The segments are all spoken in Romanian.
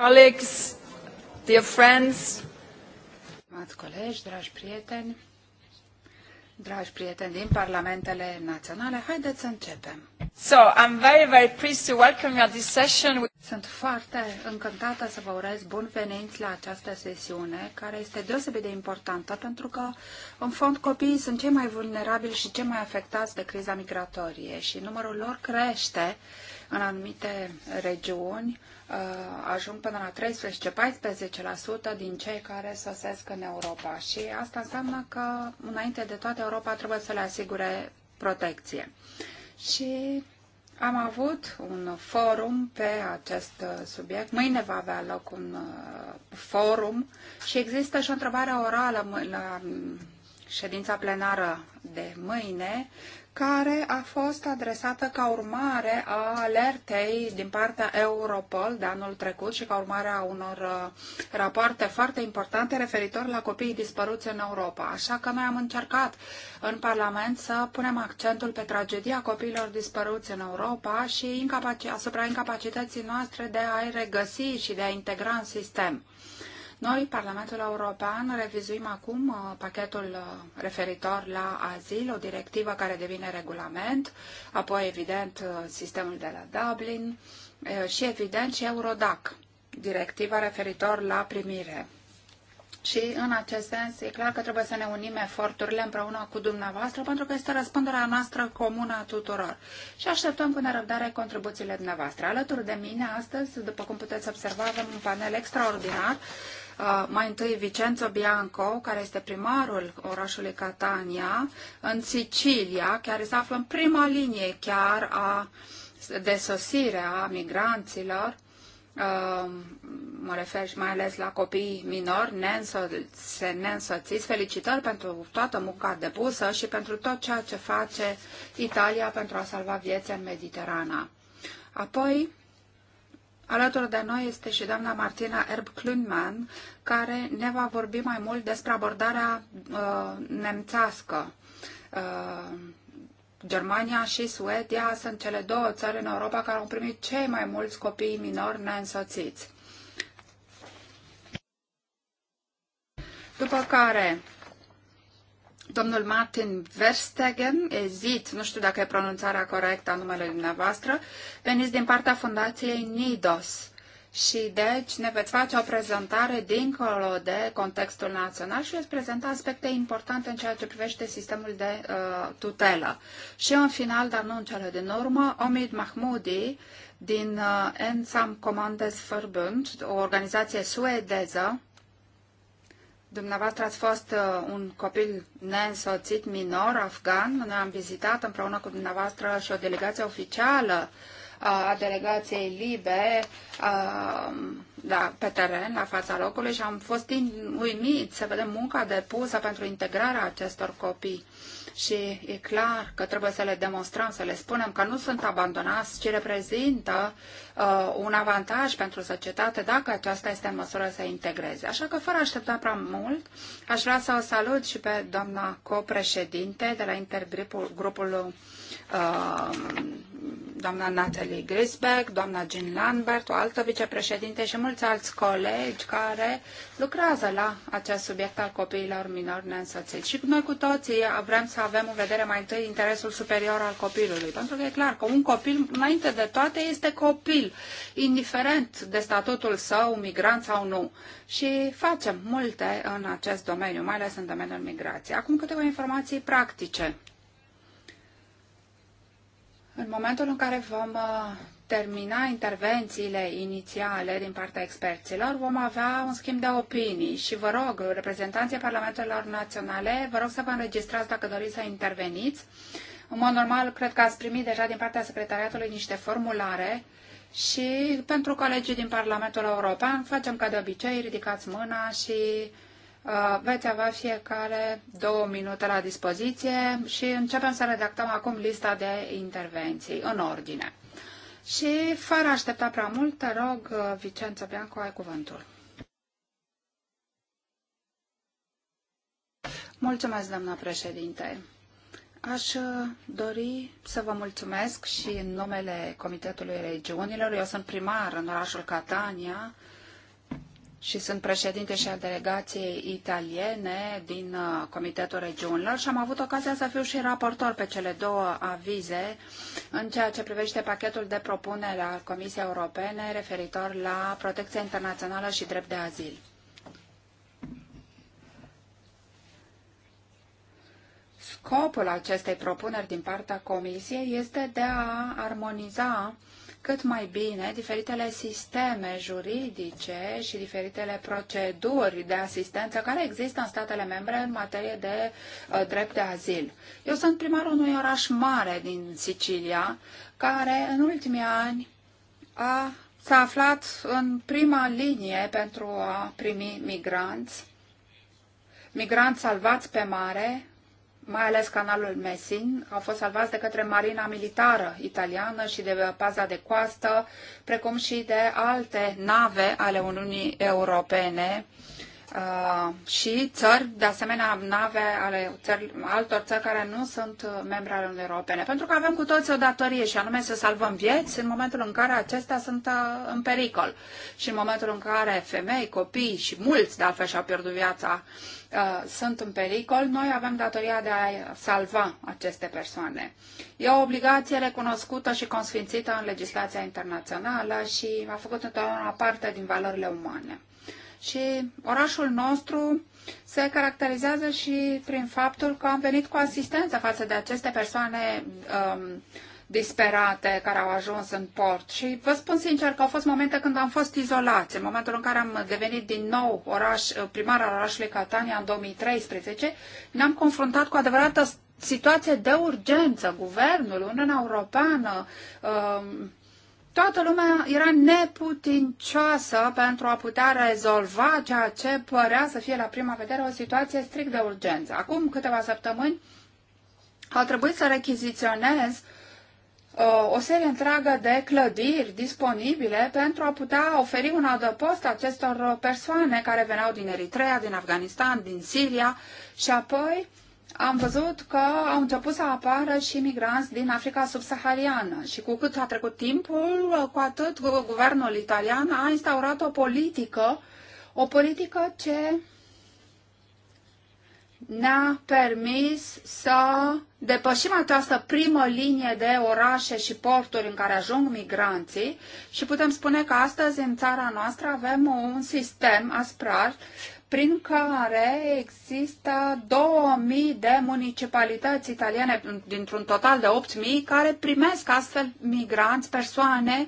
colleagues, dear friends, Mați colegi, dragi prieteni, dragi prieteni din parlamentele naționale, haideți să începem. So, I'm very, very pleased to welcome you at this session. Sunt foarte încântată să vă urez bun venit la această sesiune, care este deosebit de importantă, pentru că, în fond, copiii sunt cei mai vulnerabili și cei mai afectați de criza migratorie și numărul lor crește în anumite regiuni, uh, ajung până la 13-14% din cei care sosesc în Europa. Și asta înseamnă că, înainte de toate, Europa trebuie să le asigure protecție. Și am avut un forum pe acest uh, subiect. Mâine va avea loc un uh, forum și există și o întrebare orală la mm, ședința plenară de mâine care a fost adresată ca urmare a alertei din partea Europol de anul trecut și ca urmare a unor uh, rapoarte foarte importante referitor la copiii dispăruți în Europa. Așa că noi am încercat în Parlament să punem accentul pe tragedia copiilor dispăruți în Europa și asupra incapacității noastre de a-i regăsi și de a integra în sistem. Noi, Parlamentul European, revizuim acum uh, pachetul uh, referitor la azil, o directivă care devine regulament, apoi, evident, uh, sistemul de la Dublin și, evident, și Eurodac, directiva referitor la primire. Și în acest sens, e clar că trebuie să ne unim eforturile împreună cu dumneavoastră, pentru că este răspunderea noastră comună a tuturor. Și așteptăm cu nerăbdare contribuțiile dumneavoastră. Alături de mine astăzi, după cum puteți observa, avem un panel extraordinar Uh, mai întâi Vicenzo Bianco, care este primarul orașului Catania, în Sicilia, care se află în prima linie chiar a de sosire a migranților, uh, mă refer și mai ales la copii minori neînsoțiți, Felicitări pentru toată munca depusă și pentru tot ceea ce face Italia pentru a salva vieți în Mediterana. Apoi, Alături de noi este și doamna Martina Erb Klunman, care ne va vorbi mai mult despre abordarea uh, nemțească. Uh, Germania și Suedia sunt cele două țări în Europa care au primit cei mai mulți copii minori neînsoțiți. După care Domnul Martin Verstegen, ezit, nu știu dacă e pronunțarea corectă a numelui dumneavoastră, veniți din partea Fundației NIDOS. Și deci ne veți face o prezentare dincolo de contextul național și veți prezenta aspecte importante în ceea ce privește sistemul de uh, tutelă. Și în final, dar nu în cele din urmă, Omid Mahmoudi din uh, Ensam Commandes Förbund, o organizație suedeză Dumneavoastră ați fost uh, un copil neînsoțit minor afgan. Noi am vizitat împreună cu dumneavoastră și o delegație oficială uh, a delegației LIBE uh, da, pe teren, la fața locului și am fost uimit să vedem munca depusă pentru integrarea acestor copii și e clar că trebuie să le demonstrăm, să le spunem că nu sunt abandonați, ci reprezintă uh, un avantaj pentru societate dacă aceasta este în măsură să integreze. Așa că, fără a aștepta prea mult, aș vrea să o salut și pe doamna copreședinte de la intergrupul grupul, uh, doamna Natalie Grisberg, doamna Jean Lambert, o altă vicepreședinte și mulți alți colegi care lucrează la acest subiect al copiilor minori neînsățiți. Și noi cu toții vrem să avem în vedere mai întâi interesul superior al copilului, pentru că e clar că un copil, înainte de toate, este copil, indiferent de statutul său, migrant sau nu. Și facem multe în acest domeniu, mai ales în domeniul migrației. Acum câteva informații practice. În momentul în care vom uh, termina intervențiile inițiale din partea experților, vom avea un schimb de opinii și vă rog, reprezentanții Parlamentelor Naționale, vă rog să vă înregistrați dacă doriți să interveniți. În mod normal, cred că ați primit deja din partea Secretariatului niște formulare și pentru colegii din Parlamentul European facem ca de obicei, ridicați mâna și Uh, veți avea fiecare două minute la dispoziție și începem să redactăm acum lista de intervenții în ordine. Și fără a aștepta prea mult, te rog, uh, Vicență Bianco, ai cuvântul. Mulțumesc, doamna președinte. Aș uh, dori să vă mulțumesc și în numele Comitetului Regiunilor. Eu sunt primar în orașul Catania și sunt președinte și al delegației italiene din uh, Comitetul Regiunilor și am avut ocazia să fiu și raportor pe cele două avize în ceea ce privește pachetul de propunere al Comisiei Europene referitor la protecția internațională și drept de azil. Scopul acestei propuneri din partea Comisiei este de a armoniza uh, cât mai bine diferitele sisteme juridice și diferitele proceduri de asistență care există în statele membre în materie de uh, drept de azil. Eu sunt primarul unui oraș mare din Sicilia, care în ultimii ani a, s-a aflat în prima linie pentru a primi migranți, migranți salvați pe mare, mai ales canalul Messin, au fost salvați de către marina militară italiană și de paza de coastă, precum și de alte nave ale Uniunii Europene Uh, și țări, de asemenea, nave ale țări, altor țări care nu sunt uh, membre ale Uniunii Europene. Pentru că avem cu toți o datorie și anume să salvăm vieți în momentul în care acestea sunt uh, în pericol. Și în momentul în care femei, copii și mulți, de altfel, și-au pierdut viața, uh, sunt în pericol, noi avem datoria de a salva aceste persoane. E o obligație recunoscută și consfințită în legislația internațională și a făcut întotdeauna parte din valorile umane și orașul nostru se caracterizează și prin faptul că am venit cu asistență față de aceste persoane um, disperate care au ajuns în port. Și vă spun sincer că au fost momente când am fost izolați. În momentul în care am devenit din nou oraș, primar al orașului Catania în 2013, ne-am confruntat cu adevărată situație de urgență. Guvernul, Uniunea Europeană, um, toată lumea era neputincioasă pentru a putea rezolva ceea ce părea să fie la prima vedere o situație strict de urgență. Acum câteva săptămâni au trebuit să rechiziționez uh, o serie întreagă de clădiri disponibile pentru a putea oferi un adăpost acestor persoane care veneau din Eritrea, din Afganistan, din Siria și apoi uh, am văzut că au început să apară și migranți din Africa subsahariană și cu cât a trecut timpul, cu atât guvernul italian a instaurat o politică, o politică ce ne-a permis să depășim această primă linie de orașe și porturi în care ajung migranții și putem spune că astăzi în țara noastră avem un sistem asprar prin care există 2000 de municipalități italiene dintr-un total de 8000 care primesc astfel migranți, persoane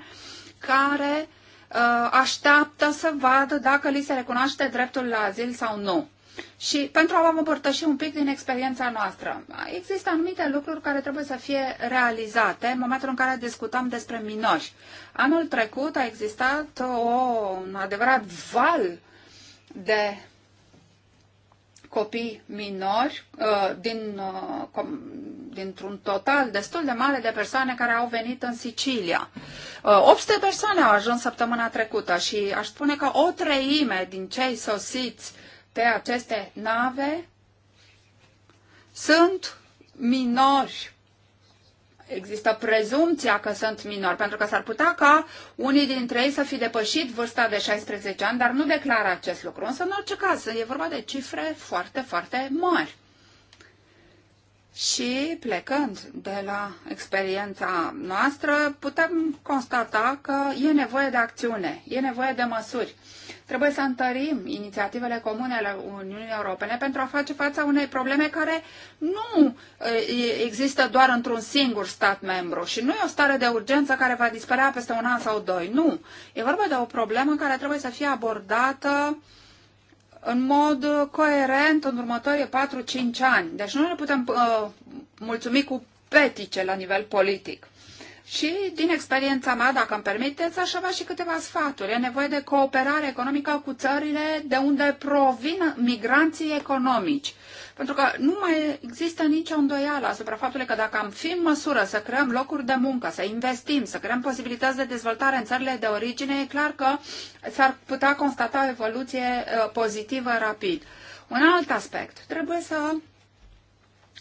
care uh, așteaptă să vadă dacă li se recunoaște dreptul la azil sau nu. Și pentru a vă împărtăși un pic din experiența noastră, există anumite lucruri care trebuie să fie realizate în momentul în care discutăm despre minori. Anul trecut a existat o, un adevărat val de copii minori uh, din, uh, dintr-un total destul de mare de persoane care au venit în Sicilia. 800 uh, persoane au ajuns săptămâna trecută și aș spune că o treime din cei sosiți pe aceste nave sunt minori există prezumția că sunt minori, pentru că s-ar putea ca unii dintre ei să fi depășit vârsta de 16 ani, dar nu declară acest lucru. Însă, în orice caz, e vorba de cifre foarte, foarte mari. Și plecând de la experiența noastră, putem constata că e nevoie de acțiune, e nevoie de măsuri. Trebuie să întărim inițiativele comune ale Uniunii Europene pentru a face fața unei probleme care nu există doar într-un singur stat membru și nu e o stare de urgență care va dispărea peste un an sau doi. Nu. E vorba de o problemă care trebuie să fie abordată uh, în mod uh, coerent în următorii 4-5 ani. Deci nu ne putem uh, mulțumi cu petice la nivel politic. Și din experiența mea, dacă îmi permiteți, aș avea și câteva sfaturi. E nevoie de cooperare economică cu țările de unde provin migranții economici. Pentru că nu mai există nicio îndoială asupra faptului că dacă am fi în măsură să creăm locuri de muncă, să investim, să creăm posibilități de dezvoltare în țările de origine, e clar că s-ar putea constata o evoluție pozitivă rapid. Un alt aspect. Trebuie să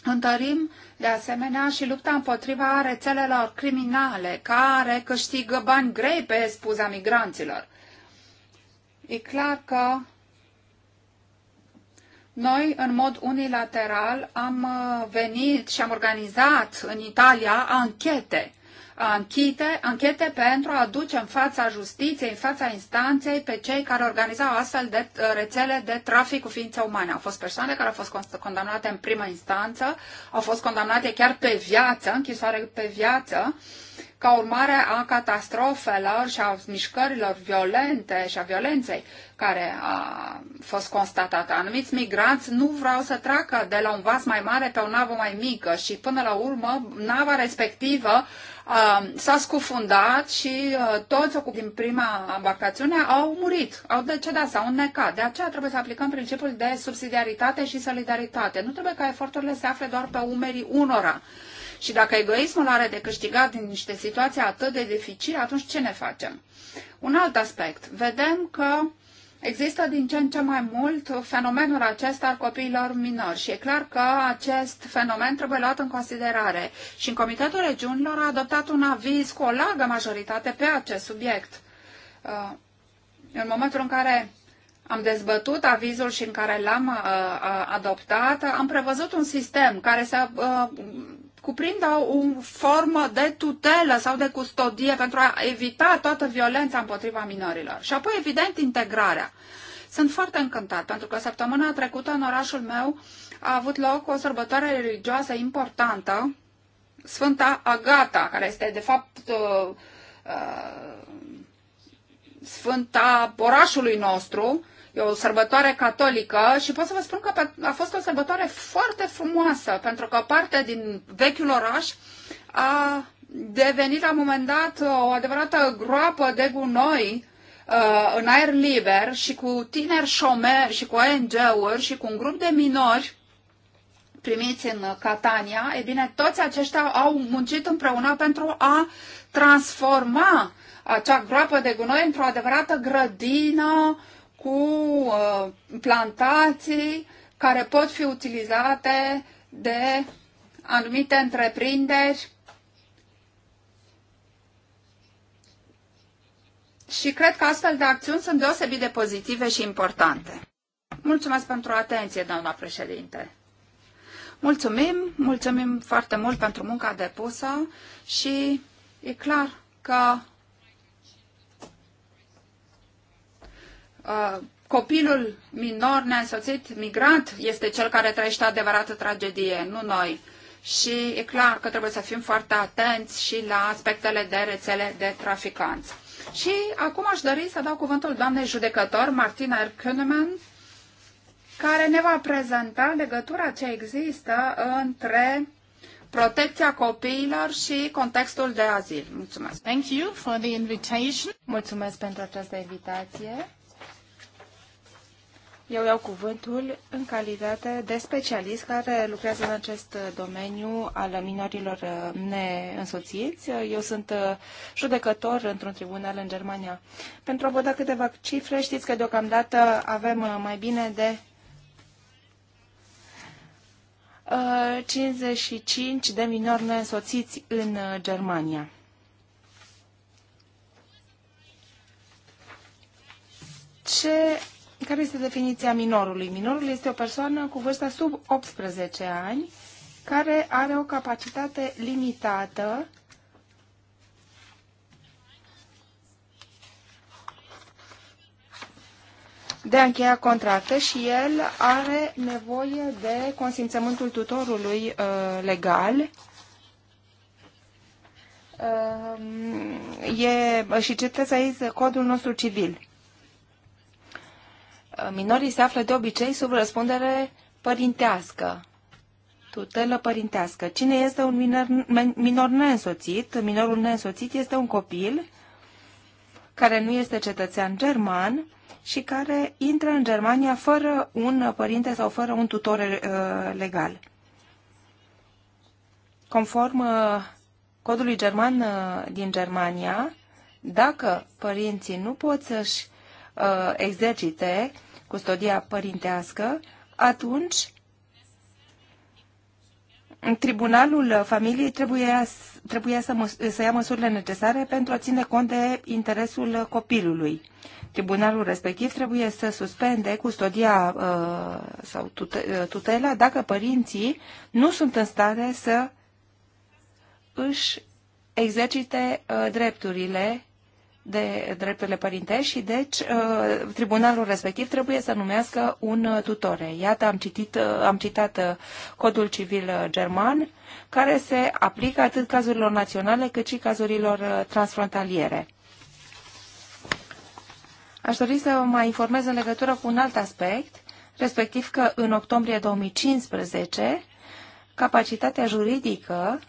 întărim de asemenea și lupta împotriva rețelelor criminale care câștigă bani grei pe spuza migranților. E clar că noi, în mod unilateral, am venit și am organizat în Italia anchete anchete, anchete pentru a duce în fața justiției, în fața instanței, pe cei care organizau astfel de uh, rețele de trafic cu ființe umane. Au fost persoane care au fost condamnate în primă instanță, au fost condamnate chiar pe viață, închisoare pe viață, ca urmare a catastrofelor și a mișcărilor violente și a violenței care a fost constatată. Anumiți migranți nu vreau să treacă de la un vas mai mare pe o navă mai mică și până la urmă nava respectivă Um, s-a scufundat și uh, toți din prima embarcațiune au murit, au decedat, s-au înnecat. De aceea trebuie să aplicăm principiul de subsidiaritate și solidaritate. Nu trebuie ca eforturile să afle doar pe umerii unora. Și dacă egoismul are de câștigat din niște situații atât de dificile, atunci ce ne facem? Un alt aspect. Vedem că Există din ce în ce mai mult fenomenul acesta al copiilor minori și e clar că acest fenomen trebuie luat în considerare și în Comitetul Regiunilor a adoptat un aviz cu o largă majoritate pe acest subiect. Uh, în momentul în care am dezbătut avizul și în care l-am uh, uh, adoptat, am prevăzut un sistem care să cuprindă o formă de tutelă sau de custodie pentru a evita toată violența împotriva minorilor. Și apoi, evident, integrarea. Sunt foarte încântat pentru că săptămâna trecută în orașul meu a avut loc o sărbătoare religioasă importantă, Sfânta Agata, care este de fapt uh, uh, sfânta orașului nostru, E o sărbătoare catolică și pot să vă spun că a fost o sărbătoare foarte frumoasă, pentru că parte din vechiul oraș a devenit la un moment dat o adevărată groapă de gunoi uh, în aer liber și cu tineri șomeri și cu ONG-uri și cu un grup de minori primiți în Catania, e bine, toți aceștia au muncit împreună pentru a transforma acea groapă de gunoi într-o adevărată grădină cu uh, plantații care pot fi utilizate de anumite întreprinderi și cred că astfel de acțiuni sunt deosebit de pozitive și importante. Mulțumesc pentru atenție, doamna președinte. Mulțumim, mulțumim foarte mult pentru munca depusă și e clar că Uh, copilul minor neînsoțit, migrant, este cel care trăiește adevărată tragedie, nu noi. Și e clar că trebuie să fim foarte atenți și la aspectele de rețele de traficanți. Și acum aș dori să dau cuvântul doamnei judecător Martina Erkunemann, care ne va prezenta legătura ce există între protecția copiilor și contextul de azil. Mulțumesc. Thank you for the invitation. Mulțumesc pentru această invitație. Eu iau cuvântul în calitate de specialist care lucrează în acest domeniu al minorilor uh, neînsoțiți. Eu sunt uh, judecător într-un tribunal în Germania. Pentru a vă da câteva cifre, știți că deocamdată avem uh, mai bine de 55 de minori neînsoțiți în Germania. Ce care este definiția minorului? Minorul este o persoană cu vârsta sub 18 ani care are o capacitate limitată de a încheia contracte și el are nevoie de consimțământul tutorului uh, legal uh, e, și citesc aici codul nostru civil minorii se află de obicei sub răspundere părintească, tutelă părintească. Cine este un minor, minor neînsoțit? Minorul neînsoțit este un copil care nu este cetățean german și care intră în Germania fără un părinte sau fără un tutor uh, legal. Conform uh, codului german uh, din Germania, dacă părinții nu pot să-și uh, exercite custodia părintească, atunci Tribunalul familiei să trebuia să, mă, să ia măsurile necesare pentru a ține cont de interesul copilului. Tribunalul respectiv trebuie să suspende custodia uh, sau tute- uh, tutela dacă părinții nu sunt în stare să își exercite uh, drepturile de drepturile părintești și deci uh, tribunalul respectiv trebuie să numească un uh, tutore. Iată, am, citit, uh, am citat codul civil german care se aplică atât cazurilor naționale cât și cazurilor transfrontaliere. Aș dori să mă informez în legătură cu un alt aspect, respectiv că în octombrie 2015 capacitatea juridică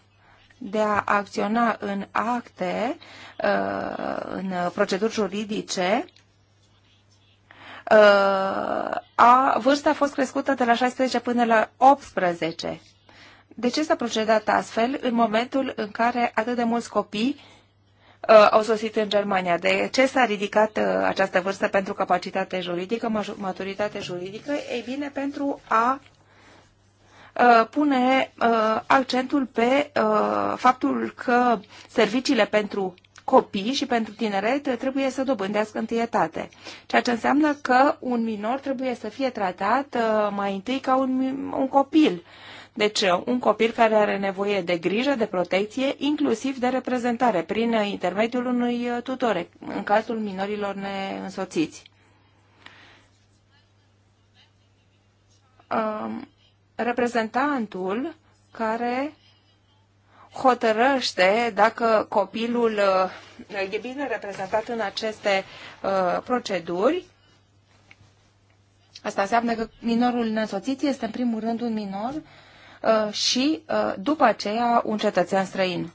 de a acționa în acte, uh, în proceduri juridice, uh, a, vârsta a fost crescută de la 16 până la 18. De ce s-a procedat astfel în momentul în care atât de mulți copii uh, au sosit în Germania? De ce s-a ridicat această vârstă pentru capacitate juridică, maturitate juridică? Ei bine, pentru a Uh, pune uh, accentul pe uh, faptul că serviciile pentru copii și pentru tineret trebuie să dobândească întâietate. Ceea ce înseamnă că un minor trebuie să fie tratat mai întâi ca un, un copil. Deci un copil care are nevoie de grijă, de protecție, inclusiv de reprezentare prin intermediul unui tutore, în cazul minorilor neînsoțiți. Um reprezentantul care hotărăște dacă copilul uh, e bine reprezentat în aceste uh, proceduri. Asta înseamnă că minorul nesoțit este în primul rând un minor uh, și după aceea un cetățean străin.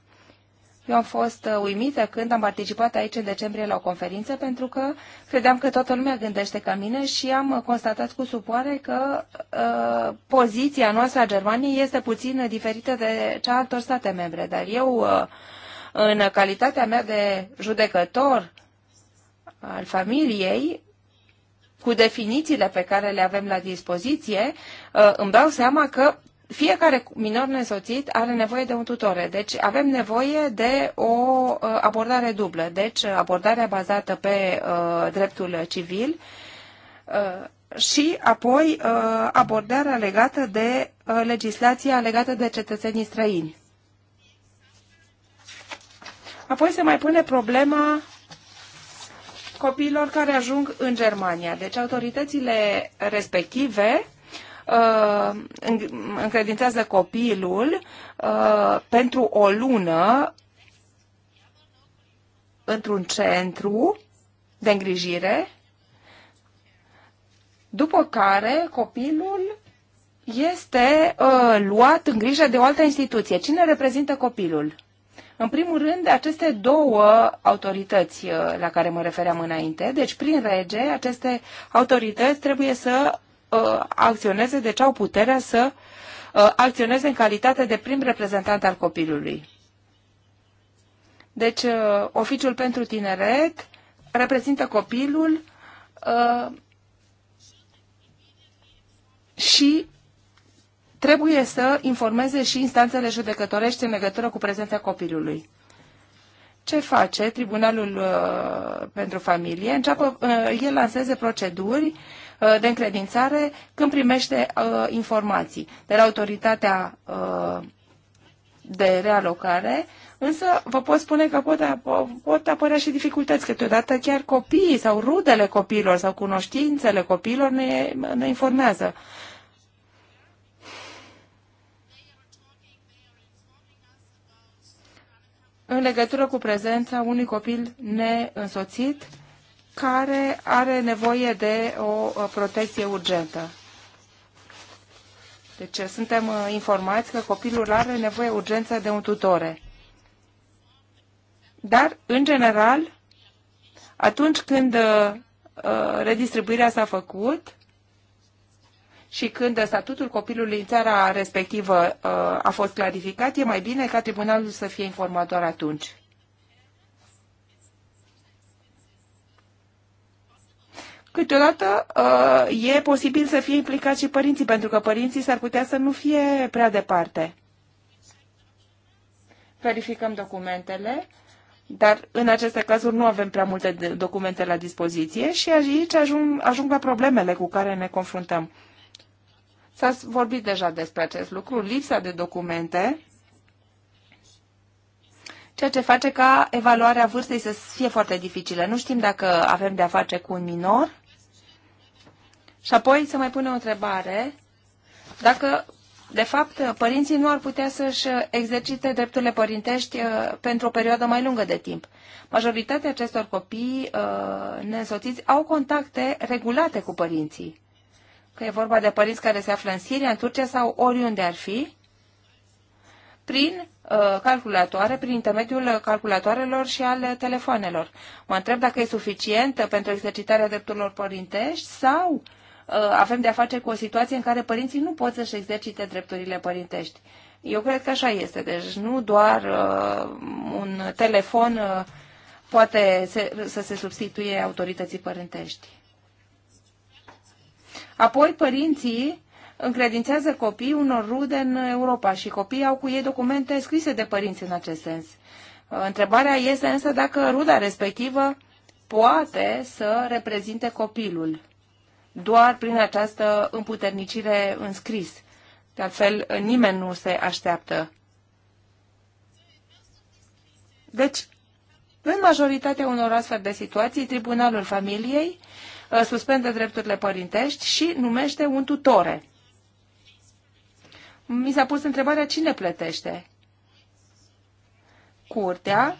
Eu am fost uh, uimită când am participat aici în decembrie la o conferință pentru că credeam că toată lumea gândește ca mine și am uh, constatat cu supoare că uh, poziția noastră a Germaniei este puțin diferită de cea altor state membre. Dar eu, uh, în calitatea mea de judecător al familiei, cu definițiile pe care le avem la dispoziție, uh, îmi dau seama că fiecare minor nesoțit are nevoie de un tutore, deci avem nevoie de o uh, abordare dublă, deci uh, abordarea bazată pe uh, dreptul civil și apoi abordarea legată de legislația legată de cetățenii străini. Apoi se mai pune problema copiilor care ajung în Germania. Deci autoritățile respective Uh, încredințează copilul uh, pentru o lună într-un centru de îngrijire, după care copilul este uh, luat în grijă de o altă instituție. Cine reprezintă copilul? În primul rând, aceste două autorități la care mă refeream înainte, deci prin rege, aceste autorități trebuie să uh, acționeze, deci au puterea să uh, acționeze în calitate de prim reprezentant al copilului. Deci, uh, oficiul pentru tineret reprezintă copilul uh, și trebuie să informeze și instanțele judecătorești în legătură cu prezența copilului. Ce face Tribunalul uh, pentru Familie? Înceapă, uh, el lanseze proceduri Uh, de încredințare când primește uh, informații de la autoritatea uh, de realocare, însă vă pot spune că pot, pot apărea și dificultăți câteodată, chiar copiii sau rudele copiilor sau cunoștințele copiilor ne, ne informează. în legătură cu prezența unui copil neînsoțit care are nevoie de o uh, protecție urgentă. Deci uh, suntem uh, informați că copilul are nevoie urgență de un tutore. Dar, în general, atunci când redistribuirea s-a făcut și când statutul copilului în țara respectivă a fost clarificat, e mai bine ca tribunalul să fie informat doar atunci. Câteodată uh, e posibil să fie implicați și părinții, pentru că părinții s-ar putea să nu fie prea departe. Verificăm documentele, dar în aceste cazuri nu avem prea multe documente la dispoziție și aici ajung, ajung la problemele cu care ne confruntăm. S-a vorbit deja despre acest lucru, lipsa de documente, ceea ce face ca evaluarea vârstei să fie foarte dificilă. Nu știm dacă avem de-a face cu un minor și apoi să mai pune o întrebare dacă, de fapt, părinții nu ar putea să-și exercite drepturile părintești uh, pentru o perioadă mai lungă de timp. Majoritatea acestor copii uh, neînsoțiți au contacte regulate cu părinții. Că e vorba de părinți care se află în Siria, în Turcia sau oriunde ar fi, prin uh, calculatoare, prin intermediul calculatoarelor și al telefoanelor. Mă întreb dacă e suficientă pentru exercitarea drepturilor părintești sau uh, Uh, avem de-a face cu o situație în care părinții nu pot să-și exercite drepturile părintești. Eu cred că așa este. Deci nu doar uh, un telefon uh, poate se, să se substituie autorității părintești. Apoi părinții încredințează copiii unor rude în Europa și copiii au cu ei documente scrise de părinți în acest sens. Uh, întrebarea este însă dacă ruda respectivă poate să reprezinte copilul doar prin această împuternicire în scris. De altfel, nimeni nu se așteaptă. Deci, în majoritatea unor astfel de situații, Tribunalul Familiei uh, suspendă drepturile părintești și numește un tutore. Mi s-a pus întrebarea cine plătește. Curtea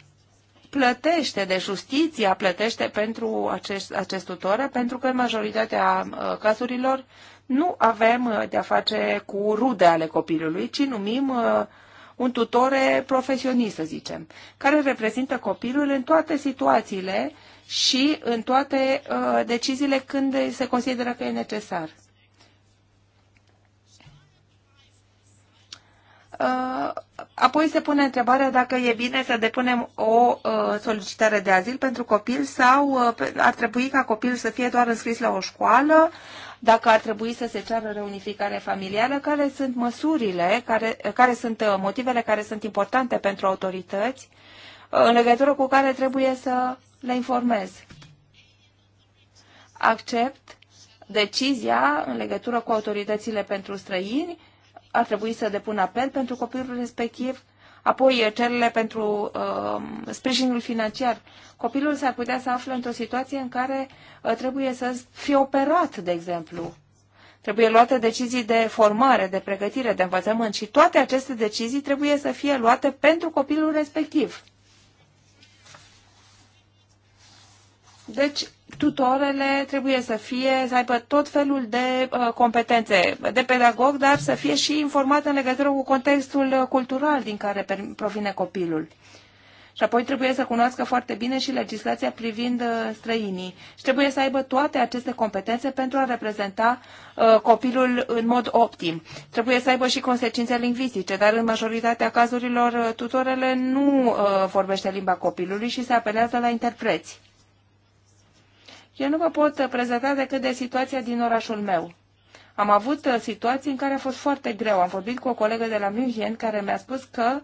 plătește, de justiția plătește pentru acest, acest tutor, pentru că în majoritatea uh, cazurilor nu avem uh, de-a face cu rude ale copilului, ci numim uh, un tutore profesionist, să zicem, care reprezintă copilul în toate situațiile și în toate deciziile când se consideră că e necesar. Uh, apoi se pune întrebarea dacă e bine să depunem o uh, solicitare de azil pentru copil sau uh, ar trebui ca copilul să fie doar înscris la o școală, dacă ar trebui să se ceară reunificare familială, care sunt măsurile, care, care sunt motivele care sunt importante pentru autorități, în legătură cu care trebuie să le informez. Accept decizia în legătură cu autoritățile pentru străini ar trebui să depună apel pentru copilul respectiv, apoi eh, cererile pentru uh, sprijinul financiar. Copilul s-ar putea să afle într-o situație în care uh, trebuie să fie operat, de exemplu. Trebuie luate decizii de formare, de pregătire, de învățământ și toate aceste decizii trebuie să fie luate pentru copilul respectiv. Deci, tutorele trebuie să fie, să aibă tot felul de uh, competențe de pedagog, dar să fie și informat în legătură cu contextul uh, cultural din care provine copilul. Și apoi trebuie să cunoască foarte bine și legislația privind uh, străinii. Și trebuie să aibă toate aceste competențe pentru a reprezenta uh, copilul în mod optim. Trebuie să aibă și consecințe lingvistice, dar în majoritatea cazurilor uh, tutorele nu uh, vorbește limba copilului și se apelează la interpreți. Eu nu vă pot uh, prezenta decât de situația din orașul meu. Am avut uh, situații în care a fost foarte greu. Am vorbit cu o colegă de la München care mi-a spus că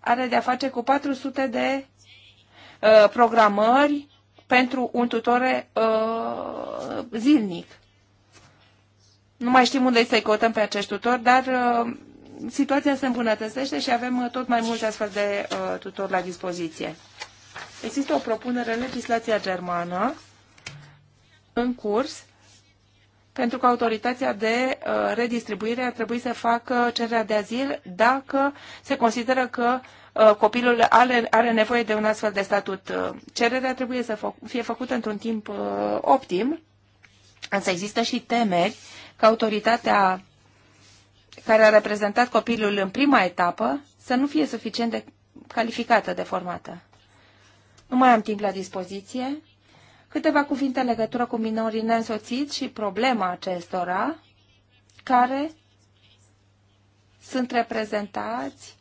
are de-a face cu 400 de uh, programări pentru un tutore uh, zilnic. Nu mai știm unde să-i cotăm pe acești tutori, dar uh, situația se îmbunătățește și avem uh, tot mai mulți astfel de uh, tutori la dispoziție. Există o propunere în legislația germană în curs pentru că autoritatea de uh, redistribuire ar trebui să facă cererea de azil dacă se consideră că uh, copilul are, are nevoie de un astfel de statut. Uh, cererea trebuie să fie făcută într-un timp optim, însă există și temeri că autoritatea care a reprezentat copilul în prima etapă să nu fie suficient de calificată, de formată. Nu mai am timp la dispoziție. Câteva cuvinte în legătură cu minorii neînsoțiți și problema acestora, care sunt reprezentați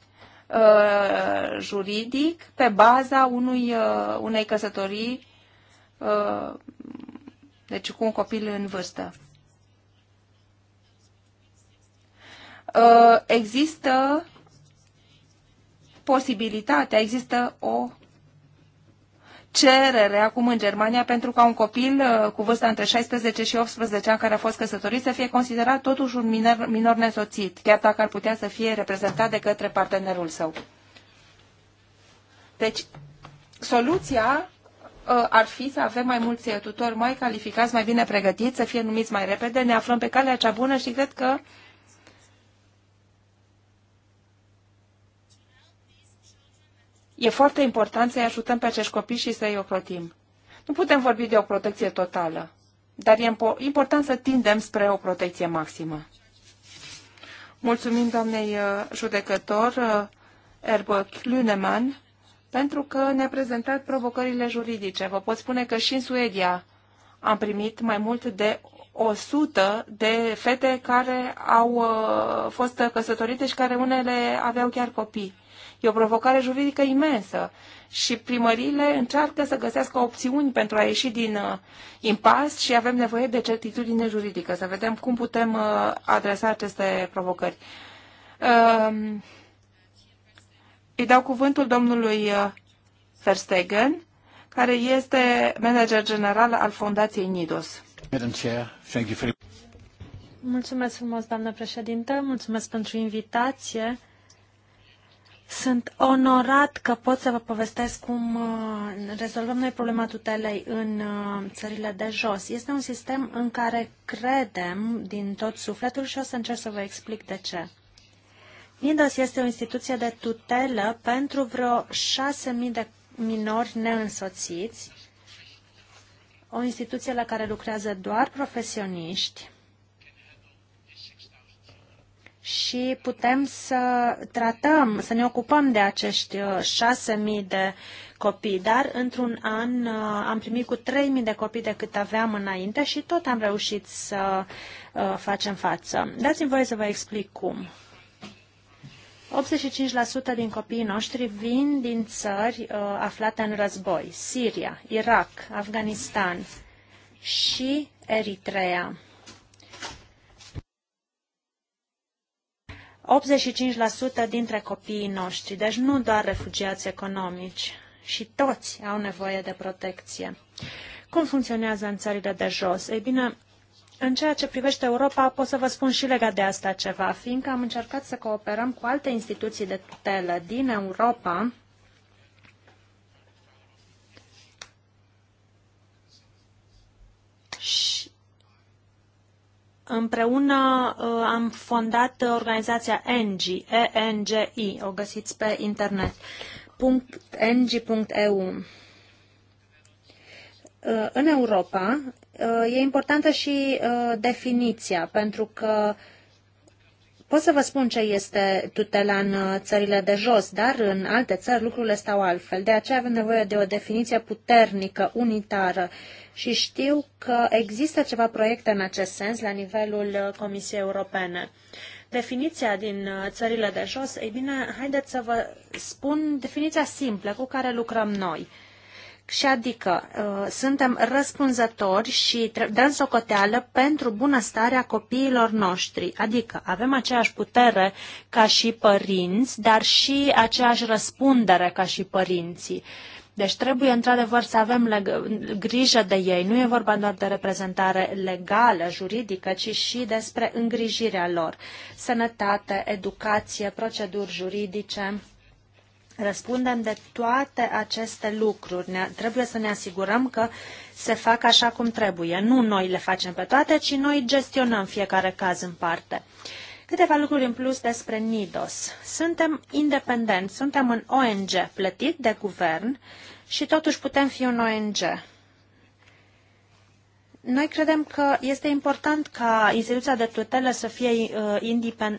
uh, juridic pe baza unui, uh, unei căsătorii, uh, deci cu un copil în vârstă. Uh, există posibilitatea, există o cerere acum în Germania pentru ca un copil uh, cu vârsta între 16 și 18 ani care a fost căsătorit să fie considerat totuși un minor, minor nesoțit, chiar dacă ar putea să fie reprezentat de către partenerul său. Deci, soluția uh, ar fi să avem mai mulți tutori mai calificați, mai bine pregătiți, să fie numiți mai repede. Ne aflăm pe calea cea bună și cred că E foarte important să-i ajutăm pe acești copii și să-i ocrotim. Nu putem vorbi de o protecție totală, dar e important să tindem spre o protecție maximă. Mulțumim doamnei uh, judecător uh, Erbă Luneman pentru că ne-a prezentat provocările juridice. Vă pot spune că și în Suedia am primit mai mult de 100 de fete care au uh, fost căsătorite și care unele aveau chiar copii. E o provocare juridică imensă și primările încearcă să găsească opțiuni pentru a ieși din uh, impas și avem nevoie de certitudine juridică, să vedem cum putem uh, adresa aceste provocări. Um, îi dau cuvântul domnului uh, Verstegen, care este manager general al Fundației Nidos. Mulțumesc frumos, doamnă președintă, mulțumesc pentru invitație. Sunt onorat că pot să vă povestesc cum uh, rezolvăm noi problema tutelei în uh, țările de jos. Este un sistem în care credem din tot sufletul și o să încerc să vă explic de ce. Nidos este o instituție de tutelă pentru vreo 6.000 de minori neînsoțiți, o instituție la care lucrează doar profesioniști, și putem să tratăm, să ne ocupăm de acești 6.000 uh, de copii, dar într-un an uh, am primit cu 3.000 de copii decât aveam înainte și tot am reușit să uh, facem față. Dați-mi voie să vă explic cum. 85% din copiii noștri vin din țări uh, aflate în război, Siria, Irak, Afganistan și Eritrea. 85% dintre copiii noștri, deci nu doar refugiați economici, și toți au nevoie de protecție. Cum funcționează în țările de jos? Ei bine, în ceea ce privește Europa, pot să vă spun și legat de asta ceva, fiindcă am încercat să cooperăm cu alte instituții de tutelă din Europa, Împreună uh, am fondat organizația ENGI, I, o găsiți pe internet, .ng.eu. Uh, în Europa uh, e importantă și definiția, pentru că Pot să vă spun ce este tutela în țările de jos, dar în alte țări lucrurile stau altfel. De aceea avem nevoie de o definiție puternică, unitară și știu că există ceva proiecte în acest sens la nivelul uh, Comisiei Europene. Definiția din uh, țările de jos, ei bine, haideți să vă spun definiția simplă cu care lucrăm noi. Și adică uh, suntem răspunzători și dăm socoteală pentru bunăstarea copiilor noștri. Adică avem aceeași putere ca și părinți, dar și aceeași răspundere ca și părinții. Deci trebuie într-adevăr să avem grijă de ei. Nu e vorba doar de reprezentare legală, juridică, ci și despre îngrijirea lor. Sănătate, educație, proceduri juridice. Răspundem de toate aceste lucruri. Ne, trebuie să ne asigurăm că se fac așa cum trebuie. Nu noi le facem pe toate, ci noi gestionăm fiecare caz în parte. Uh, Câteva lucruri în plus despre NIDOS. Suntem independenți, suntem un ONG plătit de guvern și totuși putem fi un ONG. Noi credem că este important ca instituția de tutelă să fie uh,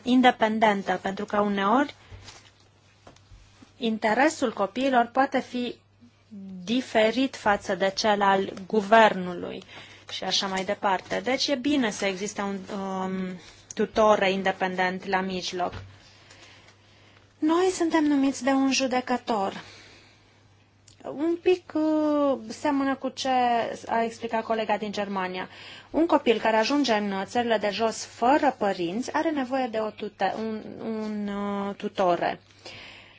independentă, pentru că uneori interesul copiilor poate fi diferit față de cel al guvernului și așa mai departe. Deci e bine să existe un um, tutore independent la mijloc. Noi suntem numiți de un judecător. Un pic uh, seamănă cu ce a explicat colega din Germania. Un copil care ajunge în țările de jos fără părinți are nevoie de o tute, un, un uh, tutore. Uh,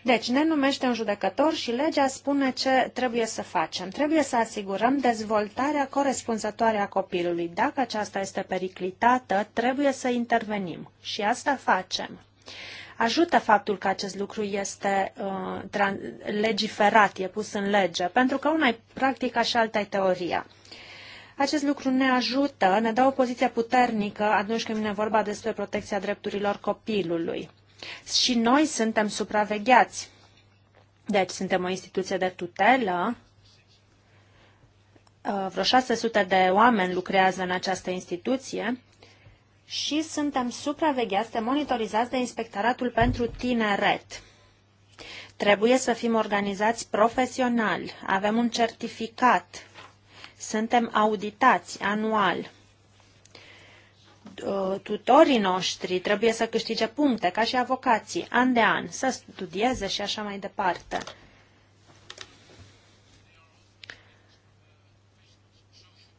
deci ne numește un judecător și legea spune ce trebuie să facem. Trebuie să asigurăm dezvoltarea corespunzătoare a copilului. Dacă aceasta este periclitată, trebuie să intervenim. Și asta facem ajută faptul că acest lucru este uh, legiferat, e pus în lege, pentru că una e practica și alta e teoria. Acest lucru ne ajută, ne dă o poziție puternică atunci când vine vorba despre protecția drepturilor copilului și noi suntem supravegheați. Deci suntem o instituție de tutelă. Uh, vreo 600 de oameni lucrează în această instituție și suntem supravegheați, de monitorizați de Inspectoratul pentru Tineret. Trebuie să fim organizați profesional, avem un certificat, suntem auditați anual. Uh, tutorii noștri trebuie să câștige puncte, ca și avocații, an de an, să studieze și așa mai departe.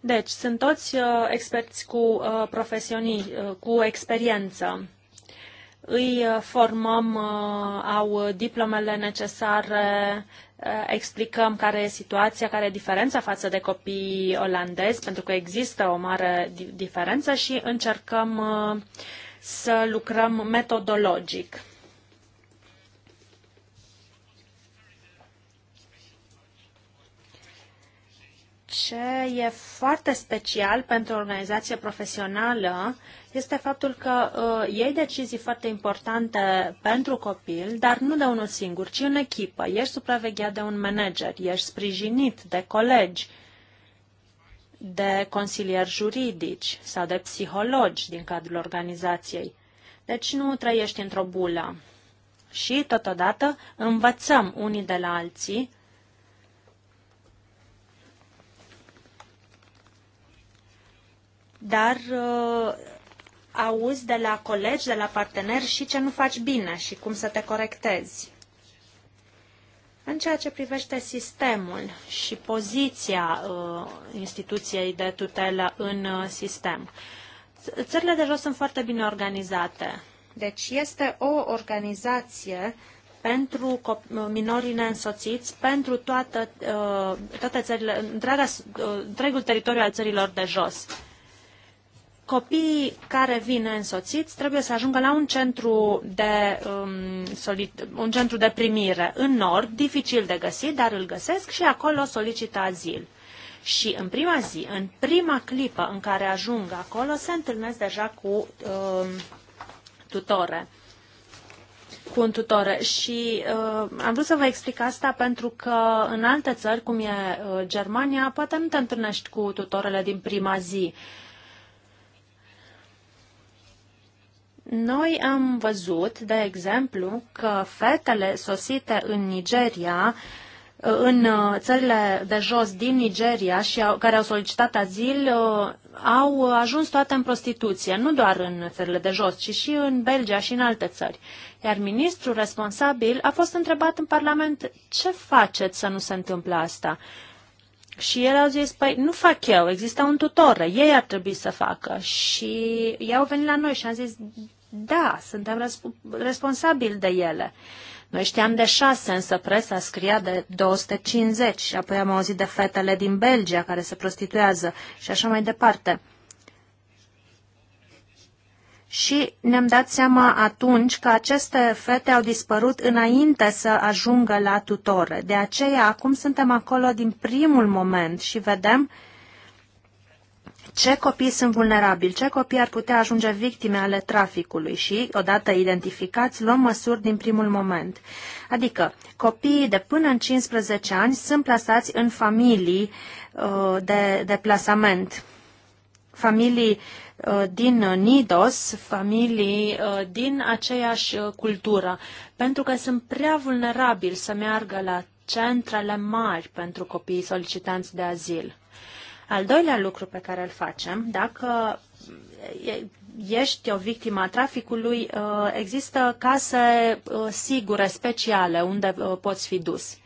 Deci, sunt toți uh, experți cu uh, uh, cu experiență. Îi uh, formăm, uh, au diplomele necesare, Eh, explicăm care e situația, care e diferența față de copiii olandezi, pentru că există o mare diferență și încercăm eh, să lucrăm metodologic. ce e foarte special pentru o organizație profesională este faptul că uh, iei decizii foarte importante pentru copil, dar nu de unul singur, ci în echipă. Ești supravegheat de un manager, ești sprijinit de colegi, de consilieri juridici sau de psihologi din cadrul organizației. Deci nu trăiești într-o bulă. Și, totodată, învățăm unii de la alții dar uh, auzi de la colegi, de la parteneri și ce nu faci bine și cum să te corectezi. În ceea ce privește sistemul și poziția uh, instituției de tutelă în uh, sistem, țările de jos sunt foarte bine organizate. Deci este o organizație pentru minorii neînsoțiți, pentru toată, uh, toate țările, întreaga, uh, întregul teritoriu al țărilor de jos. Uh, copiii care vin însoțiți trebuie să ajungă la un centru de, um, solid, un centru de primire în nord, dificil de găsit, dar îl găsesc și acolo solicită azil. Și în prima zi, în prima clipă în care ajung acolo, se întâlnesc deja cu um, tutore cu un tutore și uh, am vrut să vă explic asta pentru că în alte țări, cum e uh, Germania, poate nu te întâlnești cu tutorele din prima zi. Uh, Noi am văzut, de exemplu, că fetele sosite în Nigeria în uh, țările de jos din Nigeria și au, care au solicitat azil uh, au ajuns toate în prostituție, nu doar în țările de jos, ci și în Belgia și în alte țări. Iar ministrul responsabil a fost întrebat în Parlament ce faceți să nu se întâmple asta. Și el au zis, păi nu fac eu, există un tutor, ei ar trebui să facă. Și ei au venit la noi și am zis, da, suntem responsabili de ele. Noi știam de șase, însă presa scria de 250 și apoi am auzit de fetele din Belgia care se prostituează și așa mai departe și ne-am dat seama atunci că aceste fete au dispărut înainte să ajungă la tutore. De aceea acum suntem acolo din primul moment și vedem ce copii sunt vulnerabili, ce copii ar putea ajunge victime ale traficului și, odată identificați, luăm măsuri din primul moment. Adică, copiii de până în 15 ani sunt plasați în familii uh, de, de plasament, familii uh, Uh, din Nidos, familii uh, din aceeași uh, cultură, pentru că sunt prea vulnerabili să meargă la centrele mari pentru copiii solicitanți de azil. Al doilea lucru pe care îl facem, dacă ești o victimă a traficului, există case sigure, speciale, unde poți fi dus.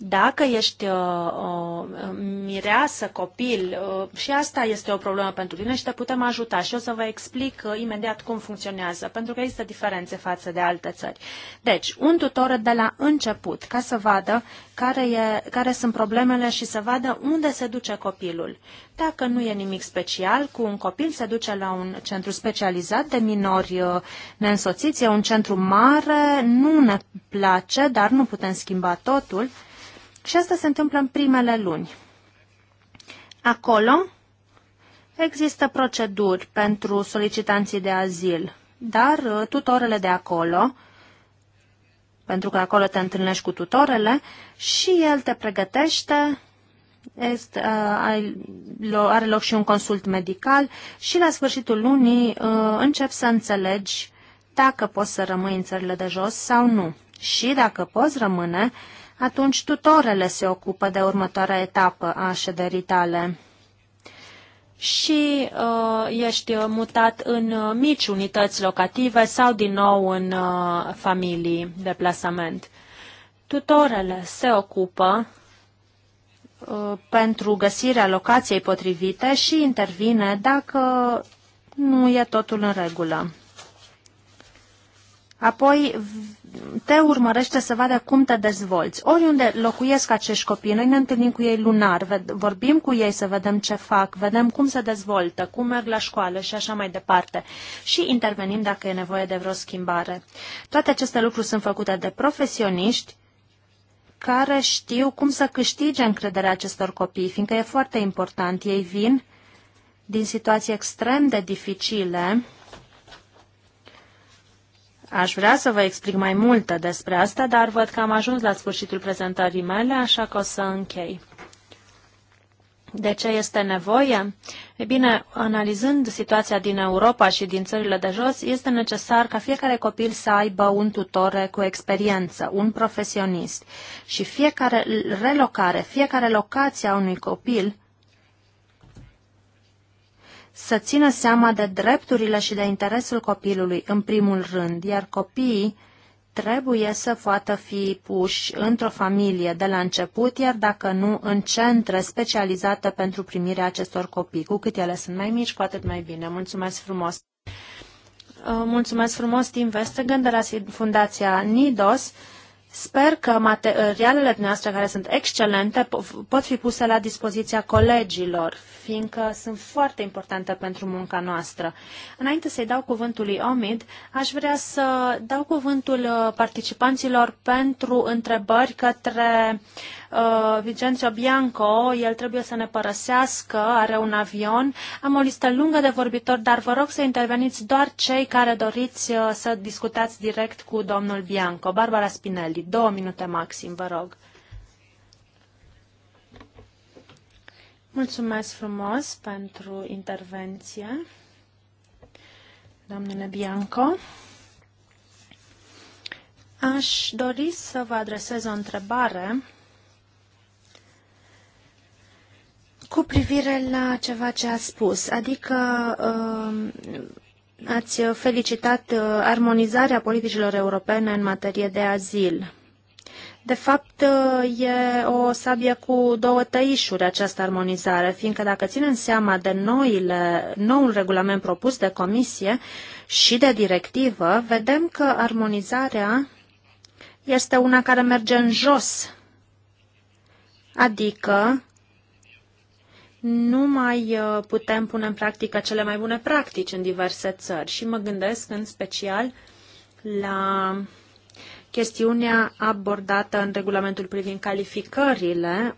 Dacă ești uh, uh, mireasă, copil, uh, și asta este o problemă pentru tine și te putem ajuta. Și o să vă explic uh, imediat cum funcționează, pentru că există diferențe față de alte țări. Deci, un tutor de la început, ca să vadă care, e, care sunt problemele și să vadă unde se duce copilul. Dacă nu e nimic special, cu un copil se duce la un centru specializat de minori uh, neînsoțiți, e un centru mare, nu ne place, dar nu putem schimba totul. Și asta se întâmplă în primele luni. Acolo există proceduri pentru solicitanții de azil, dar uh, tutorele de acolo, pentru că acolo te întâlnești cu tutorele și el te pregătește este, uh, are loc și un consult medical și la sfârșitul lunii uh, încep să înțelegi dacă poți să rămâi în țările de jos sau nu. Și dacă poți rămâne, atunci tutorele se ocupă de următoarea etapă a șederii tale și uh, ești uh, mutat în uh, mici unități locative sau din nou în uh, familii de plasament. Tutorele se ocupă uh, pentru găsirea locației potrivite și intervine dacă nu e totul în regulă. Apoi te urmărește să vadă cum te dezvolți. Oriunde locuiesc acești copii, noi ne întâlnim cu ei lunar, vorbim cu ei să vedem ce fac, vedem cum se dezvoltă, cum merg la școală și așa mai departe. Și intervenim dacă e nevoie de vreo schimbare. Toate aceste lucruri sunt făcute de profesioniști care știu cum să câștige încrederea acestor copii, fiindcă e foarte important. Ei vin din situații extrem de dificile, Aș vrea să vă explic mai multe despre asta, dar văd că am ajuns la sfârșitul prezentării mele, așa că o să închei. De ce este nevoie? E bine, analizând situația din Europa și din țările de jos, este necesar ca fiecare copil să aibă un tutor cu experiență, un profesionist. Și fiecare relocare, fiecare locație a unui copil să țină seama de drepturile și de interesul copilului în primul rând, iar copiii trebuie să poată fi puși într-o familie de la început, iar dacă nu, în centre specializate pentru primirea acestor copii. Cu cât ele sunt mai mici, cu atât mai bine. Mulțumesc frumos! Uh, mulțumesc frumos, Tim Vestegen de la Fundația NIDOS. Sper că materialele noastre, care sunt excelente, pot fi puse la dispoziția colegilor, fiindcă sunt foarte importante pentru munca noastră. Înainte să-i dau cuvântul lui Omid, aș vrea să dau cuvântul uh, participanților pentru întrebări către uh, uh, Vicencio Bianco, el trebuie să ne părăsească, are un avion. Am o listă lungă de vorbitori, dar vă rog să interveniți doar cei care doriți uh, să discutați direct cu domnul Bianco. Barbara Spinelli, două minute maxim, vă rog. Mulțumesc frumos pentru intervenție, domnule Bianco. Aș dori să vă adresez o întrebare Cu privire la ceva ce a spus, adică um, ați felicitat uh, armonizarea politicilor europene în materie de azil. De fapt, uh, e o sabie cu două tăișuri această armonizare, fiindcă dacă ținem seama de noile, noul regulament propus de comisie și de directivă, vedem că armonizarea este una care merge în jos, adică nu mai uh, putem pune în practică cele mai bune practici în diverse țări și mă gândesc în special la chestiunea abordată în regulamentul privind calificările,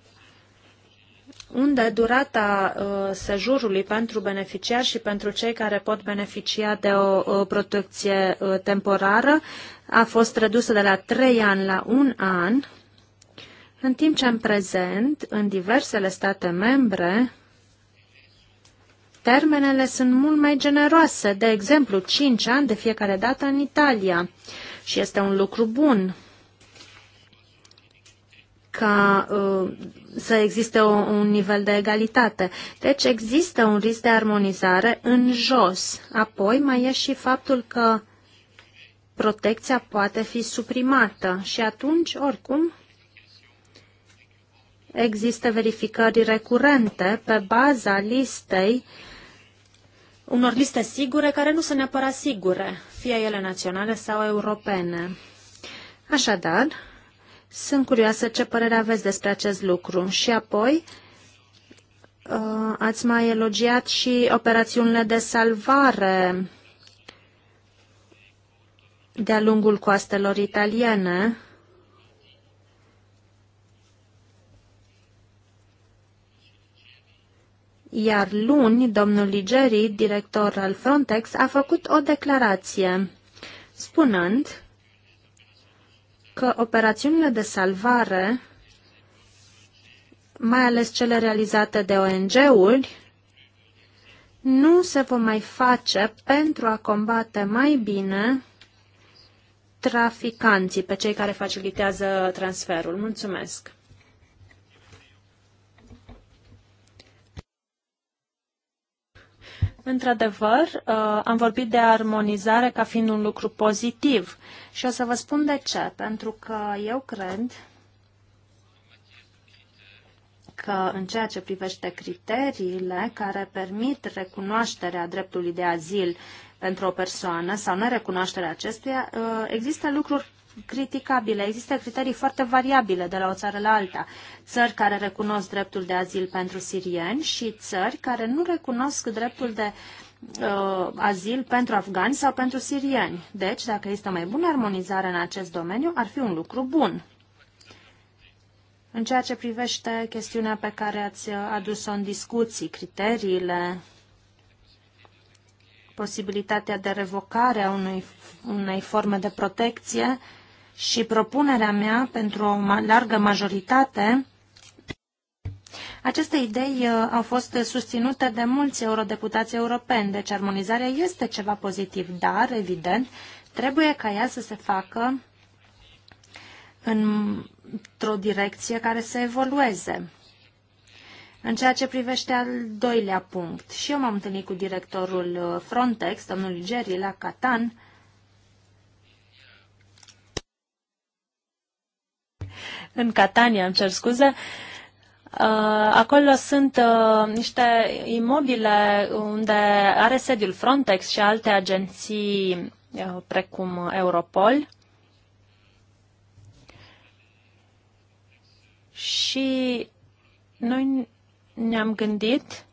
unde durata uh, sejurului pentru beneficiari și pentru cei care pot beneficia de o, o protecție uh, temporară a fost redusă de la 3 ani la 1 an, în timp ce în prezent, în diversele state membre, termenele sunt mult mai generoase, de exemplu 5 ani de fiecare dată în Italia. Și este un lucru bun ca uh, să existe o, un nivel de egalitate. Deci există un risc de armonizare în jos. Apoi mai e și faptul că protecția poate fi suprimată și atunci, oricum, există verificări recurente pe baza listei unor liste sigure care nu sunt neapărat sigure, fie ele naționale sau europene. Așadar, sunt curioasă ce părere aveți despre acest lucru. Și apoi, uh, ați mai elogiat și operațiunile de salvare de-a lungul coastelor italiene. Iar luni, domnul Ligeri, director al Frontex, a făcut o declarație spunând că operațiunile de salvare, mai ales cele realizate de ONG-uri, nu se vor mai face pentru a combate mai bine traficanții, pe cei care facilitează transferul. Mulțumesc! Într-adevăr, uh, am vorbit de armonizare ca fiind un lucru pozitiv și o să vă spun de ce, pentru că eu cred că în ceea ce privește criteriile care permit recunoașterea dreptului de azil pentru o persoană sau nerecunoașterea acestuia, uh, există lucruri criticabile. Există criterii foarte variabile de la o țară la alta. Țări care recunosc dreptul de azil pentru sirieni și țări care nu recunosc dreptul de uh, azil pentru afgani sau pentru sirieni. Deci, dacă există mai bună armonizare în acest domeniu, ar fi un lucru bun. În ceea ce privește chestiunea pe care ați adus-o în discuții, criteriile, posibilitatea de revocare a unui, unei forme de protecție, uh, și propunerea mea pentru o largă majoritate, aceste idei uh, au fost susținute de mulți eurodeputați europeni, deci armonizarea este ceva pozitiv, dar, evident, trebuie ca ea să se facă într-o direcție care să evolueze. În ceea ce privește al doilea punct, și eu m-am întâlnit cu directorul uh, Frontex, domnul Geri, la Catan, în Catania, îmi cer scuze, uh, Acolo sunt uh, niște imobile unde are sediul Frontex și alte agenții uh, precum Europol. Și noi ne-am gândit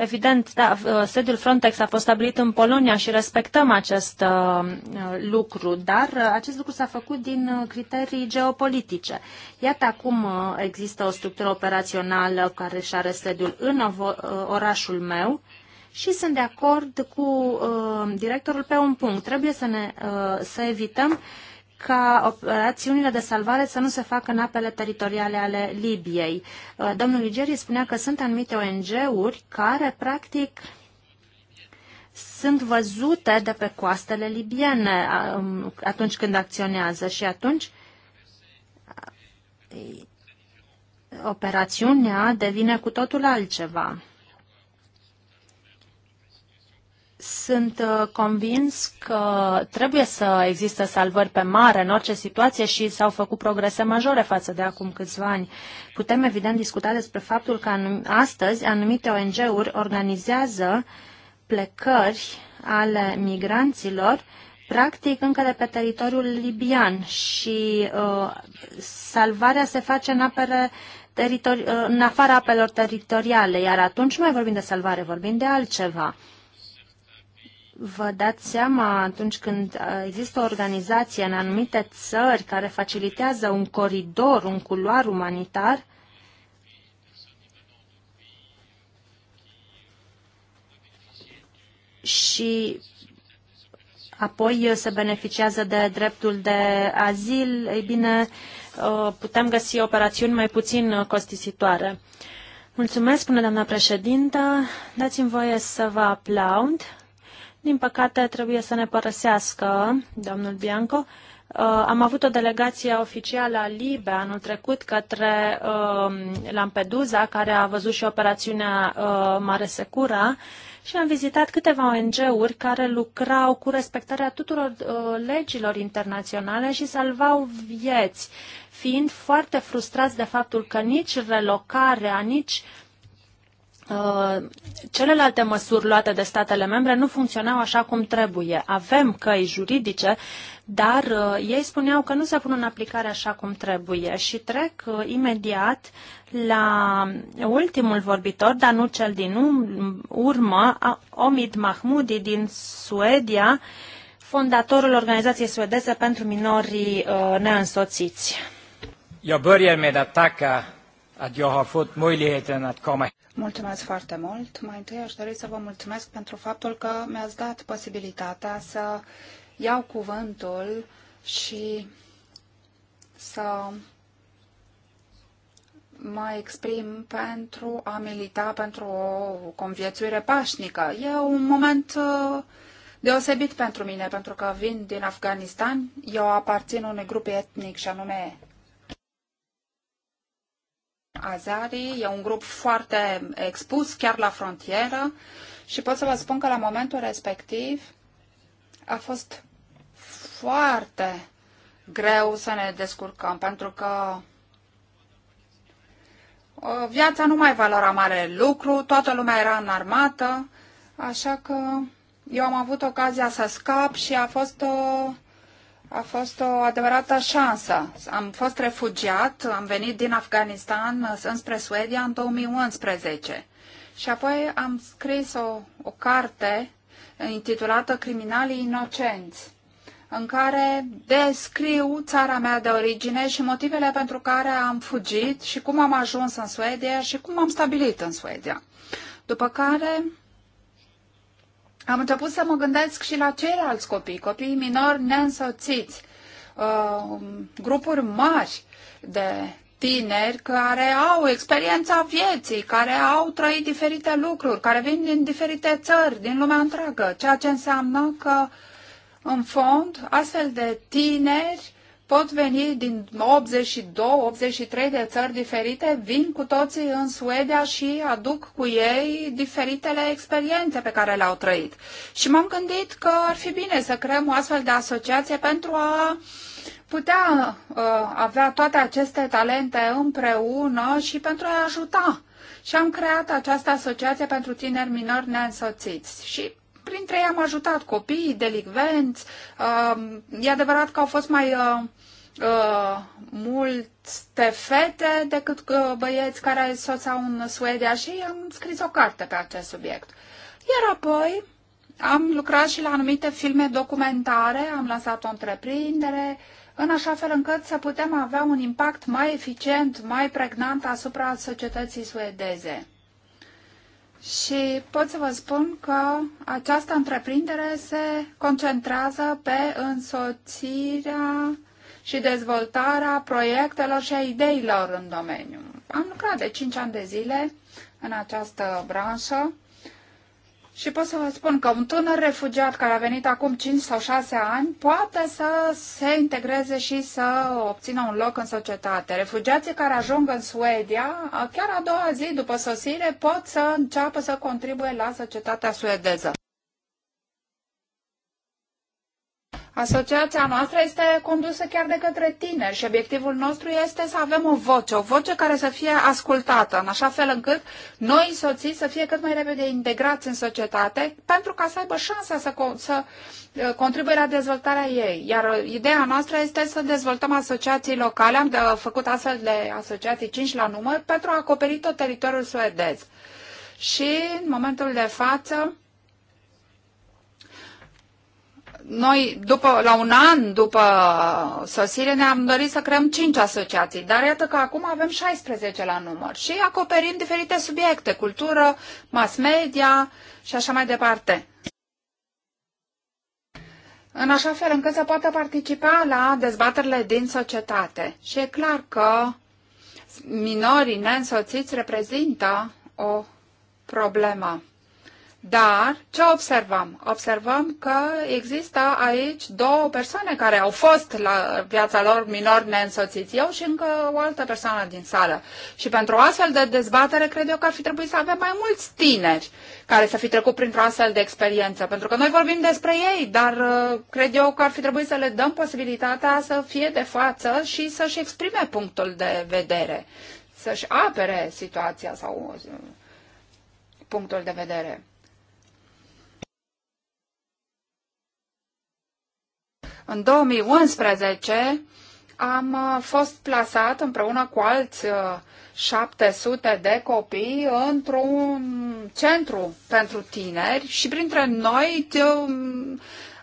Evident, da, uh, sediul Frontex a fost stabilit în Polonia și respectăm acest uh, uh lucru, dar uh, acest lucru s-a făcut din uh, criterii geopolitice. Iată acum uh, există o structură operațională care își are sediul în orașul meu și sunt de acord cu directorul pe un punct. Trebuie să, ne, să evităm ca operațiunile de salvare să nu se facă în apele teritoriale ale Libiei. Uh, domnul Ligeri spunea că sunt anumite ONG-uri care, practic, sunt văzute de pe coastele libiene uh, um, atunci când acționează și atunci uh, operațiunea devine cu totul altceva. Sunt uh, convins că trebuie să există salvări pe mare în orice situație și s-au făcut progrese majore față de acum câțiva ani. Putem evident discuta despre faptul că astăzi anumite ONG-uri organizează plecări ale migranților practic încă de pe teritoriul libian și uh, salvarea se face în apere teritori- uh, în afara apelor teritoriale, iar atunci nu mai vorbim de salvare, vorbim de altceva vă dați seama atunci când uh, există o organizație în anumite țări care facilitează un coridor, un culoar umanitar, și apoi se beneficiază de dreptul de azil, ei bine, uh, putem găsi operațiuni mai puțin costisitoare. Mulțumesc, până doamna președintă. Dați-mi voie să vă aplaud. Din păcate, trebuie să ne părăsească domnul Bianco. Uh, am avut o delegație oficială a Libe anul trecut către uh, Lampedusa, care a văzut și operațiunea uh, Mare Secura și am vizitat câteva ONG-uri care lucrau cu respectarea tuturor legilor internaționale și salvau vieți, fiind foarte frustrați de faptul că nici relocarea, nici uh, Uh, celelalte măsuri luate de statele membre nu funcționau așa cum trebuie. Avem căi juridice, dar uh, ei spuneau că nu se pun în aplicare așa cum trebuie. Și trec uh, imediat la ultimul vorbitor, dar nu cel din um, urmă, Omid Mahmudi din Suedia, fondatorul organizației suedeze pentru minorii neînsoțiți. Jag börjar med att tacka att jag har fått möjligheten att komma Mulțumesc foarte mult. Mai întâi aș dori să vă mulțumesc pentru faptul că mi-ați dat posibilitatea să iau cuvântul și să mă exprim pentru a milita pentru o conviețuire pașnică. E un moment uh, deosebit pentru mine, pentru că vin din Afganistan, eu aparțin unui grup etnic și anume Azari e un grup foarte expus, chiar la frontieră, și pot să vă spun că la momentul respectiv a fost foarte greu să ne descurcăm, pentru că viața nu mai valora mare lucru, toată lumea era în armată, așa că eu am avut ocazia să scap și a fost o a fost o adevărată șansă. Am fost refugiat, am venit din Afganistan înspre Suedia în 2011 și apoi am scris o, o carte intitulată Criminalii Inocenți în care descriu țara mea de origine și motivele pentru care am fugit și cum am ajuns în Suedia și cum am stabilit în Suedia. După care am început să mă gândesc și la ceilalți copii, copiii minori neînsoțiți, uh, grupuri mari de tineri care au experiența vieții, care au trăit diferite lucruri, care vin din diferite țări, din lumea întreagă, ceea ce înseamnă că, în fond, astfel de tineri pot veni din 82-83 de țări diferite, vin cu toții în Suedia și aduc cu ei diferitele experiențe pe care le-au trăit. Și m-am gândit că ar fi bine să creăm o astfel de asociație pentru a putea uh, avea toate aceste talente împreună și pentru a ajuta. Și am creat această asociație pentru tineri minori neînsoțiți. Și printre ei am ajutat copii, delicvenți. Um, e adevărat că au fost mai uh, uh, multe fete decât uh, băieți care soțau în Suedia și am scris o carte pe acest subiect. Iar apoi am lucrat și la anumite filme documentare, am lansat o întreprindere, în așa fel încât să putem avea un impact mai eficient, mai pregnant asupra societății suedeze. Și pot să vă spun că această întreprindere se concentrează pe însoțirea și dezvoltarea proiectelor și a ideilor în domeniu. Am lucrat de 5 ani de zile în această branșă și pot să vă spun că un tânăr refugiat care a venit acum 5 sau 6 ani poate să se integreze și să obțină un loc în societate. Refugiații care ajung în Suedia, chiar a doua zi după sosire, pot să înceapă să contribuie la societatea suedeză. Asociația noastră este condusă chiar de către tineri și obiectivul nostru este să avem o voce, o voce care să fie ascultată, în așa fel încât noi soții să fie cât mai repede integrați în societate pentru ca să aibă șansa să, să uh, contribuie la dezvoltarea ei. Iar ideea noastră este să dezvoltăm asociații locale, am de, uh, făcut astfel de asociații 5 la număr pentru a acoperi tot teritoriul suedez. Și în momentul de față, noi, după, la un an după sosire, ne-am dorit să creăm 5 asociații, dar iată că acum avem 16 la număr și acoperim diferite subiecte, cultură, mass media și așa mai departe. În așa fel încât să poată participa la dezbaterile din societate. Și e clar că minorii neînsoțiți reprezintă o problemă dar ce observăm? Observăm că există aici două persoane care au fost la viața lor minori neînsoțiți, eu și încă o altă persoană din sală. Și pentru o astfel de dezbatere, cred eu că ar fi trebuit să avem mai mulți tineri care să fi trecut printr-o astfel de experiență. Pentru că noi vorbim despre ei, dar uh, cred eu că ar fi trebuit să le dăm posibilitatea să fie de față și să-și exprime punctul de vedere, să-și apere situația sau uh, punctul de vedere. În 2011 am uh, fost plasat împreună cu alți 700 uh, de copii într-un centru pentru tineri și printre noi, um,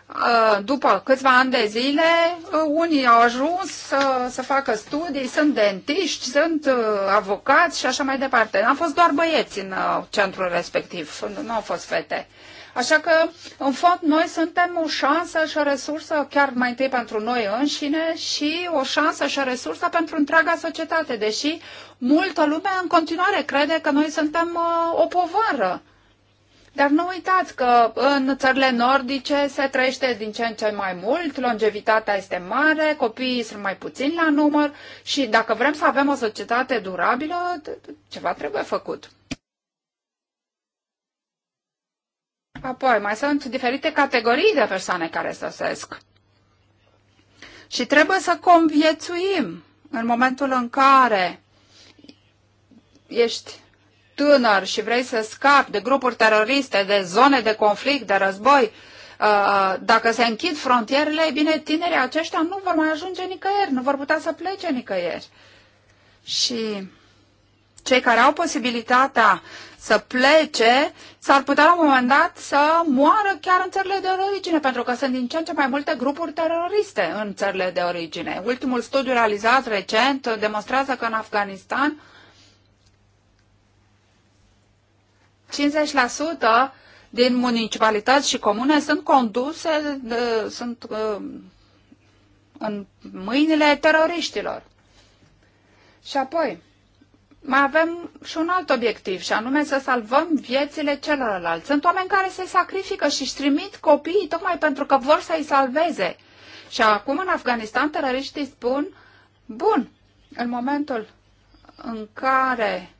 uh, după câțiva ani de zile, unii au ajuns să, să facă studii, sunt dentiști, sunt avocați și așa mai departe. Am fost doar băieți în centrul respectiv, nu au fost fete. Așa că, în fapt, noi suntem o șansă și o resursă chiar mai întâi pentru noi înșine și o șansă și o resursă pentru întreaga societate, deși multă lume în continuare crede că noi suntem uh, o povară. Dar nu uitați că în țările nordice se trăiește din ce în ce mai mult, longevitatea este mare, copiii sunt mai puțini la număr și dacă vrem să avem o societate durabilă, ceva trebuie făcut. Apoi, mai sunt diferite categorii de persoane care sosesc. Și trebuie să conviețuim în momentul în care ești tânăr și vrei să scapi de grupuri teroriste, de zone de conflict, de război, uh, dacă se închid frontierele, e bine, tinerii aceștia nu vor mai ajunge nicăieri, nu vor putea să plece nicăieri. Și cei care au posibilitatea să plece, s-ar putea la un moment dat să moară chiar în țările de origine, pentru că sunt din ce în ce mai multe grupuri teroriste în țările de origine. Ultimul studiu realizat recent demonstrează că în Afganistan 50% din municipalități și comune sunt conduse, de, sunt uh, în mâinile teroriștilor. Și apoi, mai avem și un alt obiectiv, și anume să salvăm viețile celorlalți. Sunt oameni care se sacrifică și își trimit copiii tocmai pentru că vor să-i salveze. Și acum în Afganistan teroriștii spun, bun, în momentul în care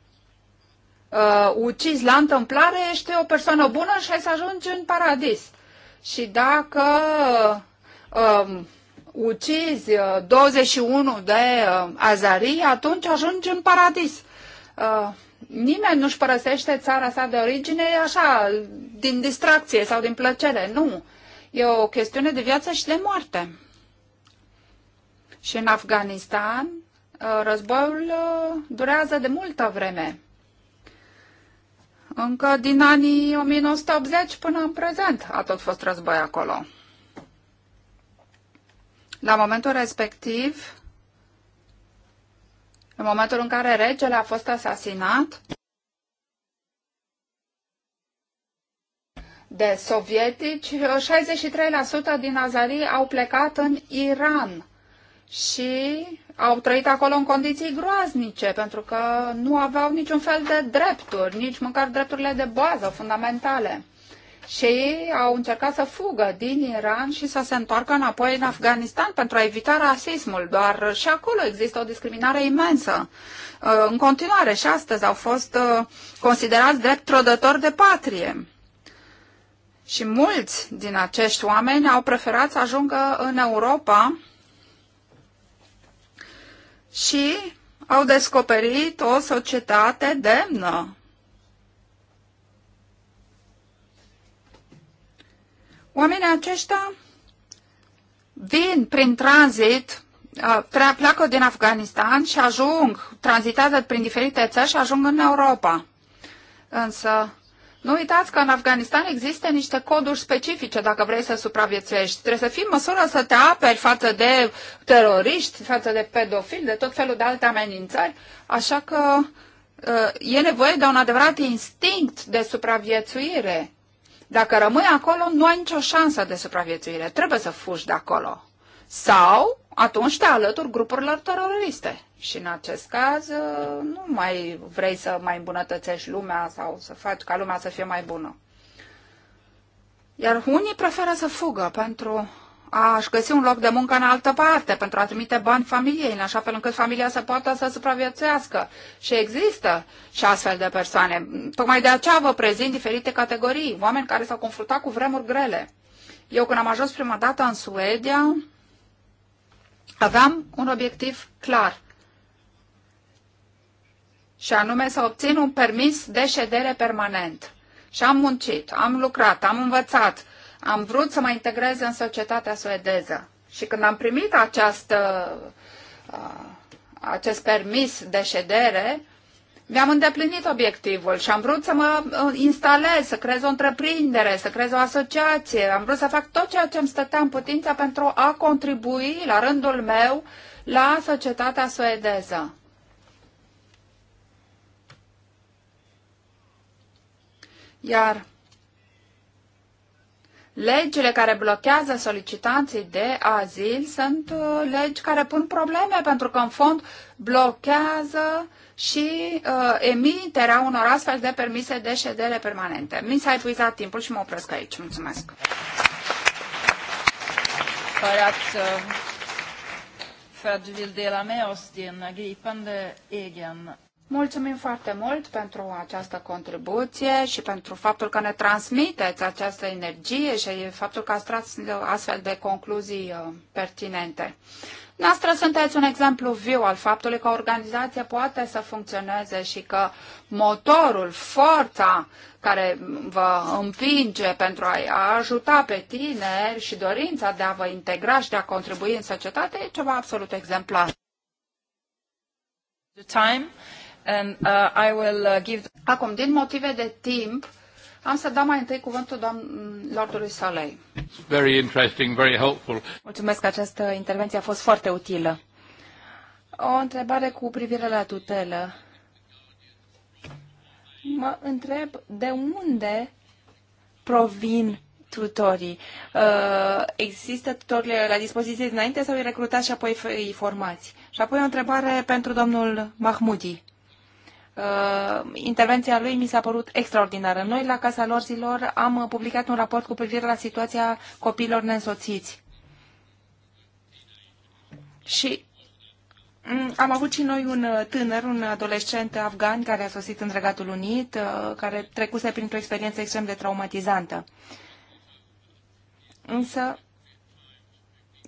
uh, ucizi la întâmplare, ești o persoană bună și ai să ajungi în paradis. Și dacă um, uh, ucizi 21 de uh, azarii, atunci ajungi în paradis. Uh, nimeni nu-și părăsește țara sa de origine așa, din distracție sau din plăcere. Nu. E o chestiune de viață și de moarte. Și în Afganistan, uh, războiul uh, durează de multă vreme. Încă din anii 1980 până în prezent a tot fost război acolo. La momentul respectiv, în momentul în care regele a fost asasinat de sovietici, 63% din azarii au plecat în Iran și au trăit acolo în condiții groaznice, pentru că nu aveau niciun fel de drepturi, nici măcar drepturile de bază fundamentale și au încercat să fugă din Iran și să se întoarcă înapoi în Afganistan pentru a evita rasismul, doar și acolo există o discriminare imensă. Uh, în continuare și astăzi au fost uh, considerați drept trădători de patrie. Și mulți din acești oameni au preferat să ajungă în Europa și au descoperit o societate demnă, Oamenii aceștia vin prin tranzit, uh, pleacă din Afganistan și ajung, tranzitează prin diferite țări și ajung în Europa. Însă, nu uitați că în Afganistan există niște coduri specifice dacă vrei să supraviețuiești. Trebuie să fii în măsură să te aperi față de teroriști, față de pedofili, de tot felul de alte amenințări. Așa că uh, e nevoie de un adevărat instinct de supraviețuire. Dacă rămâi acolo, nu ai nicio șansă de supraviețuire. Trebuie să fugi de acolo. Sau atunci te alături grupurilor teroriste. Și în acest caz uh, nu mai vrei să mai îmbunătățești lumea sau să faci ca lumea să fie mai bună. Iar unii preferă să fugă pentru a-și găsi un loc de muncă în altă parte pentru a trimite bani familiei, în așa fel încât familia să poată să supraviețuiască. Și există și astfel de persoane. Tocmai de aceea vă prezint diferite categorii, oameni care s-au confruntat cu vremuri grele. Eu când am ajuns prima dată în Suedia, aveam un obiectiv clar – și anume să obțin un permis de ședere permanent. Și am muncit, am lucrat, am învățat, am vrut să mă integrez în societatea suedeză. Și când am primit această, uh, acest permis de ședere, mi-am îndeplinit obiectivul și am vrut să mă uh, instalez, să creez o întreprindere, să creez o asociație. Am vrut să fac tot ceea ce îmi stătea în putință pentru a contribui, la rândul meu, la societatea suedeză. Iar legile care blochează solicitanții de azil sunt uh, legi care pun probleme pentru că, în fond, blochează și uh, emiterea unor astfel de permise de ședere permanente. Mi s-a epuizat timpul și mă opresc aici. Mulțumesc! Mulțumim foarte mult pentru această contribuție și pentru faptul că ne transmiteți această energie și faptul că ați tras astfel de concluzii uh, pertinente. Noastră sunteți un exemplu viu al faptului că o organizație poate să funcționeze și că motorul, forța care vă împinge pentru a ajuta pe tineri și dorința de a vă integra și de a contribui în societate e ceva absolut exemplar. The time. And, uh, I will, uh, give... Acum, din motive de timp, am să dau mai întâi cuvântul doamn, Lordului Salei. Very interesting, very helpful. Mulțumesc, această intervenție a fost foarte utilă. O întrebare cu privire la tutelă. Mă întreb de unde provin tutorii. Uh, există tutorii la dispoziție dinainte sau îi recrutați și apoi îi formați? Și apoi o întrebare pentru domnul Mahmudi. Uh, intervenția lui mi s-a părut extraordinară. Noi, la Casa lor am publicat un raport cu privire la situația copiilor nensoțiți. Și mm, am avut și noi un uh, tânăr, un adolescent afgan care a sosit în Regatul Unit, uh, care trecuse printr-o experiență extrem de traumatizantă. Însă,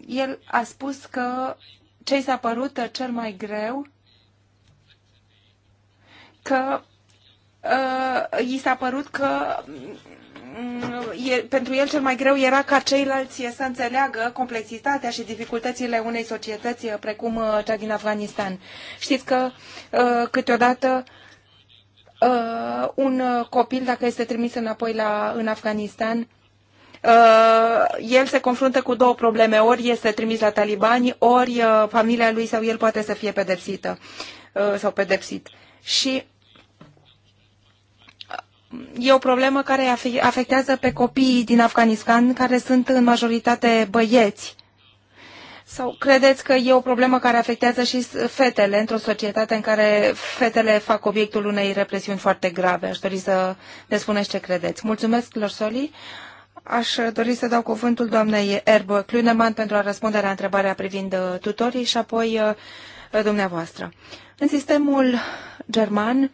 el a spus că ce i s-a părut uh, cel mai greu că uh, i s-a părut că mm, E, pentru el cel mai greu era ca ceilalți să înțeleagă complexitatea și dificultățile unei societăți uh, precum uh, cea din Afganistan. Știți că uh, câteodată un copil, dacă este trimis înapoi la, în Afganistan, el se confruntă cu două probleme. Ori este trimis la talibani, ori familia lui sau el poate să fie pedepsită sau pedepsit. Și e o problemă care afectează pe copiii din Afganistan, care sunt în majoritate băieți. Sau credeți că e o problemă care afectează și fetele într-o societate în care fetele fac obiectul unei represiuni foarte grave? Aș dori să ne spuneți ce credeți. Mulțumesc, Lorsoli. Aș dori să dau cuvântul doamnei Erbă Cluneman pentru a răspunde la întrebarea privind uh, tutorii și apoi uh, dumneavoastră. În sistemul german,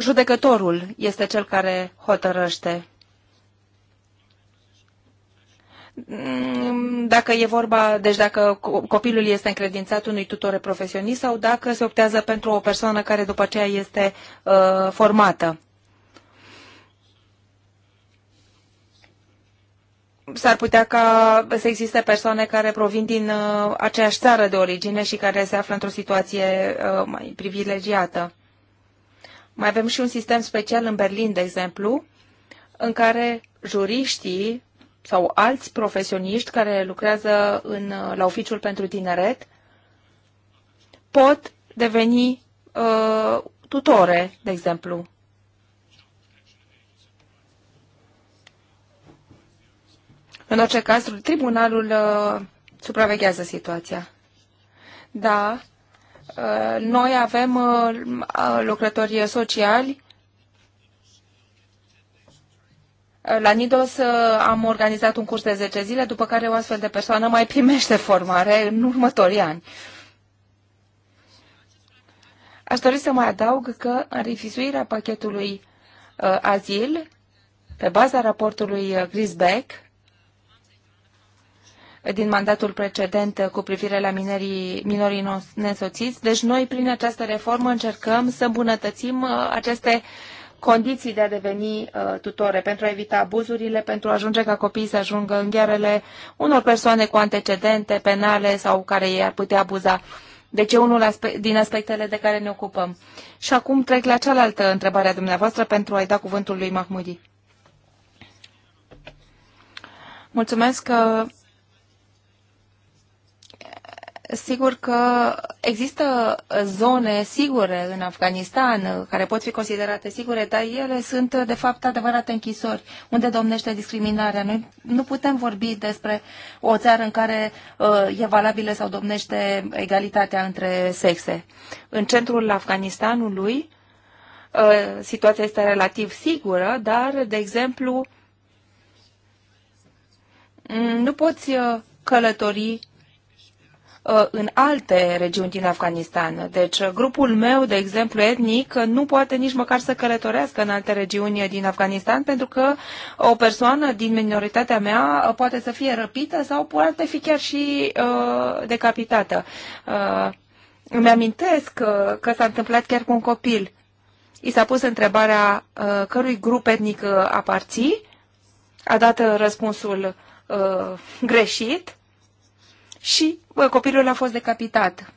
judecătorul este cel care hotărăște mm, dacă e vorba, deci dacă copilul este încredințat unui tutore profesionist sau dacă se optează pentru o persoană care după aceea este uh, formată. S-ar putea ca să existe persoane care provin din uh, aceeași țară de origine și care se află într-o situație uh, mai privilegiată. Mai avem și un sistem special în Berlin, de exemplu, în care juriștii sau alți profesioniști care lucrează în, la oficiul pentru tineret pot deveni uh, tutore, de exemplu. În orice caz, tribunalul uh, supraveghează situația. Da, Uh, noi avem uh, uh, lucrători sociali. La Nidos am organizat un curs de 10 zile, după care o astfel de persoană mai primește formare în următorii ani. Aș dori să mai adaug că în revizuirea pachetului azil, pe baza raportului Grisbeck, din mandatul precedent cu privire la minerii, minorii nesoțiți. Deci noi, prin această reformă, încercăm să îmbunătățim uh, aceste condiții de a deveni uh, tutore, pentru a evita abuzurile, pentru a ajunge ca copiii să ajungă în ghearele unor persoane cu antecedente penale sau care ei ar putea abuza. Deci e unul din aspectele de care ne ocupăm. Și acum trec la cealaltă întrebare a dumneavoastră pentru a-i da cuvântul lui Mahmudi. Mulțumesc că uh, Sigur că există zone sigure în Afganistan care pot fi considerate sigure, dar ele sunt de fapt adevărate închisori unde domnește discriminarea. Noi nu putem vorbi despre o țară în care uh, e valabilă sau domnește egalitatea între sexe. În centrul Afganistanului uh, situația este relativ sigură, dar, de exemplu, mm, nu poți uh, călători Uh, în alte regiuni din Afganistan. Deci uh, grupul meu, de exemplu, etnic, uh, nu poate nici măcar să călătorească în alte regiuni din Afganistan pentru că o persoană din minoritatea mea poate să fie răpită sau poate fi chiar și uh, decapitată. Uh, îmi amintesc că, că s-a întâmplat chiar cu un copil. I s-a pus întrebarea uh, cărui grup etnic aparții. A dat răspunsul uh, greșit și copilul a fost decapitat.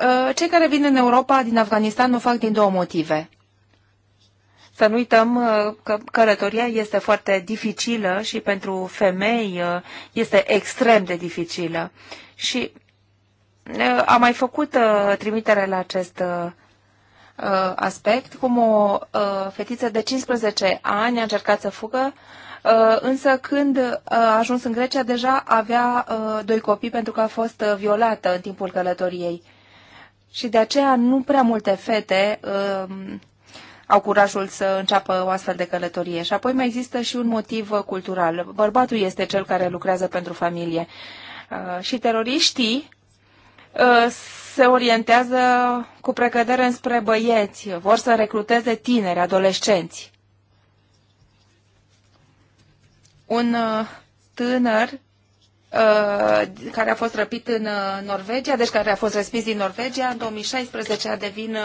Ă, cei care vin în Europa din Afganistan o fac din două motive. Să nu uităm ă, că călătoria este foarte dificilă și pentru femei ă, este extrem de dificilă. Și am mai făcut trimitere la acest aspect, cum o fetiță de 15 ani a încercat să fugă Uh, însă când uh, a ajuns în Grecia deja avea uh, doi copii pentru că a fost violată în timpul călătoriei. Și de aceea nu prea multe fete um, au curajul să înceapă o astfel de călătorie. Și apoi mai există și un motiv cultural. Bărbatul este cel care lucrează pentru familie. Și teroriștii se orientează cu precădere înspre băieți, vor să recruteze tineri, adolescenți. un uh, tânăr uh, care a fost răpit în uh, Norvegia, deci care a fost respins din Norvegia, în 2016 a, devin,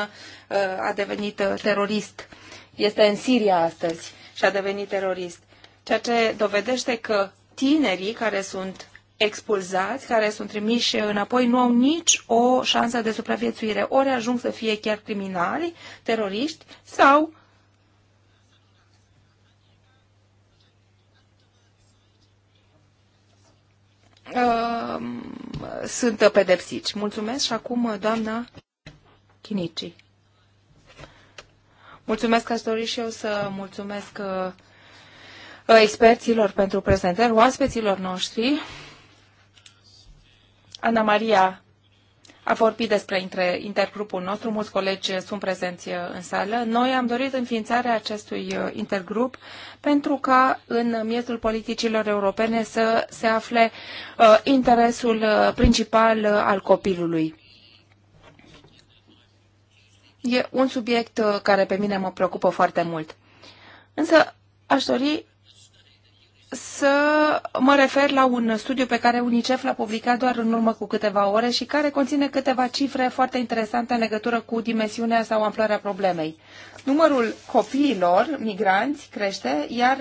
a devenit terorist. Este în Siria astăzi și a devenit terorist. Ceea ce dovedește că tinerii care sunt expulzați, care sunt trimiși înapoi, nu au nici o șansă de supraviețuire. Ori ajung să fie chiar criminali, teroriști sau Ehm, sunt pedepsiți. Mulțumesc și acum doamna Chinici. Mulțumesc, aș dori și eu să mulțumesc uh, experților pentru prezentări, oaspeților noștri. Ana Maria a vorbit despre intergrupul nostru, mulți colegi sunt prezenți uh, în sală. Noi am dorit înființarea acestui uh, intergrup pentru ca în miezul politicilor europene să se afle uh, interesul uh, principal al copilului. E un subiect care pe mine mă preocupă foarte mult. Însă aș dori să mă refer la un studiu pe care UNICEF l-a publicat doar în urmă cu câteva ore și care conține câteva cifre foarte interesante în legătură cu dimensiunea sau amploarea problemei. Numărul copiilor migranți crește, iar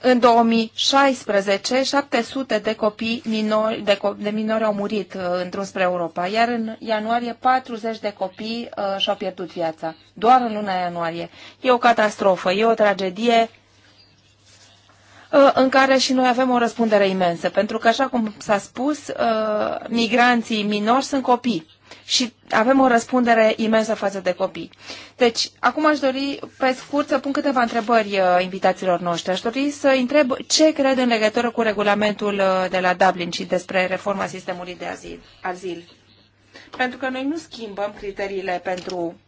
În 2016, 700 de copii minori, de, co- de minori au murit uh, într-un spre Europa, iar în ianuarie 40 de copii uh, și-au pierdut viața. Doar în luna ianuarie. E o catastrofă, e o tragedie uh, în care și noi avem o răspundere imensă, pentru că, așa cum s-a spus, uh, migranții minori sunt copii și avem o răspundere imensă față de copii. Deci, acum aș dori, pe scurt, să pun câteva întrebări uh, invitaților noștri. Aș dori să întreb ce cred în legătură cu regulamentul uh, de la Dublin și despre reforma sistemului de azil. azil. Pentru că noi nu schimbăm criteriile pentru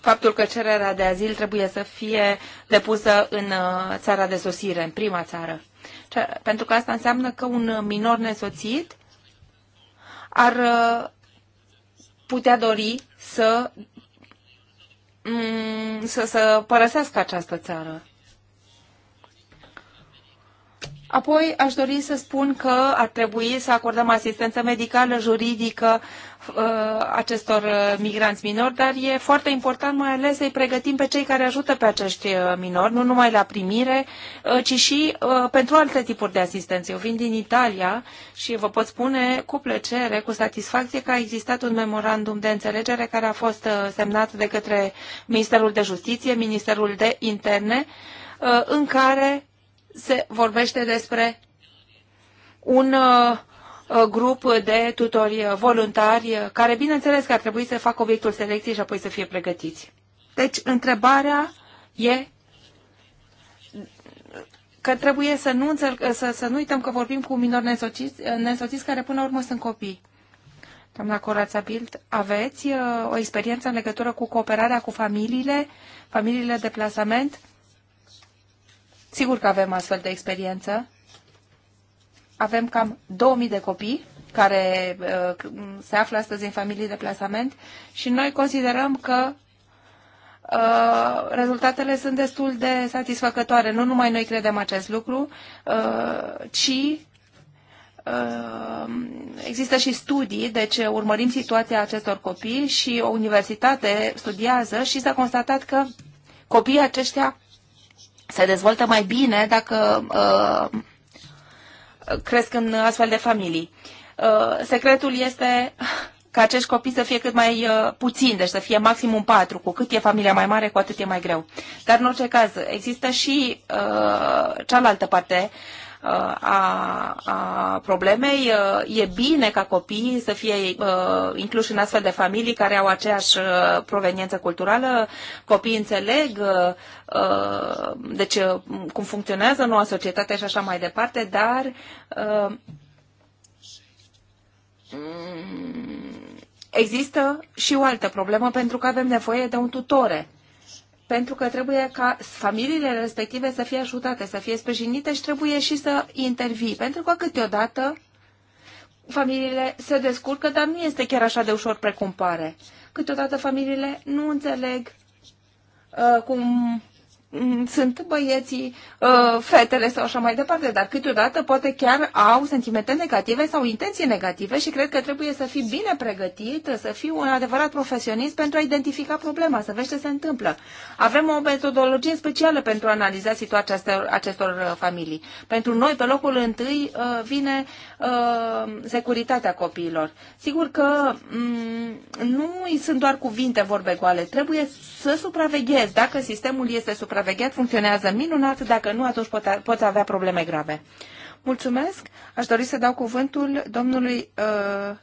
faptul că cererea de azil trebuie să fie depusă în uh, țara de sosire, în prima țară pentru că asta înseamnă că un minor nesoțit ar uh, putea dori să, mm, să, să părăsească această țară. Apoi aș dori să spun că ar trebui să acordăm asistență medicală, juridică uh, acestor uh, migranți minori, dar e foarte important mai ales să-i pregătim pe cei care ajută pe acești uh, minori, nu numai la primire, ci și pentru alte tipuri de asistență. Eu vin din Italia și vă pot spune cu plăcere, cu satisfacție că a existat un memorandum de înțelegere care a fost semnat de către Ministerul de Justiție, Ministerul de Interne, în care se vorbește despre un uh, uh, grup de tutori voluntari care, bineînțeles, că ar trebui să facă obiectul selecției și apoi să fie pregătiți. Deci, întrebarea e că trebuie să nu, înțel- să, să nu uităm că vorbim cu minori nesociți, nesociți care până la urmă sunt copii. Doamna Corața Bild, aveți uh, o experiență în legătură cu cooperarea cu familiile, familiile de plasament? Sigur că avem astfel de experiență. Avem cam 2000 de copii care uh, se află astăzi în familii de plasament și noi considerăm că uh, rezultatele sunt destul de satisfăcătoare. Nu numai noi credem acest lucru, uh, ci uh, există și studii, deci urmărim situația acestor copii și o universitate studiază și s-a constatat că copiii aceștia se dezvoltă mai bine dacă uh, cresc în astfel de familii. Uh, secretul este ca acești copii să fie cât mai uh, puțini, deci să fie maximum patru. Cu cât e familia mai mare, cu atât e mai greu. Dar în orice caz, există și uh, cealaltă parte a, a problemei. E bine ca copiii să fie incluși în astfel de familii care au aceeași proveniență culturală. Copiii înțeleg deci, cum funcționează noua societate și așa mai departe, dar mm, există și o altă problemă pentru că avem nevoie de un tutore pentru că trebuie ca familiile respective să fie ajutate, să fie sprijinite și trebuie și să intervii, pentru că câteodată familiile se descurcă, dar nu este chiar așa de ușor precum pare. Câteodată familiile nu înțeleg uh, cum Mm, sunt băieții, uh, fetele sau așa mai departe, dar câteodată poate chiar au sentimente negative sau intenții negative și cred că trebuie să fii bine pregătit, să fii un adevărat profesionist pentru a identifica problema, să vezi ce se întâmplă. Avem o metodologie specială pentru a analiza situația acestor, acestor uh, familii. Pentru noi, pe locul întâi, uh, vine securitatea copiilor. Sigur că mm, nu sunt doar cuvinte, vorbe goale, trebuie să supraveghezi dacă sistemul este supravegheat supravegheat funcționează minunat, dacă nu, atunci poți avea probleme grave. Mulțumesc. Aș dori să dau cuvântul domnului uh, uh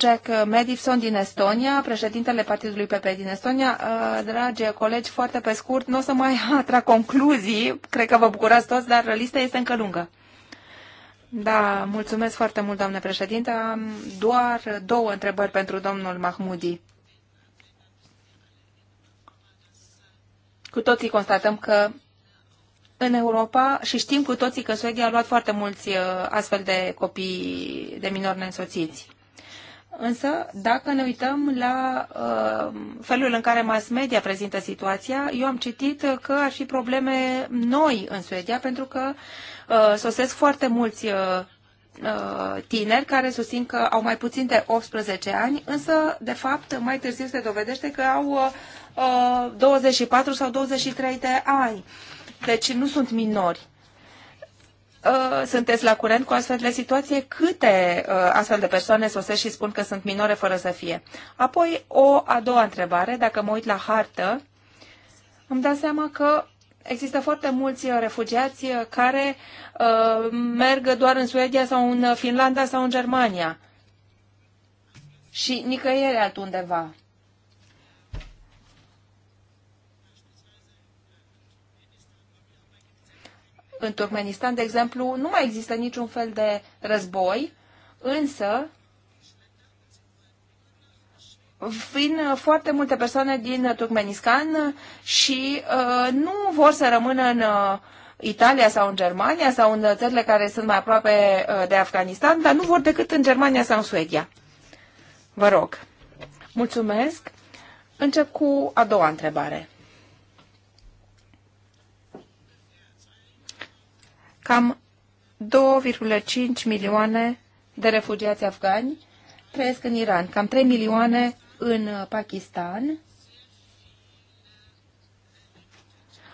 Jack Medifson din Estonia, președintele Partidului PP din Estonia. Uh, dragi colegi, foarte pe scurt, nu o să mai atrag concluzii, cred că vă bucurați toți, dar lista este încă lungă. Da, mulțumesc foarte mult, doamne președinte. Am doar două întrebări pentru domnul Mahmudi. Cu toții constatăm că în Europa și știm cu toții că Suedia a luat foarte mulți uh, astfel de copii de minori neînsoțiți. Însă, dacă ne uităm la uh, felul în care mass media prezintă situația, eu am citit că ar fi probleme noi în Suedia, pentru că uh, sosesc foarte mulți uh, uh tineri care susțin că au mai puțin de 18 ani, însă, de fapt, mai târziu se dovedește că au uh, 24 uh, sau 23 de ani. Deci nu sunt minori uh, sunteți la curent cu astfel de situație? Câte uh, astfel de persoane sosesc și spun că sunt minore fără să fie? Apoi, o a doua întrebare, dacă mă uit la hartă, îmi dau seama că există foarte mulți refugiați care uh, merg doar în Suedia sau în Finlanda sau în Germania și nicăieri altundeva. În Turkmenistan, de exemplu, nu mai există niciun fel de război, însă vin foarte multe persoane din Turkmenistan și uh, nu vor să rămână în uh, Italia sau în Germania sau în țările care sunt mai aproape uh, de Afganistan, dar nu vor decât în Germania sau în Suedia. Vă rog. Mulțumesc. Încep cu a doua întrebare. cam 2,5 milioane de refugiați afgani trăiesc în Iran, cam 3 milioane în Pakistan,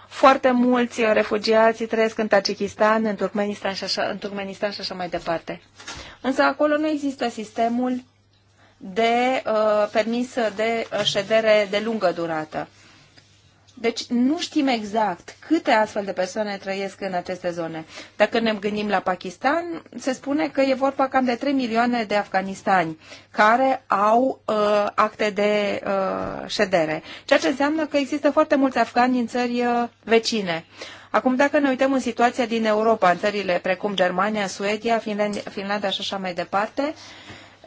Foarte mulți refugiați trăiesc în Tajikistan, în Turkmenistan și așa, în Turkmenistan și așa mai departe. Însă acolo nu există sistemul de uh, permis de uh, ședere de lungă durată. Deci nu știm exact câte astfel de persoane trăiesc în aceste zone. Dacă ne gândim la Pakistan, se spune că e vorba cam de 3 milioane de afganistani care au uh, acte de uh, ședere, ceea ce înseamnă că există foarte mulți afgani în țări uh, vecine. Acum, dacă ne uităm în situația din Europa, în țările precum Germania, Suedia, Finlandia și așa mai departe, uh,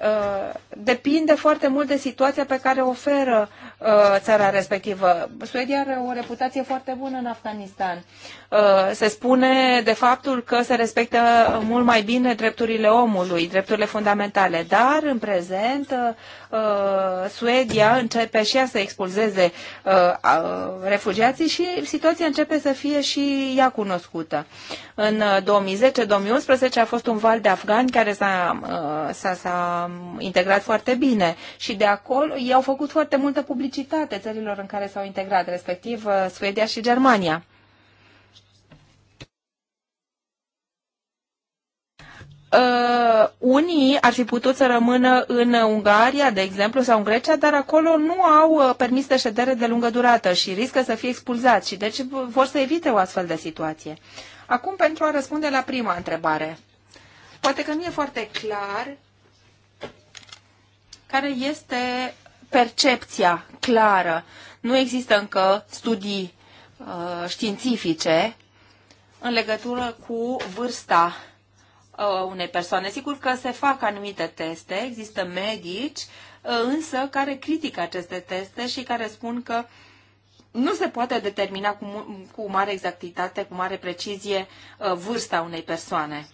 Uh, depinde foarte mult de situația pe care o oferă uh, țara respectivă. Suedia are o reputație foarte bună în Afganistan. Uh, se spune de faptul că se respectă mult mai bine drepturile omului, drepturile fundamentale, dar în prezent Uh, Suedia începe și ea să expulzeze uh, refugiații și situația începe să fie și ea cunoscută. În 2010-2011 uh, a fost un val de afgani care uh, s-a, s-a, integrat foarte bine și de acolo i-au făcut foarte multă publicitate țărilor în care s-au integrat, respectiv Suedia și Germania. Uh, unii ar fi putut să rămână în Ungaria, de exemplu, sau în Grecia, dar acolo nu au uh, permis de ședere de lungă durată și riscă să fie expulzați și deci vor să evite o astfel de situație. Acum, pentru a răspunde la prima întrebare, poate că nu e foarte clar care este percepția clară. Nu există încă studii uh, științifice în legătură cu vârsta Uh, unei persoane. Sigur că se fac anumite teste, există medici, uh, însă care critică aceste teste și care spun că nu se poate determina cu, cu mare exactitate, cu mare precizie uh, vârsta unei persoane.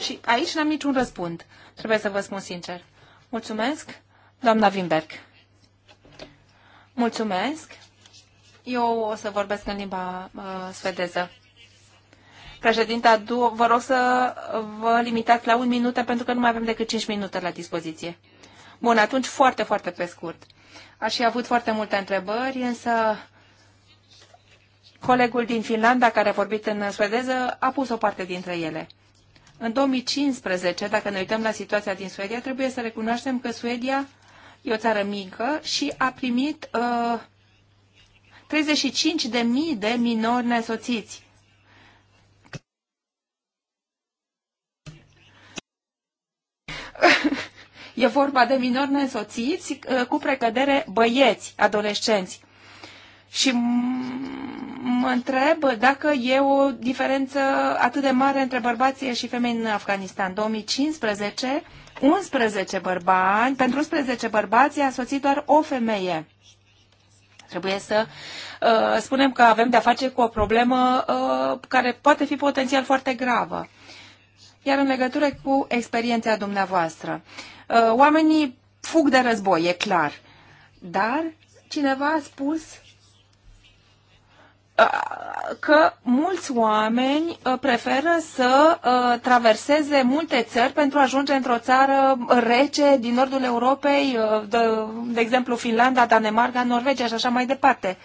Și aici n-am niciun răspund, trebuie să vă spun sincer. Mulțumesc, doamna Wimberg. Mulțumesc. Eu o să vorbesc în limba uh, svedeză. Președinta, vă rog să vă limitați la un minut, pentru că nu mai avem decât 5 minute la dispoziție. Bun, atunci foarte, foarte pe scurt. Aș fi avut foarte multe întrebări, însă colegul din Finlanda, care a vorbit în suedeză, a pus o parte dintre ele. În 2015, dacă ne uităm la situația din Suedia, trebuie să recunoaștem că Suedia e o țară mică și a primit uh, 35.000 de minori nesoțiți E vorba de minori nesoțiți uh, cu precădere băieți, adolescenți. Și mă întreb dacă e o diferență atât de mare între bărbații și femei în Afganistan. 2015, 11 bărbați, pentru 11 bărbați a soțit doar o femeie. Trebuie să uh, spunem că avem de-a face cu o problemă uh, care poate fi potențial foarte gravă. Iar în legătură cu experiența dumneavoastră, uh, oamenii fug de război, e clar. Dar cineva a spus uh, că mulți oameni uh, preferă să traverseze multe țări pentru a ajunge într-o țară rece din nordul Europei, de, de exemplu Finlanda, Danemarca, Norvegia și așa mai departe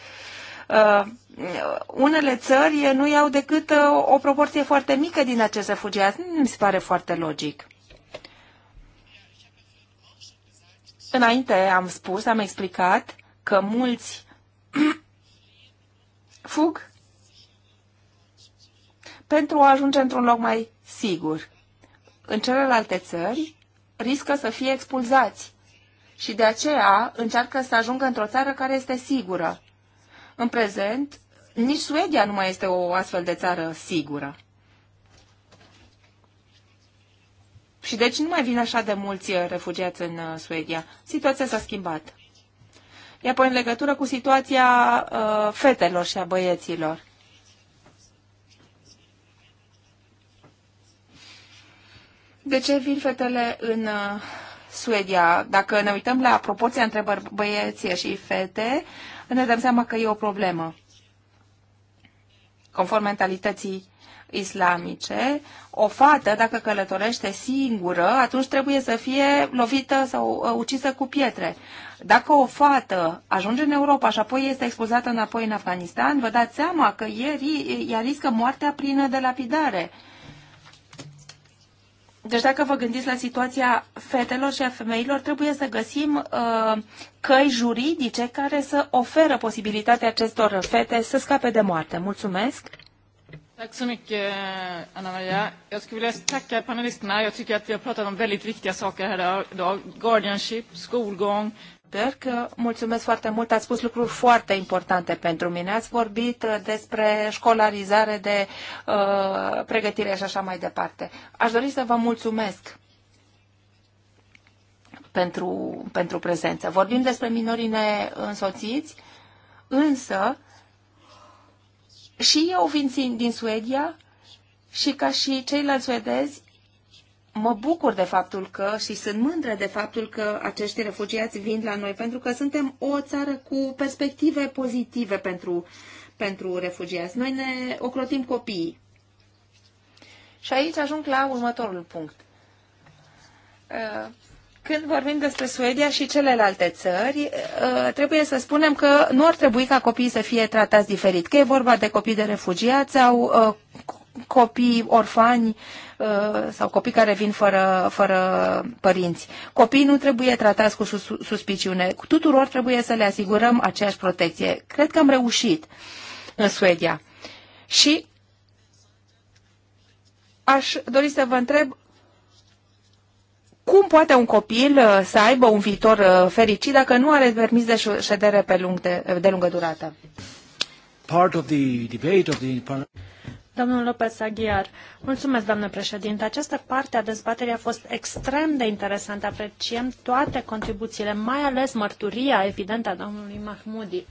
unele țări nu iau decât uh, o proporție foarte mică din acest refugiați. Mi se pare foarte logic. Înainte am spus, am explicat că mulți fug pentru a ajunge într-un loc mai sigur. În celelalte țări riscă să fie expulzați și de aceea încearcă să ajungă într-o țară care este sigură în prezent, nici Suedia nu mai este o astfel de țară sigură. Și deci nu mai vin așa de mulți uh, refugiați în uh, Suedia. Situația s-a schimbat. E apoi în legătură cu situația uh, fetelor și a băieților. De ce vin fetele în uh, Suedia? Dacă ne uităm la proporția între băieți și fete, ne dăm seama că e o problemă. Conform mentalității islamice, o fată, dacă călătorește singură, atunci trebuie să fie lovită sau ă, ucisă cu pietre. Dacă o fată ajunge în Europa și apoi este expulzată înapoi în Afganistan, vă dați seama că ieri ea riscă moartea prin delapidare. Uh, deci dacă vă gândiți la situația fetelor și a femeilor, trebuie să găsim uh, căi juridice care să oferă posibilitatea acestor fete să scape de moarte. Mulțumesc! Tack så mycket, Anna-Maria. Jag skulle vilja tacka panelisterna. Jag tycker att vi har pratat om väldigt viktiga saker här idag. Guardianship, skolgång, Berg, mulțumesc foarte mult. Ați spus lucruri foarte importante pentru mine. Ați vorbit uh, despre școlarizare, de uh, pregătire și așa mai departe. Aș dori să vă mulțumesc pentru, pentru prezență. Vorbim despre minorii neînsoțiți, însă și eu vin din Suedia și ca și ceilalți suedezi mă bucur de faptul că și sunt mândră de faptul că acești refugiați vin la noi, pentru că suntem o țară cu perspective pozitive pentru, pentru refugiați. Noi ne ocrotim copiii. Și aici ajung la următorul punct. Uh, când vorbim despre Suedia și celelalte țări, uh, trebuie să spunem că nu ar trebui ca copiii să fie tratați diferit, că e vorba de copii de refugiați sau uh, copii orfani, Uh, sau copii care vin fără, fără părinți. Copiii nu trebuie tratați cu sus, suspiciune. Tuturor trebuie să le asigurăm aceeași protecție. Cred că am reușit în Suedia. Și aș dori să vă întreb cum poate un copil uh, să aibă un viitor uh, fericit dacă nu are permis de ședere pe lung de, de lungă durată? Part of the debate of the... Domnul Lopez Aguiar, mulțumesc, doamnă președinte. Această parte a dezbaterii a fost extrem de interesantă. Apreciem toate contribuțiile, mai ales mărturia evidentă a domnului Mahmudi.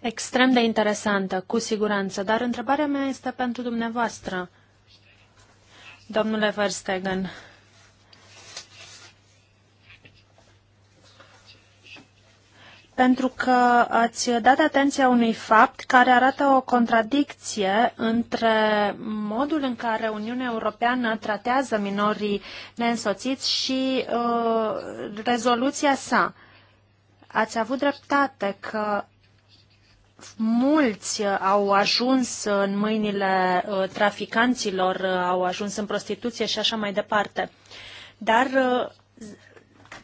Extrem de interesantă, cu siguranță, dar întrebarea mea este pentru dumneavoastră. Domnule Verstegen, pentru că ați dat atenția unui fapt care arată o contradicție între modul în care Uniunea Europeană tratează minorii neînsoțiți și uh, rezoluția sa. Ați avut dreptate că mulți au ajuns în mâinile uh, traficanților, uh, au ajuns în prostituție și așa mai departe. Dar uh,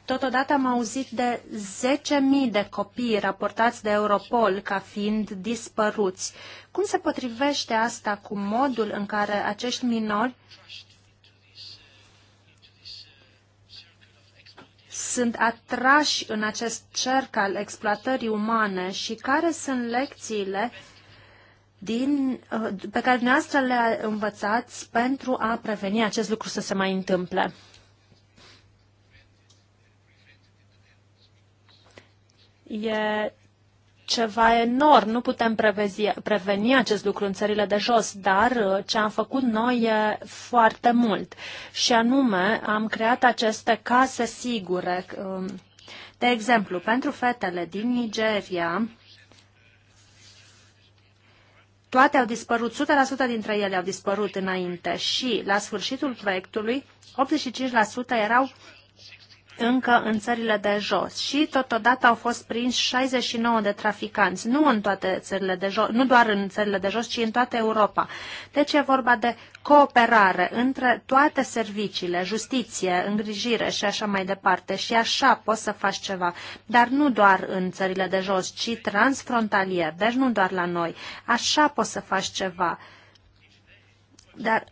Totodată am auzit de 10.000 de copii raportați de Europol ca fiind dispăruți. Cum se potrivește asta cu modul în care acești minori sunt atrași în acest cerc al exploatării umane și care sunt lecțiile din, pe care dumneavoastră le învățați pentru a preveni acest lucru să se mai întâmple. e ceva enorm. Nu putem prevezi, preveni acest lucru în țările de jos, dar uh, ce am făcut noi e foarte mult. Și anume, am creat aceste case sigure. Um, de exemplu, pentru fetele din Nigeria, toate au dispărut, 100% dintre ele au dispărut înainte și la sfârșitul proiectului 85% erau încă în țările de jos și totodată au fost prinși 69 de traficanți, nu în toate țările de jos, nu doar în țările de jos, ci în toată Europa. Deci e vorba de cooperare între toate serviciile, justiție, îngrijire și așa mai departe și așa poți să faci ceva, dar nu doar în țările de jos, ci transfrontalier, deci nu doar la noi. Așa poți să faci ceva. Dar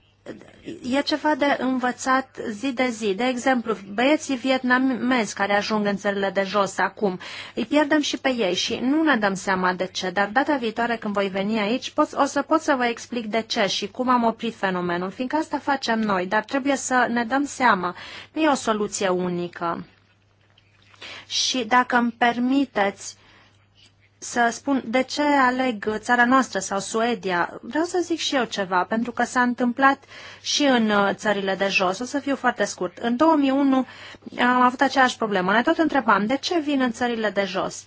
e ceva de învățat zi de zi. De exemplu, băieții vietnamezi care ajung în țările de jos acum, îi pierdem și pe ei și nu ne dăm seama de ce, dar data viitoare când voi veni aici pot, o să pot să vă explic de ce și cum am oprit fenomenul, fiindcă asta facem noi, dar trebuie să ne dăm seama. Nu e o soluție unică. Și dacă îmi permiteți, să spun de ce aleg țara noastră sau Suedia. Vreau să zic și eu ceva, pentru că s-a întâmplat și în uh, țările de jos. O să fiu foarte scurt. În 2001 am avut aceeași problemă. Ne tot întrebam de ce vin în țările de jos.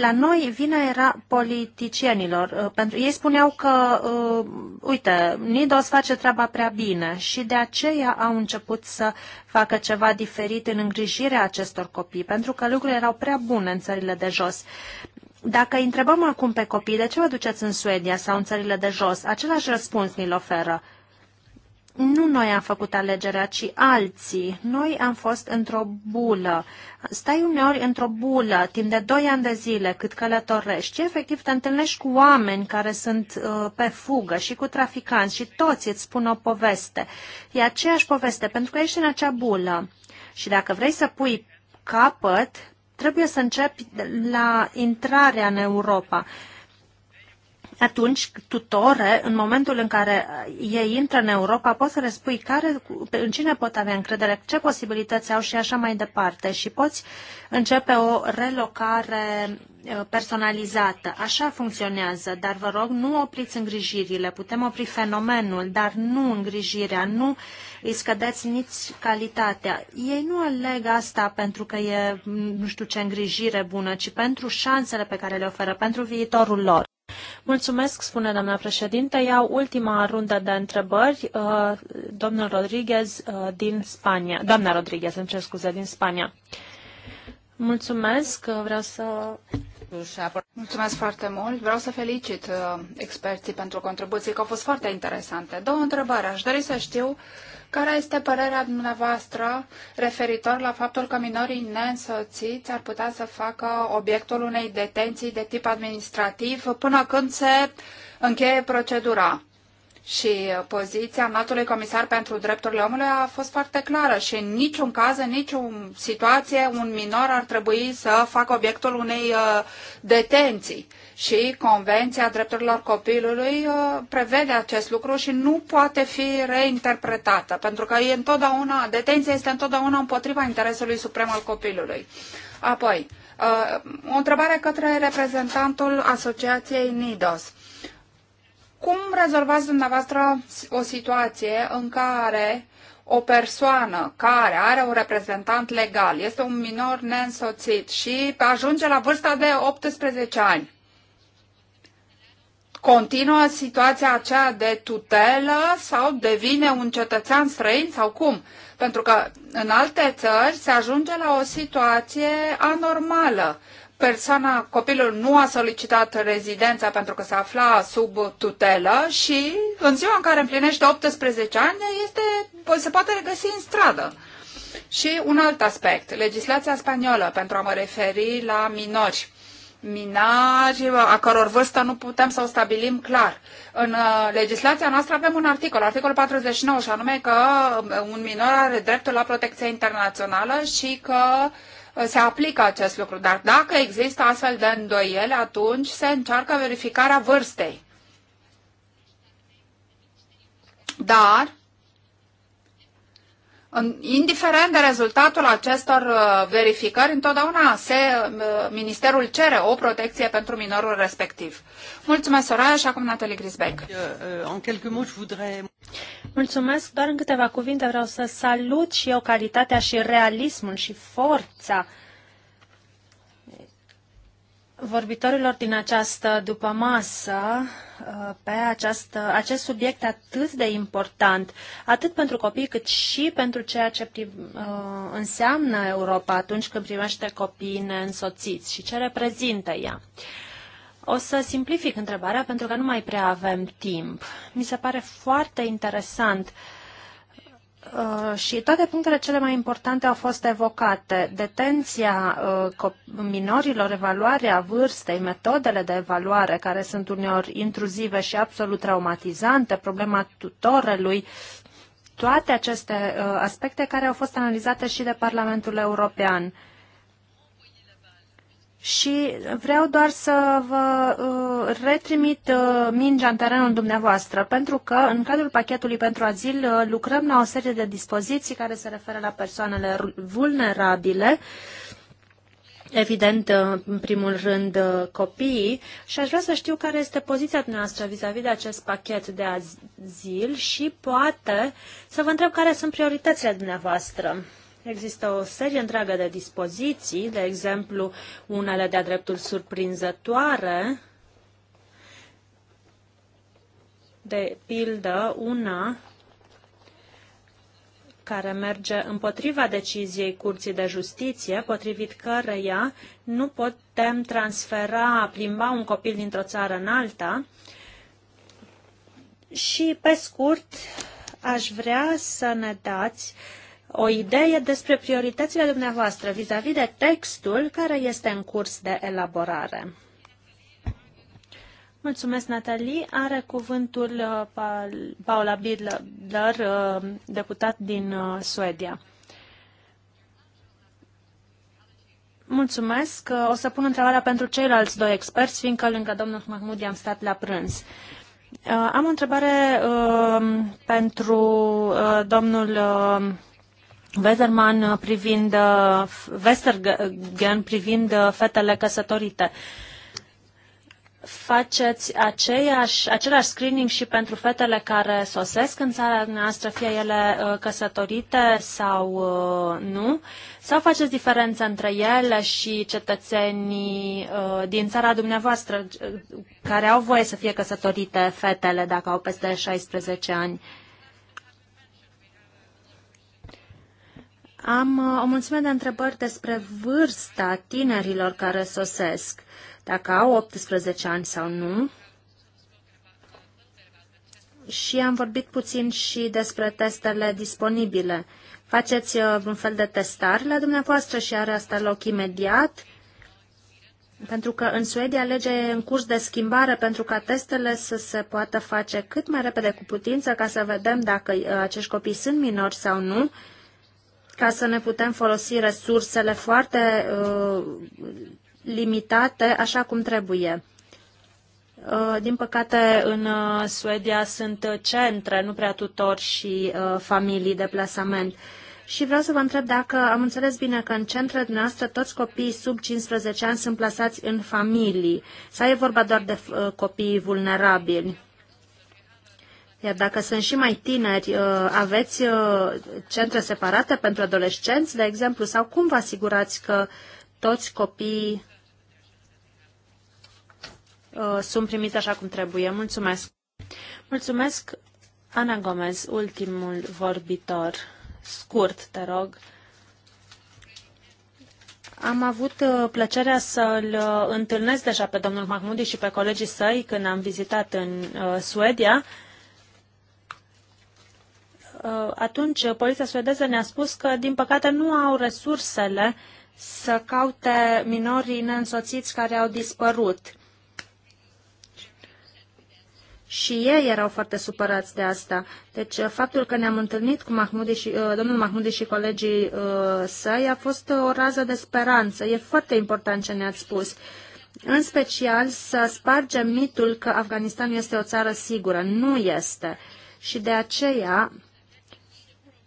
La noi vina era politicienilor. Uh, pentru, ei spuneau că, uh, uite, Nidos face treaba prea bine și de aceea au început să facă ceva diferit în îngrijirea acestor copii, pentru că lucrurile erau prea bune în țările de jos. Dacă îi întrebăm acum pe copii de ce vă duceți în Suedia sau în țările de jos, același răspuns ni-l oferă. Nu noi am făcut alegerea, ci alții. Noi am fost într-o bulă. Stai uneori într-o bulă, timp de doi ani de zile, cât călătorești. Efectiv, te întâlnești cu oameni care sunt uh, pe fugă și cu traficanți și toți îți spun o poveste. E aceeași poveste, pentru că ești în acea bulă. Și dacă vrei să pui capăt, trebuie să începi la intrarea în Europa. Atunci, tutore, în momentul în care ei intră în Europa, poți să le spui care, în cine pot avea încredere, ce posibilități au și așa mai departe și poți începe o relocare Uh, personalizată. Așa funcționează, dar vă rog, nu opriți îngrijirile. Putem opri fenomenul, dar nu îngrijirea, nu îi scădeți nici calitatea. Ei nu aleg asta pentru că e nu știu ce îngrijire bună, ci pentru șansele pe care le oferă, pentru viitorul lor. Mulțumesc, spune doamna președinte. Iau ultima rundă de întrebări. Uh, domnul Rodriguez uh, din Spania. Doamna Rodriguez, îmi cer scuze, din Spania. Mulțumesc. Vreau să Mulțumesc foarte mult. Vreau să felicit uh, experții pentru contribuții, că au fost foarte interesante. Două întrebări. Aș dori să știu care este părerea dumneavoastră referitor la faptul că minorii neînsoțiți ar putea să facă obiectul unei detenții de tip administrativ până când se încheie procedura. Și uh, poziția înaltului comisar pentru drepturile omului a fost foarte clară și în niciun caz, în nicio situație, un minor ar trebui să facă obiectul unei uh, detenții. Și Convenția Drepturilor Copilului uh, prevede acest lucru și nu poate fi reinterpretată, pentru că e întotdeauna, detenția este întotdeauna împotriva interesului suprem al copilului. Apoi, o întrebare către reprezentantul Asociației NIDOS. Cum rezolvați dumneavoastră o situație în care o persoană care are un reprezentant legal, este un minor neînsoțit și ajunge la vârsta de 18 ani? Continuă situația aceea de tutelă sau devine un cetățean străin sau cum? Pentru că în alte țări se ajunge la o situație anormală persoana, copilul nu a solicitat rezidența pentru că se afla sub tutelă și în ziua în care împlinește 18 ani este, se poate regăsi în stradă. Și un alt aspect, legislația spaniolă, pentru a mă referi la minori minari, a căror vârstă nu putem să o stabilim clar. În uh, legislația noastră avem un articol, articolul 49, și anume că um, un minor are dreptul la protecție internațională și că uh, se aplică acest lucru, dar dacă există astfel de îndoiele, atunci se încearcă verificarea vârstei. Dar Indiferent de rezultatul acestor uh, verificări, întotdeauna se, uh, ministerul cere o protecție pentru minorul respectiv. Mulțumesc, Soraya, și acum Natalie Grisbeck. Uh, Mulțumesc, doar în câteva cuvinte vreau să salut și eu calitatea și realismul și forța vorbitorilor din această masă uh, pe această, uh, acest subiect atât de important, atât pentru copii cât și pentru ceea ce prim, uh, înseamnă Europa atunci când primește copii neînsoțiți și ce reprezintă ea. O să simplific întrebarea pentru că nu mai prea avem timp. Mi se pare foarte interesant uh, Uh, și toate punctele cele mai importante au fost evocate. Detenția uh, minorilor, evaluarea vârstei, metodele de evaluare, care sunt uneori intruzive și absolut traumatizante, problema tutorelui, toate aceste uh, aspecte care au fost analizate și de Parlamentul European și vreau doar să vă uh, retrimit uh, mingea în terenul dumneavoastră, pentru că în cadrul pachetului pentru azil uh, lucrăm la o serie de dispoziții care se referă la persoanele vulnerabile, evident, uh, în primul rând, uh, copiii, și aș vrea să știu care este poziția dumneavoastră vis-a-vis de acest pachet de azil și poate să vă întreb care sunt prioritățile dumneavoastră. Există o serie întreagă de dispoziții, de exemplu, unele de-a dreptul surprinzătoare, de pildă una care merge împotriva deciziei Curții de Justiție, potrivit căreia nu putem transfera, plimba un copil dintr-o țară în alta. Și, pe scurt, aș vrea să ne dați uh, o idee despre prioritățile dumneavoastră vis-a-vis -vis de textul care este în curs de elaborare. Mulțumesc, Natalie. Are cuvântul uh, Paula Bidler, uh, deputat din uh, Suedia. Mulțumesc. O să pun întrebarea pentru ceilalți doi experți, fiindcă lângă domnul Mahmoud, am stat la prânz. Am o întrebare pentru domnul Westerman privind, uh, Westergen privind uh, fetele căsătorite. Faceți aceeași, același screening și pentru fetele care sosesc în țara noastră, fie ele uh, căsătorite sau nu? Sau faceți diferență între ele și cetățenii din țara dumneavoastră care au voie să fie căsătorite fetele dacă au peste 16 ani? Am uh, o mulțime de întrebări despre vârsta tinerilor care sosesc, dacă au 18 ani sau nu. Și am vorbit puțin și despre testele disponibile. Faceți uh, un fel de testare la dumneavoastră și are asta loc imediat? Pentru că în Suedia legea e în curs de schimbare pentru ca testele să se poată face cât mai repede cu putință ca să vedem dacă uh, acești copii sunt minori sau nu ca să ne putem folosi resursele foarte uh, limitate așa cum trebuie. Uh, din păcate, în uh, Suedia sunt centre, nu prea tutori și familii de plasament. Și vreau să vă întreb dacă am înțeles bine că în centrele noastre toți copiii sub 15 ani sunt plasați în familii. Sau e vorba doar de copiii vulnerabili? Iar dacă sunt și mai tineri, uh, aveți uh, centre separate pentru adolescenți, de exemplu, sau cum vă asigurați că toți copiii uh, sunt primiți așa cum trebuie? Mulțumesc! Mulțumesc, Ana Gomez, ultimul vorbitor. Scurt, te rog. Am avut plăcerea să-l întâlnesc deja pe domnul Mahmudi și pe colegii săi când am vizitat în Suedia. Uh, atunci uh, poliția suedeză ne-a spus că, din păcate, nu au resursele să caute minorii neînsoțiți care au dispărut. Și ei erau foarte supărați de asta. Deci uh, faptul că ne-am întâlnit cu Mahmudi și, domnul Mahmudi și colegii săi a fost o rază de speranță. E foarte important ce ne-ați spus. În special să spargem mitul că Afganistanul este o țară sigură. Nu este. Și de aceea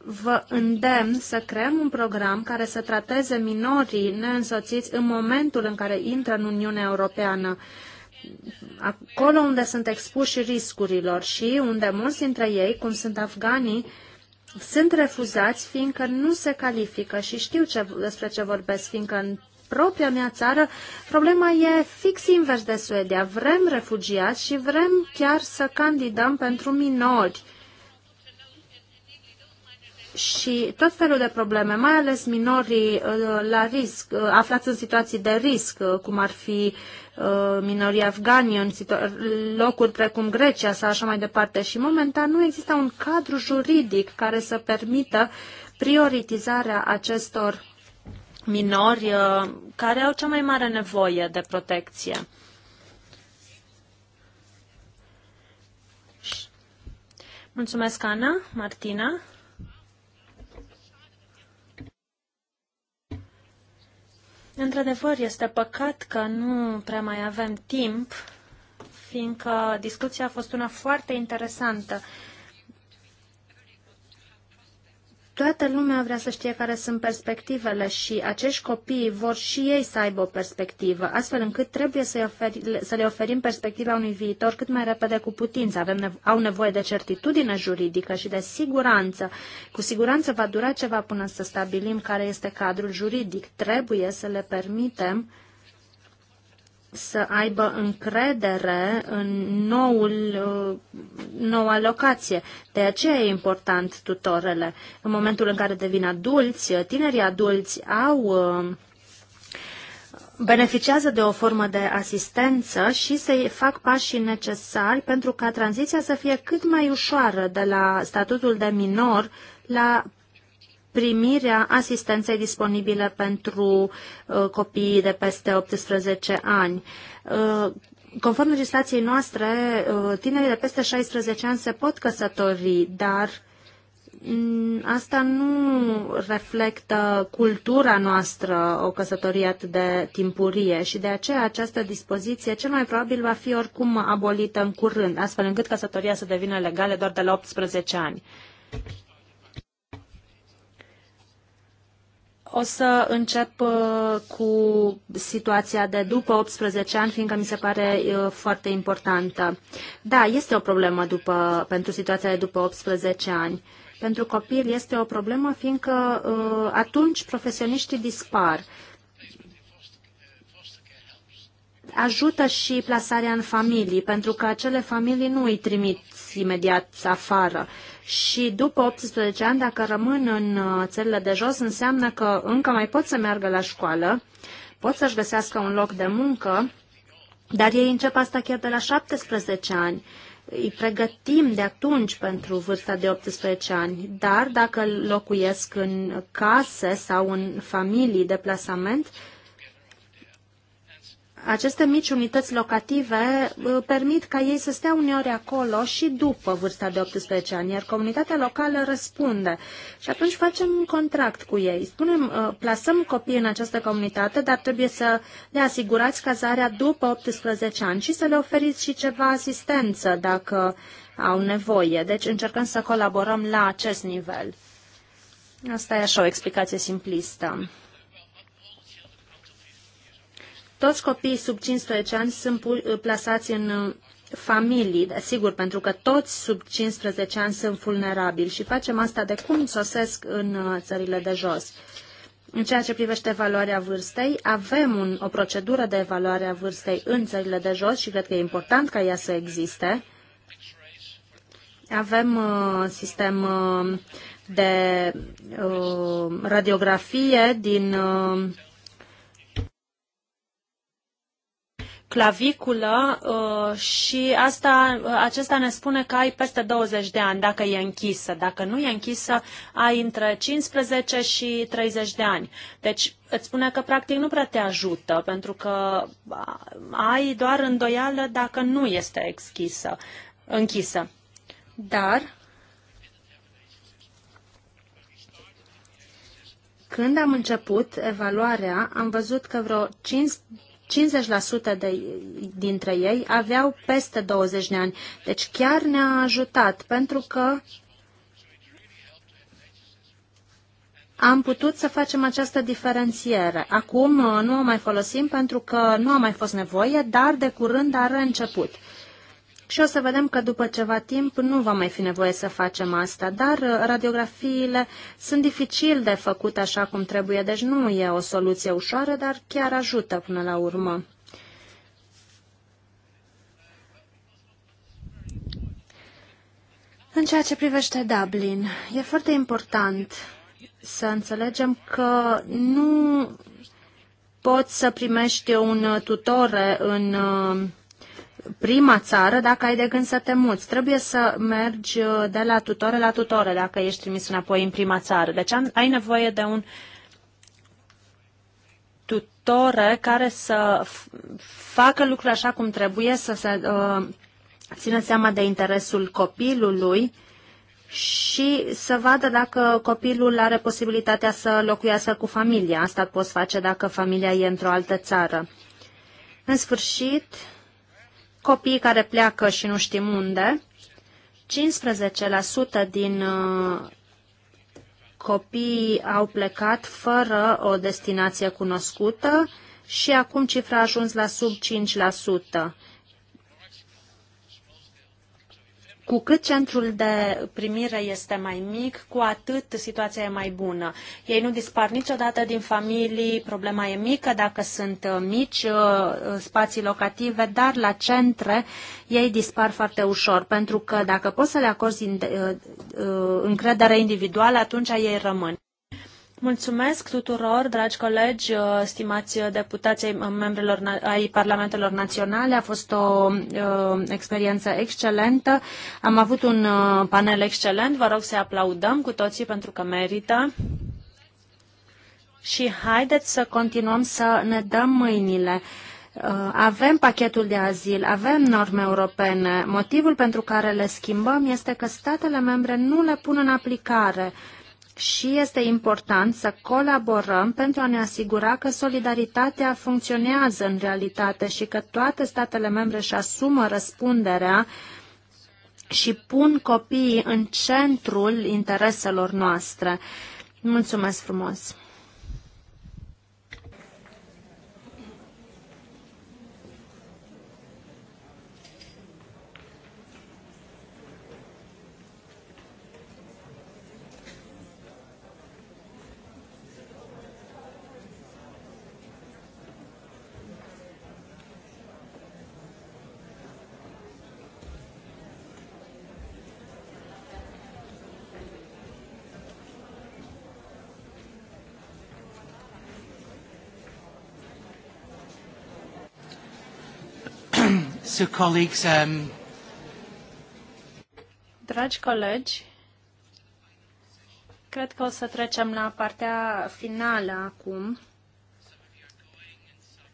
vă îndemn să creăm un program care să trateze minorii neînsoțiți în momentul în care intră în Uniunea Europeană, acolo unde sunt expuși riscurilor și unde mulți dintre ei, cum sunt afganii, sunt refuzați fiindcă nu se califică și știu ce, despre ce vorbesc, fiindcă în propria mea țară problema e fix invers de Suedia. Vrem refugiați și vrem chiar să candidăm pentru minori și tot felul de probleme, mai ales minorii uh, la risc, uh, aflați în situații de risc, uh, cum ar fi minorii afgani în locuri precum Grecia sau așa mai departe. Și momentan nu există un cadru juridic care să permită prioritizarea acestor minori care au cea mai mare nevoie de protecție. Mulțumesc, Ana, Martina. Într-adevăr, este păcat că nu prea mai avem timp, fiindcă discuția a fost una foarte interesantă Toată lumea vrea să știe care sunt perspectivele și acești copii vor și ei să aibă o perspectivă, astfel încât trebuie să, oferi, să le oferim perspectiva unui viitor cât mai repede cu putință. Avem nevo- au nevoie de certitudine juridică și de siguranță. Cu siguranță va dura ceva până să stabilim care este cadrul juridic. Trebuie să le permitem să aibă încredere în noul, uh, noua locație. De aceea e important tutorele. În momentul în care devin adulți, uh, tinerii adulți au uh, beneficiază de o formă de asistență și să fac pașii necesari pentru ca tranziția să fie cât mai ușoară de la statutul de minor la primirea asistenței disponibile pentru uh, copiii de peste 18 ani. Uh, conform legislației noastre, uh, tinerii de peste 16 ani se pot căsători, dar mm, asta nu reflectă cultura noastră, o căsătorie atât de timpurie și de aceea această dispoziție cel mai probabil va fi oricum abolită în curând, astfel încât căsătoria să devină legală doar de la 18 ani. O să încep uh, cu situația de după 18 ani, fiindcă mi se pare uh, foarte importantă. Da, este o problemă după, pentru situația de după 18 ani. Pentru copil este o problemă, fiindcă uh, atunci profesioniștii dispar ajută și plasarea în familii, pentru că acele familii nu îi trimit imediat afară. Și după 18 ani, dacă rămân în uh, țările de jos, înseamnă că încă mai pot să meargă la școală, pot să-și găsească un loc de muncă, dar ei încep asta chiar de la 17 ani îi pregătim de atunci pentru vârsta de 18 ani, dar dacă locuiesc în case sau în familii de plasament, aceste mici unități locative uh, permit ca ei să stea uneori acolo și după vârsta de 18 ani, iar comunitatea locală răspunde. Și atunci facem un contract cu ei. Spunem, uh, plasăm copiii în această comunitate, dar trebuie să le asigurați cazarea după 18 ani și să le oferiți și ceva asistență dacă au nevoie. Deci încercăm să colaborăm la acest nivel. Asta e așa o explicație simplistă. Toți copiii sub 15 ani sunt uh, plasați în uh, familii, sigur, pentru că toți sub 15 ani sunt vulnerabili și facem asta de cum sosesc în uh, țările de jos. În ceea ce privește evaluarea vârstei, avem un, o procedură de evaluare a vârstei în țările de jos și cred că e important ca ea să existe. Avem uh, sistem uh, de uh, radiografie din uh, claviculă uh, și asta, uh, acesta ne spune că ai peste 20 de ani dacă e închisă. Dacă nu e închisă, ai între 15 și 30 de ani. Deci îți spune că practic nu prea te ajută, pentru că uh, ai doar îndoială dacă nu este exchisă, închisă. Dar Când am început evaluarea, am văzut că vreo 5 50% de, dintre ei aveau peste 20 de ani. Deci chiar ne-a ajutat pentru că am putut să facem această diferențiere. Acum uh, nu o mai folosim pentru că nu a mai fost nevoie, dar de curând a reînceput și o să vedem că după ceva timp nu va mai fi nevoie să facem asta, dar uh, radiografiile sunt dificil de făcut așa cum trebuie, deci nu e o soluție ușoară, dar chiar ajută până la urmă. În ceea ce privește Dublin, e foarte important să înțelegem că nu poți să primești un tutore în uh, prima țară dacă ai de gând să te muți. Trebuie să mergi uh, de la tutore la tutore dacă ești trimis înapoi în prima țară. Deci ai nevoie de un tutore care să facă lucrurile așa cum trebuie, să se uh, țină seama de interesul copilului și să vadă dacă copilul are posibilitatea să locuiască cu familia. Asta poți face dacă familia e într-o altă țară. În sfârșit, uh, copiii care pleacă și nu știm unde, 15% din uh, copiii au plecat fără o destinație cunoscută și acum cifra a ajuns la sub 5%. Cu cât centrul de primire este mai mic, cu atât situația e mai bună. Ei nu dispar niciodată din familii, problema e mică dacă sunt uh, mici uh, spații locative, dar la centre ei dispar foarte ușor, pentru că dacă poți să le acorzi uh, încredere individuală, atunci ei rămân. Mulțumesc tuturor, dragi colegi, uh, stimați deputații membrilor ai Parlamentelor Naționale. A fost o uh, experiență excelentă. Am avut un uh, panel excelent. Vă rog să aplaudăm cu toții pentru că merită. Și haideți să continuăm să ne dăm mâinile. Uh, avem pachetul de azil, avem norme europene. Motivul pentru care le schimbăm este că statele membre nu le pun în aplicare. Uh, și este important să colaborăm pentru a ne asigura că solidaritatea funcționează în realitate și că toate statele membre își asumă răspunderea și pun copiii în centrul intereselor noastre. Mulțumesc frumos! So colleagues, um... Dragi colegi, cred că o să trecem la partea finală acum.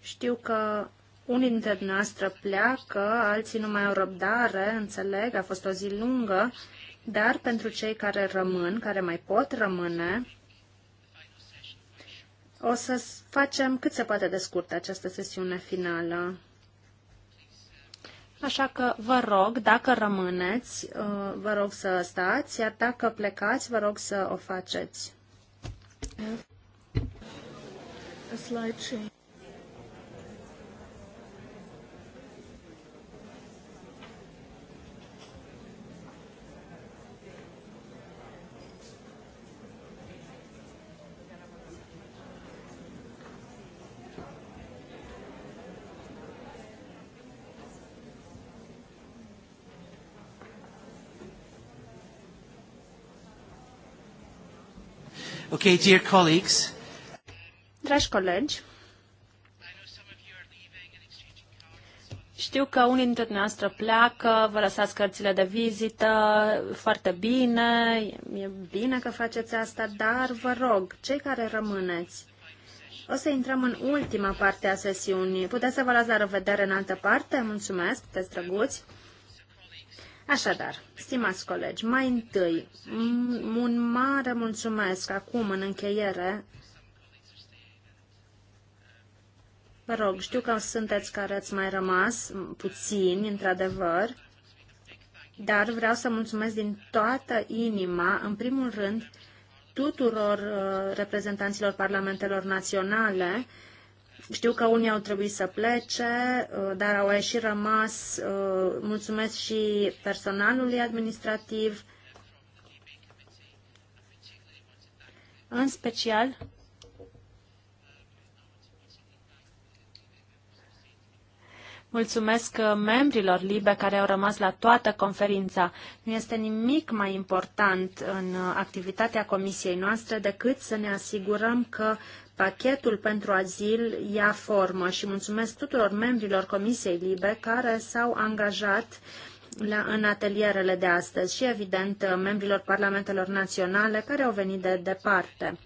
Știu că unii dintre noastre pleacă, alții nu mai au răbdare, înțeleg, a fost o zi lungă, dar pentru cei care rămân, care mai pot rămâne, o să facem cât se poate de scurt această sesiune finală. Așa că vă rog, dacă rămâneți, uh, vă rog să stați, iar dacă plecați, vă rog să o faceți. A change. Okay, dear colleagues. Dragi colegi, știu că unii dintre dumneavoastră pleacă, vă lăsați cărțile de vizită, foarte bine, e bine că faceți asta, dar vă rog, cei care rămâneți, o să intrăm în ultima parte a sesiunii. Puteți să vă las la revedere în altă parte? Mulțumesc, puteți drăguți! Așadar, stimați colegi, mai întâi, un mare mulțumesc acum în încheiere. Vă rog, știu că sunteți care ați mai rămas, puțini, într-adevăr, dar vreau să mulțumesc din toată inima, în primul rând, tuturor uh, reprezentanților parlamentelor naționale, știu că unii au trebuit să plece, uh, dar au și rămas. Uh, mulțumesc și personalului administrativ, în special Mulțumesc uh, membrilor LIBE care au rămas la toată conferința. Nu este nimic mai important în activitatea comisiei noastre decât să ne asigurăm că Pachetul pentru azil ia formă și mulțumesc tuturor membrilor Comisiei Libe care s-au angajat la, în atelierele de astăzi și, evident, membrilor parlamentelor naționale care au venit de departe.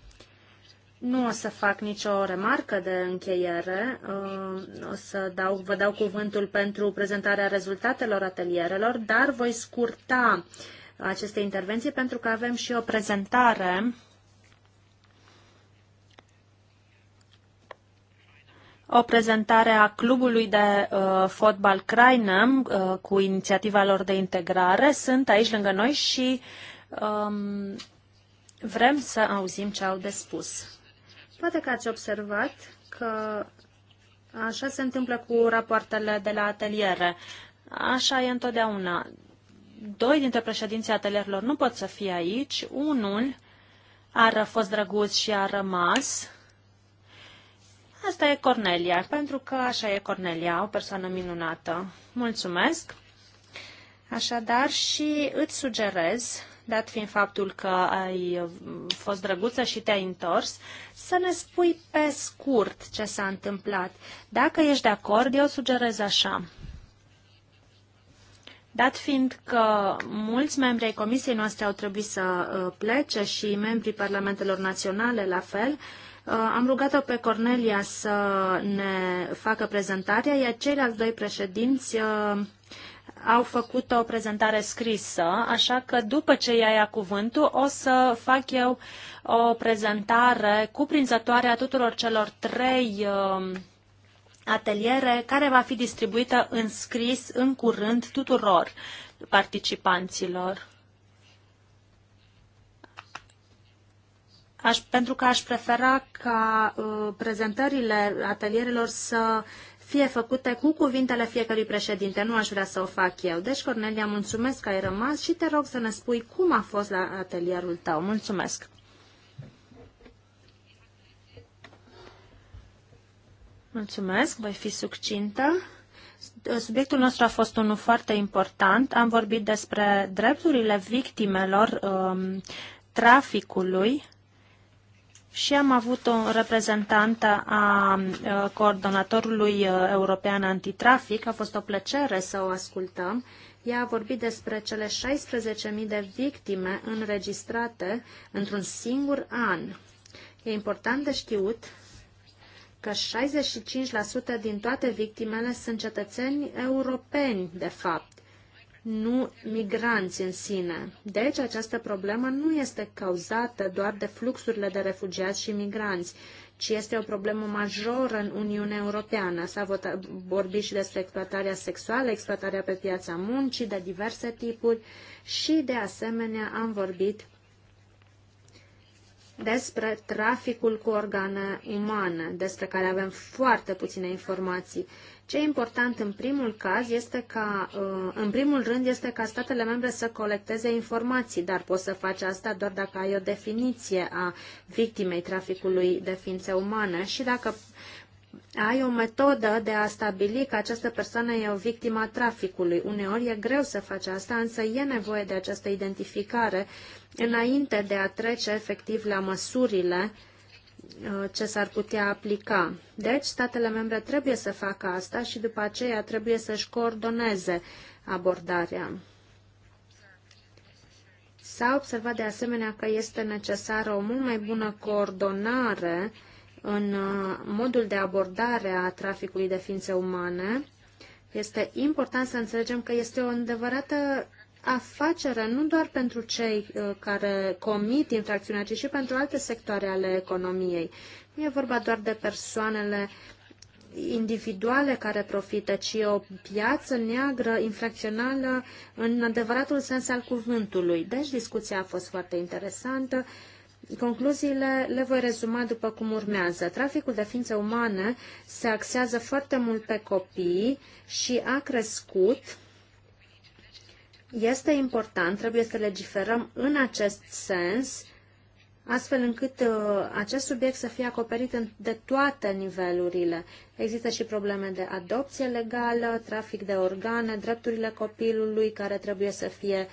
Nu o să fac nicio remarcă de încheiere. Uh, o să dau, vă dau cuvântul pentru prezentarea rezultatelor atelierelor, dar voi scurta aceste intervenții pentru că avem și o prezentare o prezentare a clubului de uh, fotbal Crainem uh, cu inițiativa lor de integrare. Sunt aici lângă noi și um, vrem să auzim ce au de spus. Poate că ați observat că așa se întâmplă cu rapoartele de la ateliere. Așa e întotdeauna. Doi dintre președinții atelierilor nu pot să fie aici. Unul a fost drăguț și a rămas Asta e Cornelia, pentru că așa e Cornelia, o persoană minunată. Mulțumesc! Așadar, și îți sugerez, dat fiind faptul că ai fost drăguță și te-ai întors, să ne spui pe scurt ce s-a întâmplat. Dacă ești de acord, eu sugerez așa. Dat fiind că mulți membri ai comisiei noastre au trebuit să uh, plece și membrii parlamentelor naționale la fel, Uh, am rugat-o pe Cornelia să ne facă prezentarea, iar ceilalți doi președinți uh, au făcut o prezentare scrisă, așa că după ce ea ia cuvântul o să fac eu o prezentare cuprinzătoare a tuturor celor trei um, ateliere care va fi distribuită în scris în curând tuturor participanților. aș, pentru că aș prefera ca uh, prezentările atelierilor să fie făcute cu cuvintele fiecărui președinte. Nu aș vrea să o fac eu. Deci, Cornelia, mulțumesc că ai rămas și te rog să ne spui cum a fost la atelierul tău. Mulțumesc! Mulțumesc, voi fi succintă. Subiectul nostru a fost unul foarte important. Am vorbit despre drepturile victimelor um, traficului și am avut o reprezentantă a uh, coordonatorului uh, european antitrafic. A fost o plăcere să o ascultăm. Ea a vorbit despre cele 16.000 de victime înregistrate într-un singur an. E important de știut că 65% din toate victimele sunt cetățeni europeni, de fapt nu migranți în sine. Deci această problemă nu este cauzată doar de fluxurile de refugiați și migranți, ci este o problemă majoră în Uniunea Europeană. S-a vorbit și despre exploatarea sexuală, exploatarea pe piața muncii de diverse tipuri și, de asemenea, am vorbit despre traficul cu organe umane, despre care avem foarte puține informații. Ce e important în primul caz este ca, uh, în primul rând, este ca statele membre să colecteze informații, dar poți să faci asta doar dacă ai o definiție a victimei traficului de ființe umane și dacă ai o metodă de a stabili că această persoană e o victimă a traficului. Uneori e greu să faci asta, însă e nevoie de această identificare înainte de a trece efectiv la măsurile uh, Uh, ce s-ar putea aplica. Deci, statele membre trebuie să facă asta și după aceea trebuie să-și coordoneze abordarea. S-a observat de asemenea că este necesară o mult mai bună coordonare în uh, modul de abordare a traficului de ființe umane. Este important să înțelegem că este o adevărată afacerea nu doar pentru cei uh, care comit infracțiunea, ci și pentru alte sectoare ale economiei. Nu e vorba doar de persoanele individuale care profită, ci o piață neagră, infracțională, în adevăratul sens al cuvântului. Deci discuția a fost foarte interesantă. Concluziile le voi rezuma după cum urmează. Traficul de ființe umane se axează foarte mult pe copii și a crescut este important, trebuie să legiferăm în acest sens, astfel încât uh, acest subiect să fie acoperit de toate nivelurile. Există și probleme de adopție legală, trafic de organe, drepturile copilului care trebuie să fie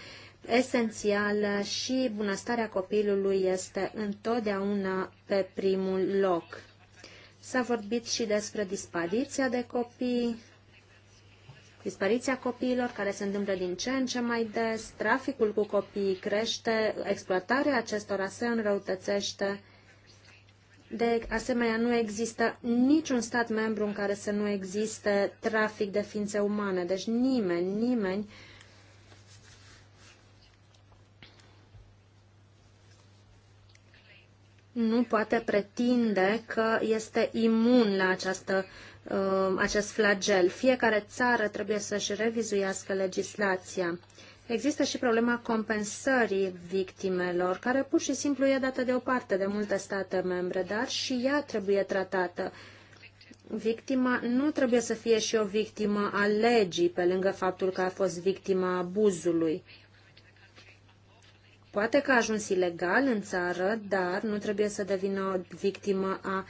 esențială și bunăstarea copilului este întotdeauna pe primul loc. S-a vorbit și despre dispariția de copii, dispariția copiilor care se întâmplă din ce în ce mai des, traficul cu copiii crește, exploatarea acestora se înrăutățește. De asemenea, nu există niciun stat membru în care să nu existe trafic de ființe umane. Deci nimeni, nimeni nu poate pretinde că este imun la această uh, Um, acest flagel. Fiecare țară trebuie să-și revizuiască legislația. Există și problema compensării victimelor, care pur și simplu e dată deoparte de multe state membre, dar și ea trebuie tratată. Victima nu trebuie să fie și o victimă a legii, pe lângă faptul că a fost victima abuzului. Poate că a ajuns ilegal în țară, dar nu trebuie să devină o victimă a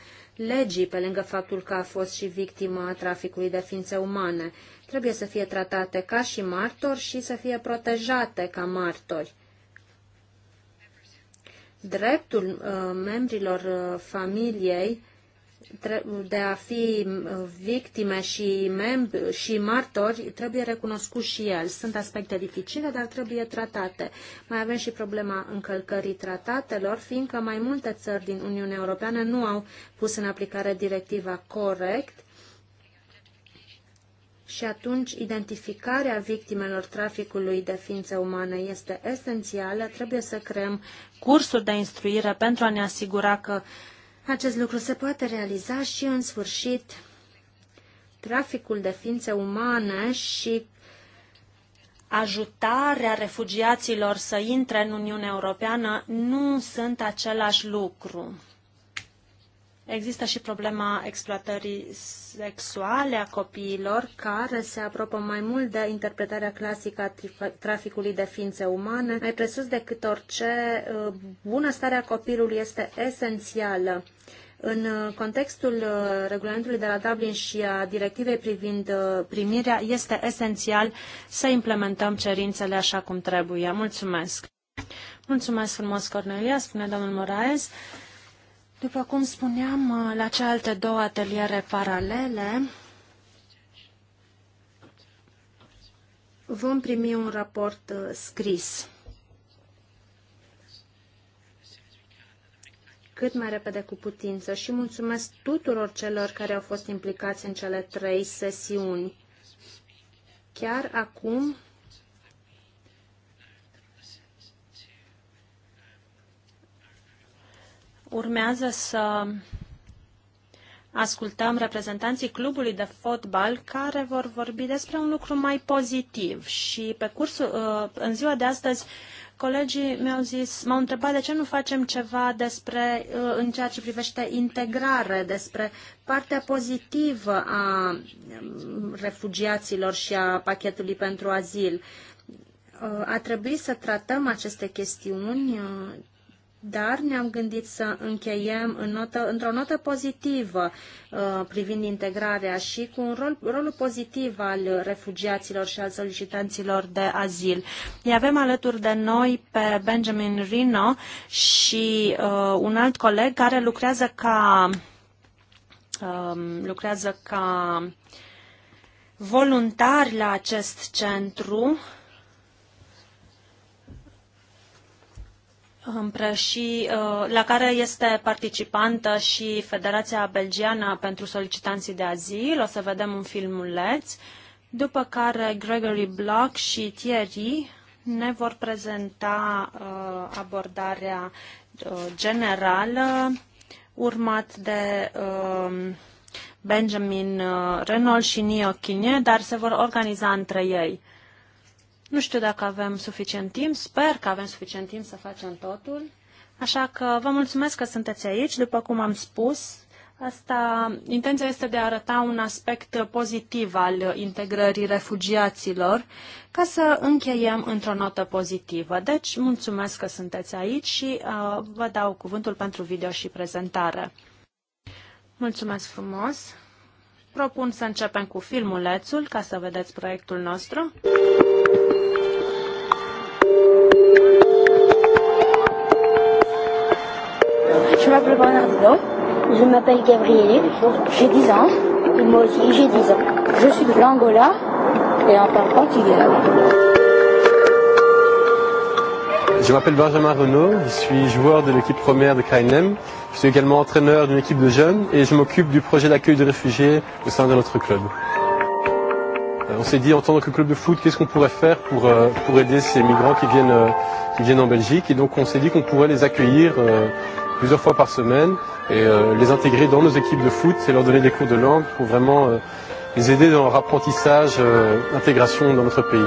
legii, pe lângă faptul că a fost și victima traficului de ființe umane. Trebuie să fie tratate ca și martori și să fie protejate ca martori. Dreptul uh, membrilor uh, familiei uh, de a fi victime și, membri, și martori trebuie recunoscut și el. Sunt aspecte dificile, dar trebuie tratate. Mai avem și problema încălcării tratatelor, fiindcă mai multe țări din Uniunea Europeană nu au pus în aplicare directiva corect și atunci identificarea victimelor traficului de ființe umane este esențială. Trebuie să creăm cursuri de instruire pentru a ne asigura că uh, acest lucru se poate realiza și, în sfârșit, traficul de ființe umane și ajutarea refugiaților să intre în Uniunea Europeană nu sunt același lucru. Există și problema exploatării sexuale a copiilor, care se apropă mai mult de interpretarea clasică a traficului de ființe umane. Mai presus decât orice, uh, bunăstarea copilului este esențială. În uh, contextul uh, regulamentului de la Dublin și a directivei privind primirea, este esențial să implementăm cerințele așa cum trebuie. Mulțumesc! Mulțumesc frumos, Cornelia, spune domnul Moraes. După cum spuneam, uh, la cealaltă două ateliere paralele vom primi un raport uh, scris. cât mai repede cu putință și mulțumesc tuturor celor care au fost implicați în cele trei sesiuni. Chiar acum urmează să ascultăm reprezentanții clubului de fotbal care vor vorbi despre un lucru mai pozitiv și pe cursul, uh, în ziua de astăzi colegii mi-au zis, m-au întrebat de ce nu facem ceva despre, uh, în ceea ce privește integrare, despre partea pozitivă a um, refugiaților și a pachetului pentru azil. Uh, a trebuit să tratăm aceste chestiuni dar ne-am gândit să încheiem în notă, într-o notă pozitivă uh, privind integrarea și cu un rol, rolul pozitiv al refugiaților și al solicitanților de azil. Ne avem alături de noi pe Benjamin Rino și uh, un alt coleg care lucrează ca um, lucrează ca voluntari la acest centru și uh, la care este participantă și Federația Belgiană pentru Solicitanții de Azil. O să vedem un filmuleț. După care Gregory Block și Thierry ne vor prezenta uh, abordarea uh, generală, urmat de um, Benjamin Renault și Nio Chinie, dar se vor organiza între ei. Nu știu dacă avem suficient timp, sper că avem suficient timp să facem totul. Așa că vă mulțumesc că sunteți aici, după cum am spus. Asta, intenția este de a arăta un aspect pozitiv al integrării refugiaților, ca să încheiem într-o notă pozitivă. Deci, mulțumesc că sunteți aici și uh, vă dau cuvântul pentru video și prezentare. Mulțumesc frumos! Propun să începem cu filmulețul, ca să vedeți proiectul nostru. Je m'appelle Bernardino, je m'appelle Gabriele, j'ai 10 ans, et moi aussi j'ai 10 ans. Je suis de l'Angola et on parle portugais. Je m'appelle Benjamin Renault, je suis joueur de l'équipe première de KNM. Je suis également entraîneur d'une équipe de jeunes et je m'occupe du projet d'accueil de réfugiés au sein de notre club on s'est dit en tant que club de foot, qu'est-ce qu'on pourrait faire pour, euh, pour aider ces migrants qui viennent, euh, qui viennent en Belgique. Et donc on s'est dit qu'on pourrait les accueillir euh, plusieurs fois par semaine et euh, les intégrer dans nos équipes de foot et leur donner des cours de langue pour vraiment euh, les aider dans leur apprentissage, euh, intégration dans notre pays.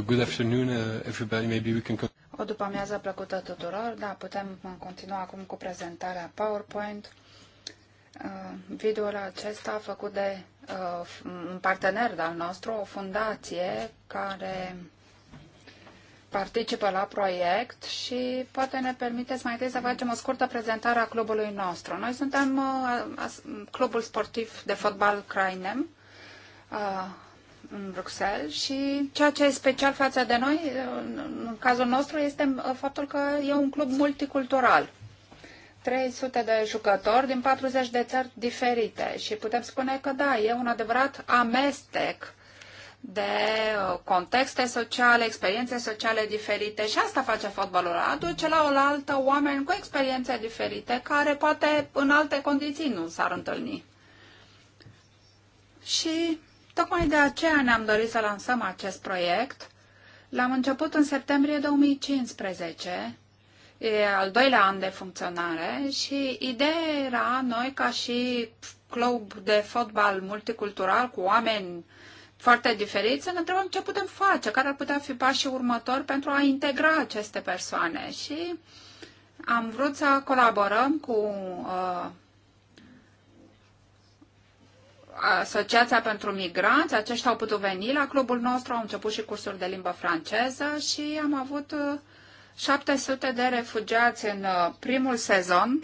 good afternoon, uh, everybody. Maybe we can... O după amiază plăcută tuturor. Da, putem continua acum cu prezentarea PowerPoint. Uh, videoul acesta făcut de uh, un partener al nostru, o fundație care participă la proiect și poate ne permiteți mai întâi să facem o scurtă prezentare a clubului nostru. Noi suntem uh, clubul sportiv de fotbal Crainem, uh, în Bruxelles și ceea ce e special față de noi, în cazul nostru, este uh, faptul că e un club multicultural. 300 de jucători din 40 de țări diferite și putem spune că da, e un adevărat amestec de uh, contexte sociale, experiențe sociale diferite și asta face fotbalul, aduce la oaltă oameni cu experiențe diferite care poate în alte condiții nu s-ar întâlni. Și Tocmai de aceea ne-am dorit să lansăm acest proiect. L-am început în septembrie 2015, e al doilea an de funcționare și ideea era noi ca și club de fotbal multicultural cu oameni foarte diferiți, să ne întrebăm ce putem face, care ar putea fi pașii următori pentru a integra aceste persoane. Și am vrut să colaborăm cu uh, Asociația pentru Migranți, aceștia au putut veni la clubul nostru, au început și cursuri de limbă franceză și am avut 700 uh, de refugiați în uh, primul sezon.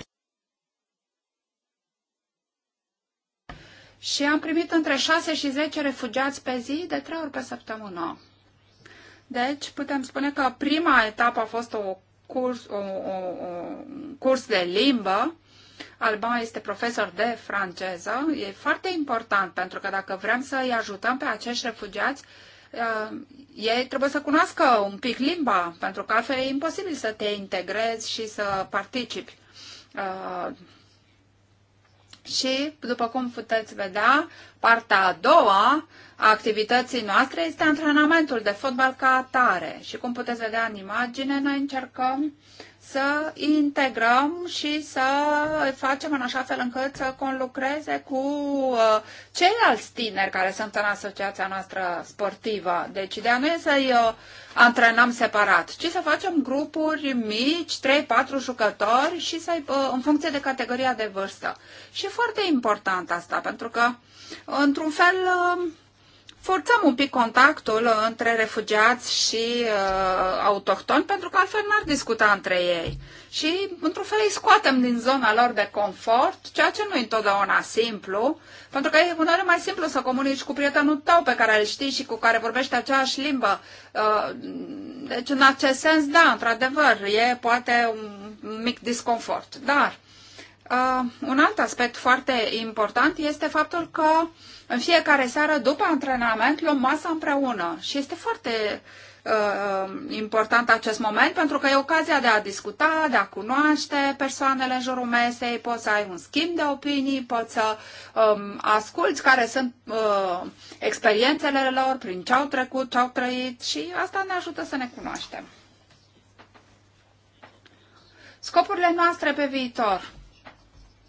Și am primit între 6 și 10 refugiați pe zi, de 3 ori pe săptămână. Deci putem spune că prima etapă a fost o curs, o, o, o curs de limbă Alba este profesor de franceză. E foarte important pentru că dacă vrem să îi ajutăm pe acești refugiați, uh, ei trebuie să cunoască un pic limba, pentru că altfel e imposibil să te integrezi și să participi. Uh, și, după cum puteți vedea, partea a doua a activității noastre este antrenamentul de fotbal ca atare. Și cum puteți vedea în imagine, noi încercăm să integrăm și să facem în așa fel încât să conlucreze cu uh, ceilalți tineri care sunt în asociația noastră sportivă. Deci ideea nu e să-i uh, antrenăm separat, ci să facem grupuri mici, 3-4 jucători și să uh, în funcție de categoria de vârstă. Și e foarte important asta, pentru că într-un fel forțăm un pic contactul între refugiați și uh, autohtoni, pentru că altfel n-ar discuta între ei. Și, într-un fel, îi scoatem din zona lor de confort, ceea ce nu e întotdeauna simplu, pentru că e uneori mai simplu să comunici cu prietenul tău pe care îl știi și cu care vorbește aceeași limbă. Uh, deci, în acest sens, da, într-adevăr, e poate un mic disconfort. Dar, Uh, un alt aspect foarte important este faptul că în fiecare seară după antrenament luăm masa împreună și este foarte uh, important acest moment pentru că e ocazia de a discuta, de a cunoaște persoanele în jurul mesei, poți să ai un schimb de opinii, poți să um, asculți care sunt uh, experiențele lor, prin ce au trecut, ce au trăit și asta ne ajută să ne cunoaștem. Scopurile noastre pe viitor.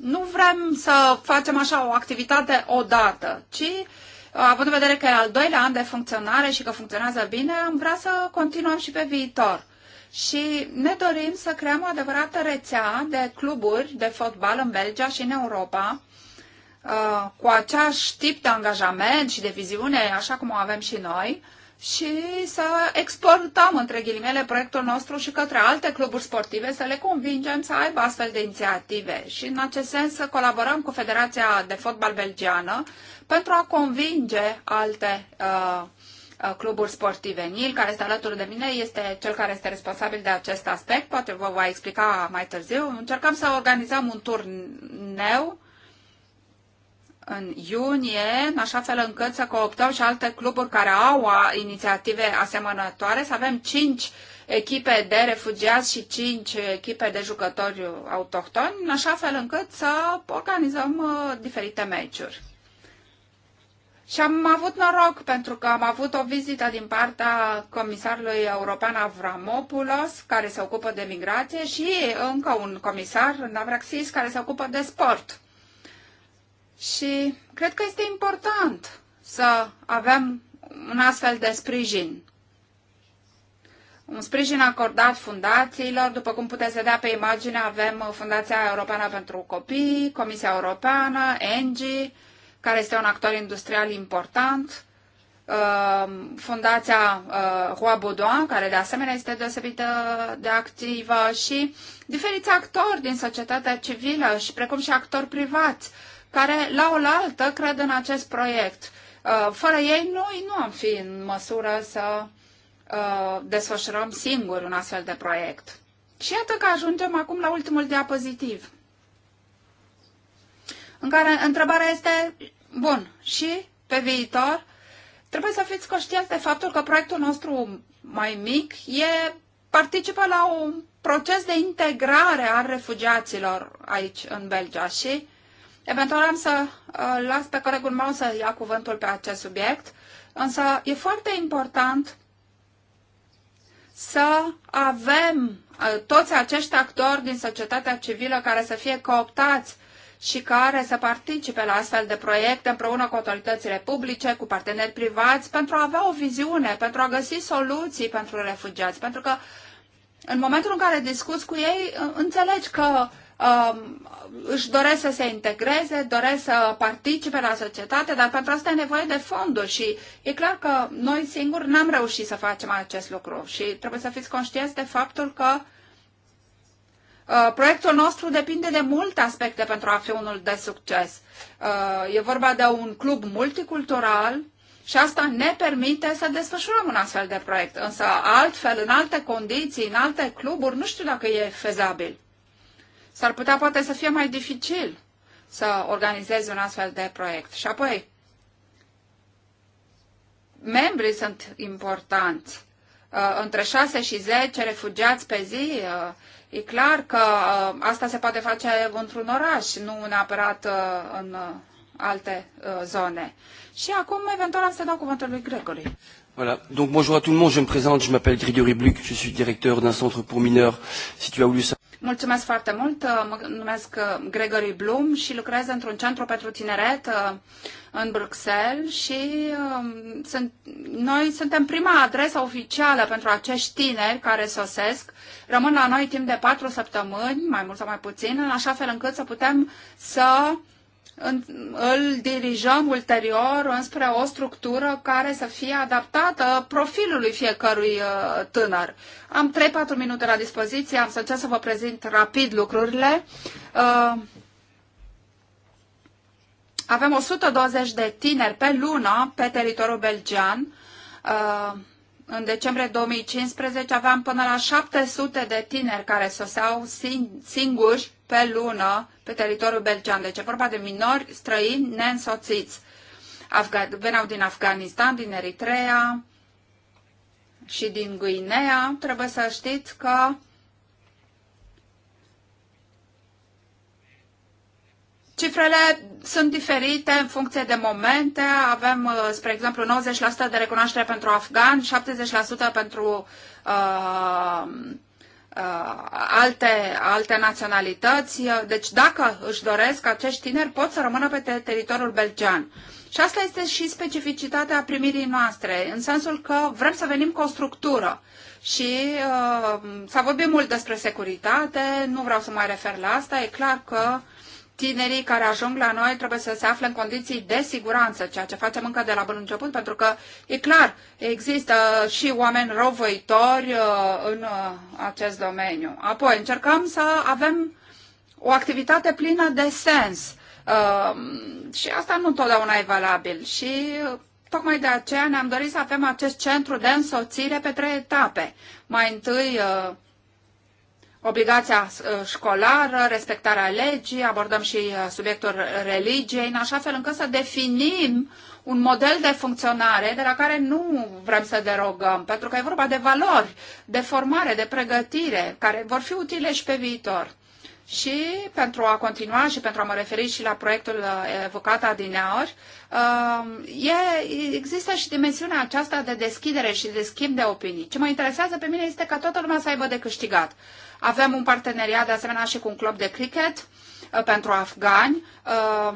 Nu vrem să facem așa o activitate odată, ci uh, având în vedere că e al doilea an de funcționare și că funcționează bine, am vrea să continuăm și pe viitor. Și ne dorim să creăm o adevărată rețea de cluburi de fotbal în Belgia și în Europa, uh, cu aceeași tip de angajament și de viziune, așa cum o avem și noi, și să exportăm, între ghilimele, proiectul nostru și către alte cluburi sportive, să le convingem să aibă astfel de inițiative și, în acest sens, să colaborăm cu Federația de Fotbal Belgiană pentru a convinge alte uh, uh cluburi sportive. Nil, care este alături de mine, este cel care este responsabil de acest aspect, poate vă va explica mai târziu. Încercăm să organizăm un turneu în iunie, în așa fel încât să cooptăm și alte cluburi care au inițiative asemănătoare, să avem cinci echipe de refugiați și cinci echipe de jucători autohtoni, în așa fel încât să organizăm uh, diferite meciuri. Și am avut noroc pentru că am avut o vizită din partea comisarului european Avramopoulos, care se ocupă de migrație, și încă un comisar, Navraxis, care se ocupă de sport. Și cred că este important să avem un astfel de sprijin. Un sprijin acordat fundațiilor, după cum puteți vedea pe imagine, avem Fundația Europeană pentru Copii, Comisia Europeană, ENGI, care este un actor industrial important, uh, Fundația uh, Roi Baudouin, care de asemenea este deosebită de activă și diferiți actori din societatea civilă și precum și actori privați care la oaltă cred în acest proiect. Uh, fără ei, noi nu am fi în măsură să uh, desfășurăm singuri un astfel de proiect. Și iată că ajungem acum la ultimul diapozitiv, în care întrebarea este, bun, și pe viitor trebuie să fiți conștienți de faptul că proiectul nostru mai mic e, participă la un proces de integrare a refugiaților aici în Belgia și Eventual am să uh, las pe colegul meu să ia cuvântul pe acest subiect, însă e foarte important să avem uh, toți acești actori din societatea civilă care să fie cooptați și care să participe la astfel de proiecte împreună cu autoritățile publice, cu parteneri privați, pentru a avea o viziune, pentru a găsi soluții pentru refugiați. Pentru că în momentul în care discuți cu ei, uh, înțelegi că uh, Um, își doresc să se integreze, doresc să participe la societate, dar pentru asta e nevoie de fonduri și e clar că noi singuri n-am reușit să facem acest lucru și trebuie să fiți conștienți de faptul că uh, Proiectul nostru depinde de multe aspecte pentru a fi unul de succes. Uh, e vorba de un club multicultural și asta ne permite să desfășurăm un astfel de proiect. Însă altfel, în alte condiții, în alte cluburi, nu știu dacă e fezabil. S-ar putea poate să fie mai dificil să organizezi un astfel de proiect. Și apoi, membrii sunt importanți. Uh, între 6 și 10 refugiați pe zi, uh, e clar că uh, asta se poate face într-un oraș, nu neapărat în alte zone. Și acum, eventual, am să dau cuvântul lui Gregory. Voilà. Donc bonjour à tout le monde, je me présente, je m'appelle Grégory Bluc, je suis directeur d'un centre pour mineurs situé à Oulussan. Mulțumesc foarte mult. Uh, mă numesc uh, Gregory Bloom și lucrez într-un centru pentru tineret uh, în Bruxelles și um, sunt, noi suntem prima adresă oficială pentru acești tineri care sosesc. Rămân la noi timp de patru săptămâni, mai mult sau mai puțin, în așa fel încât să putem să îl dirijăm ulterior înspre o structură care să fie adaptată profilului fiecărui uh, tânăr. Am 3-4 minute la dispoziție, am să încerc să vă prezint rapid lucrurile. Uh, avem 120 de tineri pe lună pe teritoriul belgian. Uh, în decembrie 2015 aveam până la 700 de tineri care soseau singuri pe lună pe teritoriul belgean. Deci e vorba de minori străini neînsoțiți. Afga- veneau din Afganistan, din Eritrea și din Guinea. Trebuie să știți că Cifrele sunt diferite în funcție de momente. Avem, uh, spre exemplu, 90% de recunoaștere pentru afgani, 70% pentru uh, Uh, alte, alte naționalități. Deci dacă își doresc, acești tineri pot să rămână pe teritoriul belgean. Și asta este și specificitatea primirii noastre, în sensul că vrem să venim cu o structură. Și uh, s-a vorbit mult despre securitate, nu vreau să mai refer la asta, e clar că uh, tinerii care ajung la noi trebuie să se afle în condiții de siguranță, ceea ce facem încă de la bun început, pentru că e clar, există și oameni răvăitori uh, în uh, acest domeniu. Apoi încercăm să avem o activitate plină de sens. Uh, și asta nu întotdeauna e valabil. Și Tocmai de aceea ne-am dorit să avem acest centru de însoțire pe trei etape. Mai întâi obligația uh, școlară, respectarea legii, abordăm și uh, subiectul religiei, în așa fel încât să definim un model de funcționare de la care nu vrem să derogăm, pentru că e vorba de valori, de formare, de pregătire, care vor fi utile și pe viitor. Și pentru a continua și pentru a mă referi și la proiectul uh, evocat adineori, e, există și dimensiunea aceasta de deschidere și de schimb de opinii. Ce mă interesează pe mine este ca toată lumea să aibă de câștigat. Avem un parteneriat de asemenea și cu un club de cricket uh, pentru afgani. Uh,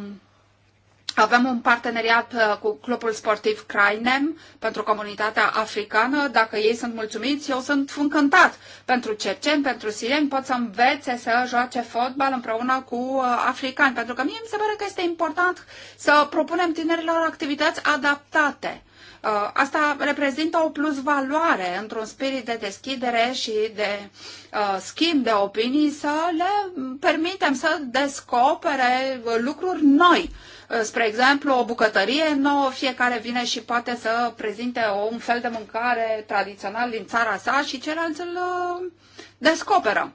avem un parteneriat uh, cu clubul sportiv Crainem pentru comunitatea africană. Dacă ei sunt mulțumiți, eu sunt încântat. Pentru Cercen, pentru Sireni, pot să învețe să joace fotbal împreună cu africani. Pentru că mie mi se pare că este important să propunem tinerilor activități adaptate. Uh, asta reprezintă o plusvaloare într-un spirit de deschidere și de uh, schimb de opinii să le permitem să descopere lucruri noi. Uh, spre exemplu, o bucătărie nouă, fiecare vine și poate să prezinte un fel de mâncare tradițional din țara sa și ceilalți îl descoperă.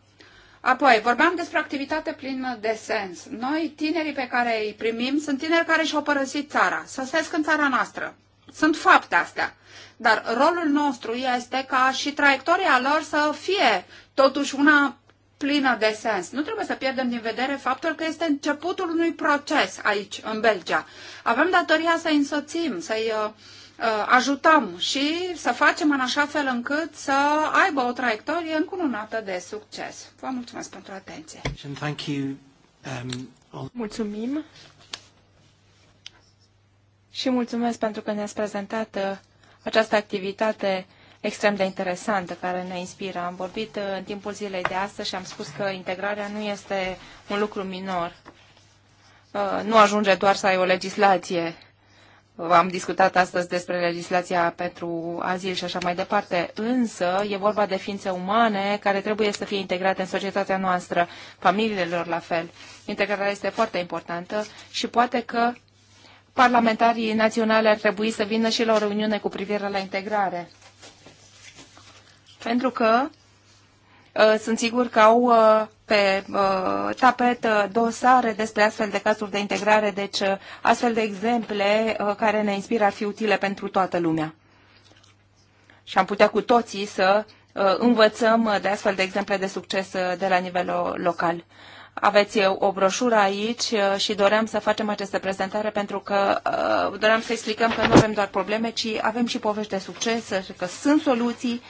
Apoi, vorbeam despre activitate plină de sens. Noi, tinerii pe care îi primim, sunt tineri care și-au părăsit țara, sosesc în țara noastră sunt fapte astea. Dar rolul nostru este ca și traiectoria lor să fie totuși una plină de sens. Nu trebuie să pierdem din vedere faptul că este începutul unui proces aici, în Belgia. Avem datoria să-i însoțim, să-i uh, uh ajutăm și să facem în așa fel încât să aibă o traiectorie încununată de succes. Vă mulțumesc pentru atenție. Um, Mulțumim și mulțumesc pentru că ne-ați prezentat uh, această activitate extrem de interesantă care ne inspiră. Am vorbit uh, în timpul zilei de astăzi și am spus că integrarea nu este un lucru minor. Uh, nu ajunge doar să ai o legislație. Am discutat astăzi despre legislația pentru azil și așa mai departe, însă e vorba de ființe umane care trebuie să fie integrate în societatea noastră, familiilor la fel. Integrarea este foarte importantă și poate că parlamentarii naționale ar trebui să vină și la o reuniune cu privire la integrare. Pentru că uh, sunt sigur că au uh, pe uh, tapet dosare despre astfel de cazuri de integrare, deci astfel de exemple care ne inspiră ar fi utile pentru toată lumea. Și am putea cu toții să învățăm de astfel de exemple de succes de la nivel local. Aveți o broșură aici și doream să facem această prezentare pentru că doream să explicăm că nu avem doar probleme, ci avem și povești de succes, că sunt soluții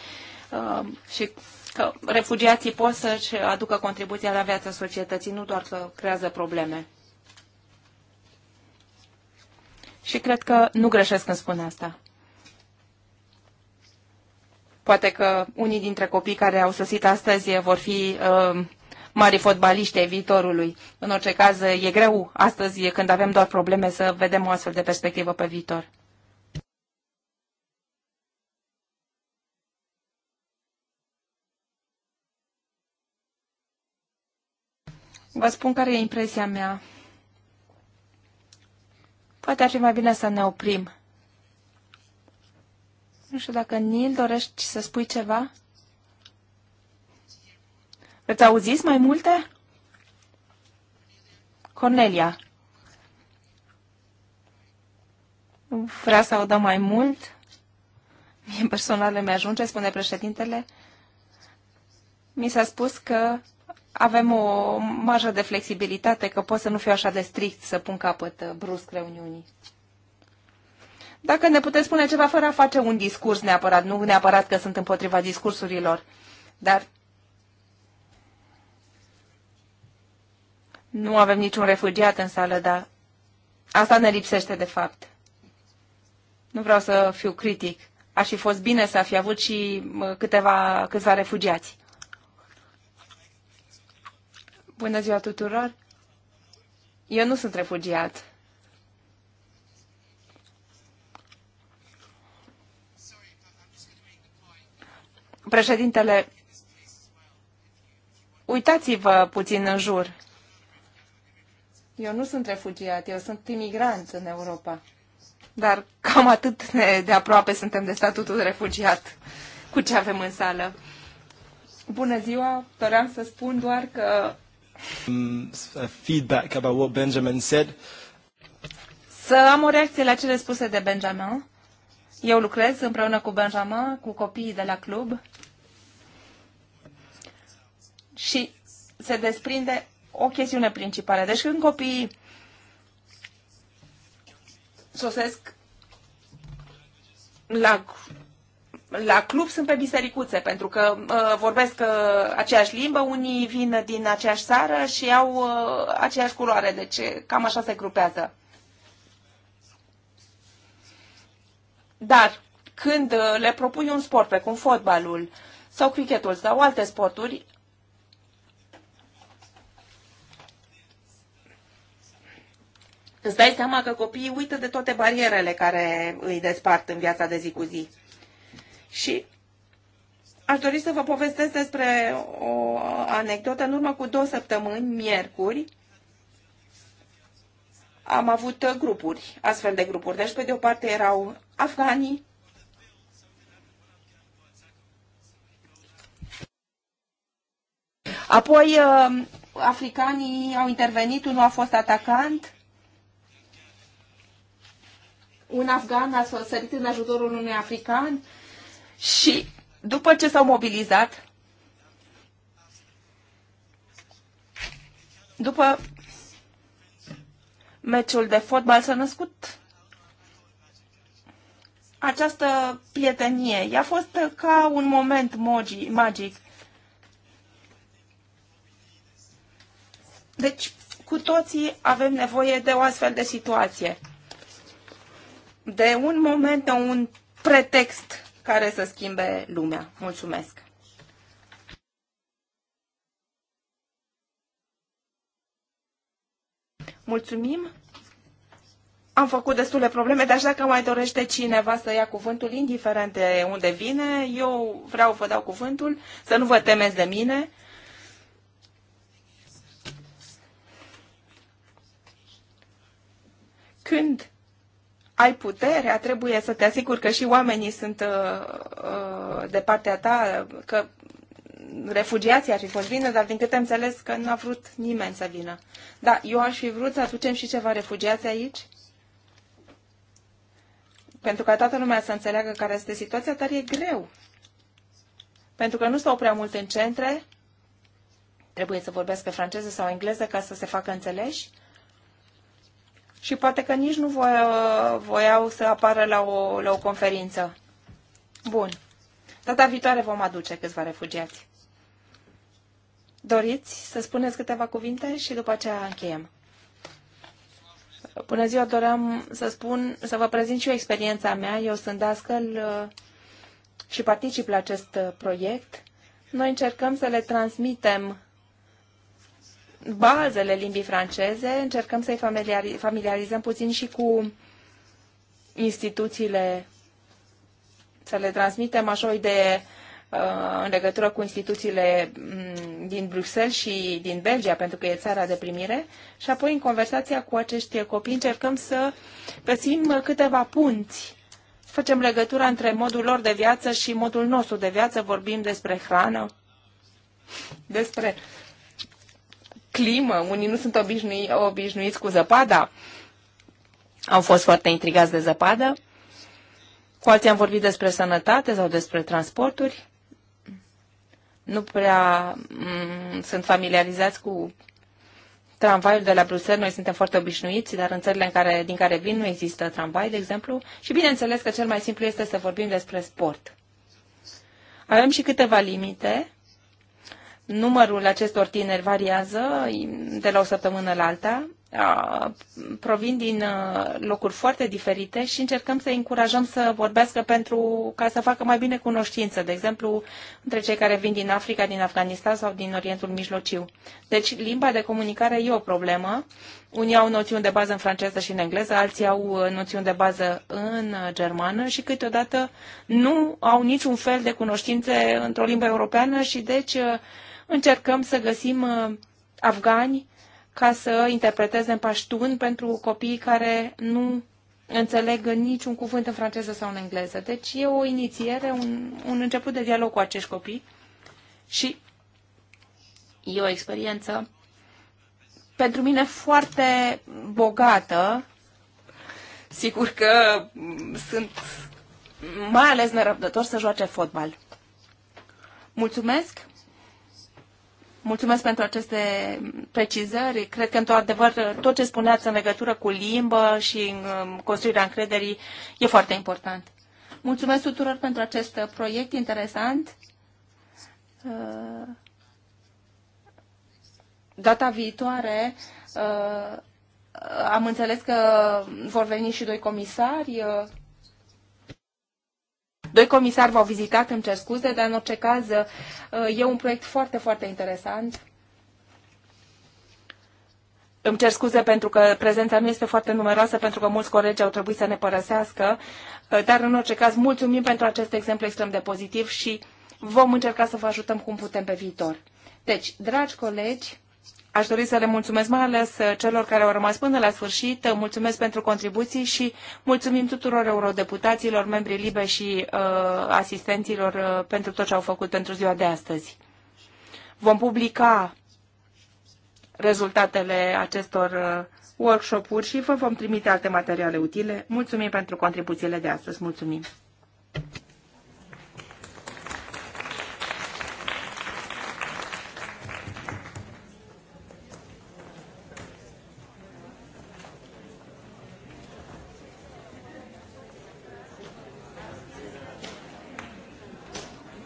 și că refugiații pot să-și aducă contribuția la viața societății, nu doar că creează probleme. Și cred că nu greșesc când spun asta. Poate că unii dintre copii care au sosit astăzi vor fi uh, mari fotbaliști ai viitorului. În orice caz, e greu astăzi, când avem doar probleme, să vedem o astfel de perspectivă pe viitor. Vă spun care e impresia mea. Poate ar fi mai bine să ne oprim. Nu știu dacă Nil dorești să spui ceva? Veți auziți mai multe? Cornelia. Vrea să audă mai mult? Mie personal mi ajunge, spune președintele. Mi s-a spus că avem o marjă de flexibilitate, că pot să nu fiu așa de strict să pun capăt uh, brusc reuniunii. Dacă ne puteți spune ceva fără a face un discurs neapărat, nu neapărat că sunt împotriva discursurilor, dar Nu avem niciun refugiat în sală, dar asta ne lipsește de fapt. Nu vreau să fiu critic. Ar fi fost bine să fi avut și câteva, câțiva refugiați. Bună ziua tuturor! Eu nu sunt refugiat. Președintele, uitați-vă puțin în jur. Eu nu sunt refugiat, eu sunt imigrant în Europa. Dar cam atât ne, de aproape suntem de statutul de refugiat cu ce avem în sală. Bună ziua, doream să spun doar că... Um, feedback about what Benjamin said. Să am o reacție la cele spuse de Benjamin. Eu lucrez împreună cu Benjamin, cu copiii de la club. Și se desprinde o chestiune principală. Deci când copiii sosesc la, la club, sunt pe bisericuțe, pentru că uh, vorbesc uh, aceeași limbă, unii vin din aceeași țară și au uh, aceeași culoare, deci cam așa se grupează. Dar când uh, le propui un sport, precum fotbalul sau cricketul sau alte sporturi, îți dai seama că copiii uită de toate barierele care îi despart în viața de zi cu zi. Și aș dori să vă povestesc despre o anecdotă. În urmă cu două săptămâni, miercuri, am avut grupuri, astfel de grupuri. Deci, pe de o parte, erau afganii, Apoi, uh, africanii au intervenit, unul a fost atacant, un afgan a sărit în ajutorul unui african și după ce s-au mobilizat, după meciul de fotbal s-a născut această prietenie. I-a fost ca un moment magic. Deci, cu toții avem nevoie de o astfel de situație de un moment, de un pretext care să schimbe lumea. Mulțumesc! Mulțumim! Am făcut destule probleme, dar dacă mai dorește cineva să ia cuvântul, indiferent de unde vine, eu vreau vă dau cuvântul, să nu vă temeți de mine. Când ai puterea, trebuie să te asiguri că și oamenii sunt uh, uh, de partea ta, că refugiații ar fi fost vină, dar din câte am înțeles că nu a vrut nimeni să vină. Da, eu aș fi vrut să aducem și ceva refugiați aici, pentru ca toată lumea să înțeleagă care este situația, dar e greu. Pentru că nu stau prea mult în centre, trebuie să vorbească franceză sau engleză ca să se facă înțeleși. Uh, și poate că nici nu uh, voiau să apară la o, la o conferință. Bun. Data viitoare vom aduce câțiva refugiați. Doriți să spuneți câteva cuvinte și după aceea încheiem. Bună ziua, doream să spun, să vă prezint și eu experiența mea. Eu sunt dascăl uh, și particip la acest uh, proiect. Noi încercăm să le transmitem bazele limbii franceze, încercăm să-i familiarizăm puțin și cu instituțiile, să le transmitem așa o idee uh, în legătură cu instituțiile mm, din Bruxelles și din Belgia, pentru că e țara de primire, și apoi în conversația cu acești copii încercăm să găsim câteva punți. Facem legătura între modul lor de viață și modul nostru de viață, vorbim despre hrană, despre climă, unii nu sunt obișnui, obișnuiți cu zăpada, au fost foarte intrigați de zăpadă, cu alții am vorbit despre sănătate sau despre transporturi, nu prea mm, sunt familiarizați cu tramvaiul de la Bruxelles, noi suntem foarte obișnuiți, dar în țările în care, din care vin nu există tramvai, de exemplu. Și bineînțeles că cel mai simplu este să vorbim despre sport. Avem și câteva limite numărul acestor tineri variază de la o săptămână la alta, provin din locuri foarte diferite și încercăm să încurajăm să vorbească pentru ca să facă mai bine cunoștință, de exemplu, între cei care vin din Africa, din Afganistan sau din Orientul Mijlociu. Deci limba de comunicare e o problemă. Unii au noțiuni de bază în franceză și în engleză, alții au uh, noțiuni de bază în uh, germană și câteodată nu au niciun fel de cunoștințe într-o limbă europeană și deci uh, încercăm să găsim uh, afgani ca să interpreteze în paștun pentru copiii care nu înțeleg niciun cuvânt în franceză sau în engleză. Deci e o inițiere, un, un început de dialog cu acești copii și e o experiență pentru mine foarte bogată. Sigur că mm, sunt mai ales nerăbdător să joace fotbal. Mulțumesc! Mulțumesc pentru aceste precizări. Cred că, într-adevăr, tot ce spuneați în legătură cu limbă și în construirea încrederii e foarte important. Mulțumesc tuturor pentru acest proiect interesant. Uh, data viitoare uh, am înțeles că vor veni și doi comisari. Uh, Doi comisari v-au vizitat, îmi cer scuze, dar în orice caz e un proiect foarte, foarte interesant. Îmi cer scuze pentru că prezența nu este foarte numeroasă, pentru că mulți colegi au trebuit să ne părăsească, dar în orice caz mulțumim pentru acest exemplu extrem de pozitiv și vom încerca să vă ajutăm cum putem pe viitor. Deci, dragi colegi, Aș dori să le mulțumesc mai ales celor care au rămas până la sfârșit. Mulțumesc pentru contribuții și mulțumim tuturor eurodeputaților, membrii LIBE și uh, asistenților uh, pentru tot ce au făcut pentru ziua de astăzi. Vom publica rezultatele acestor uh, workshop-uri și vă vom trimite alte materiale utile. Mulțumim pentru contribuțiile de astăzi. Mulțumim!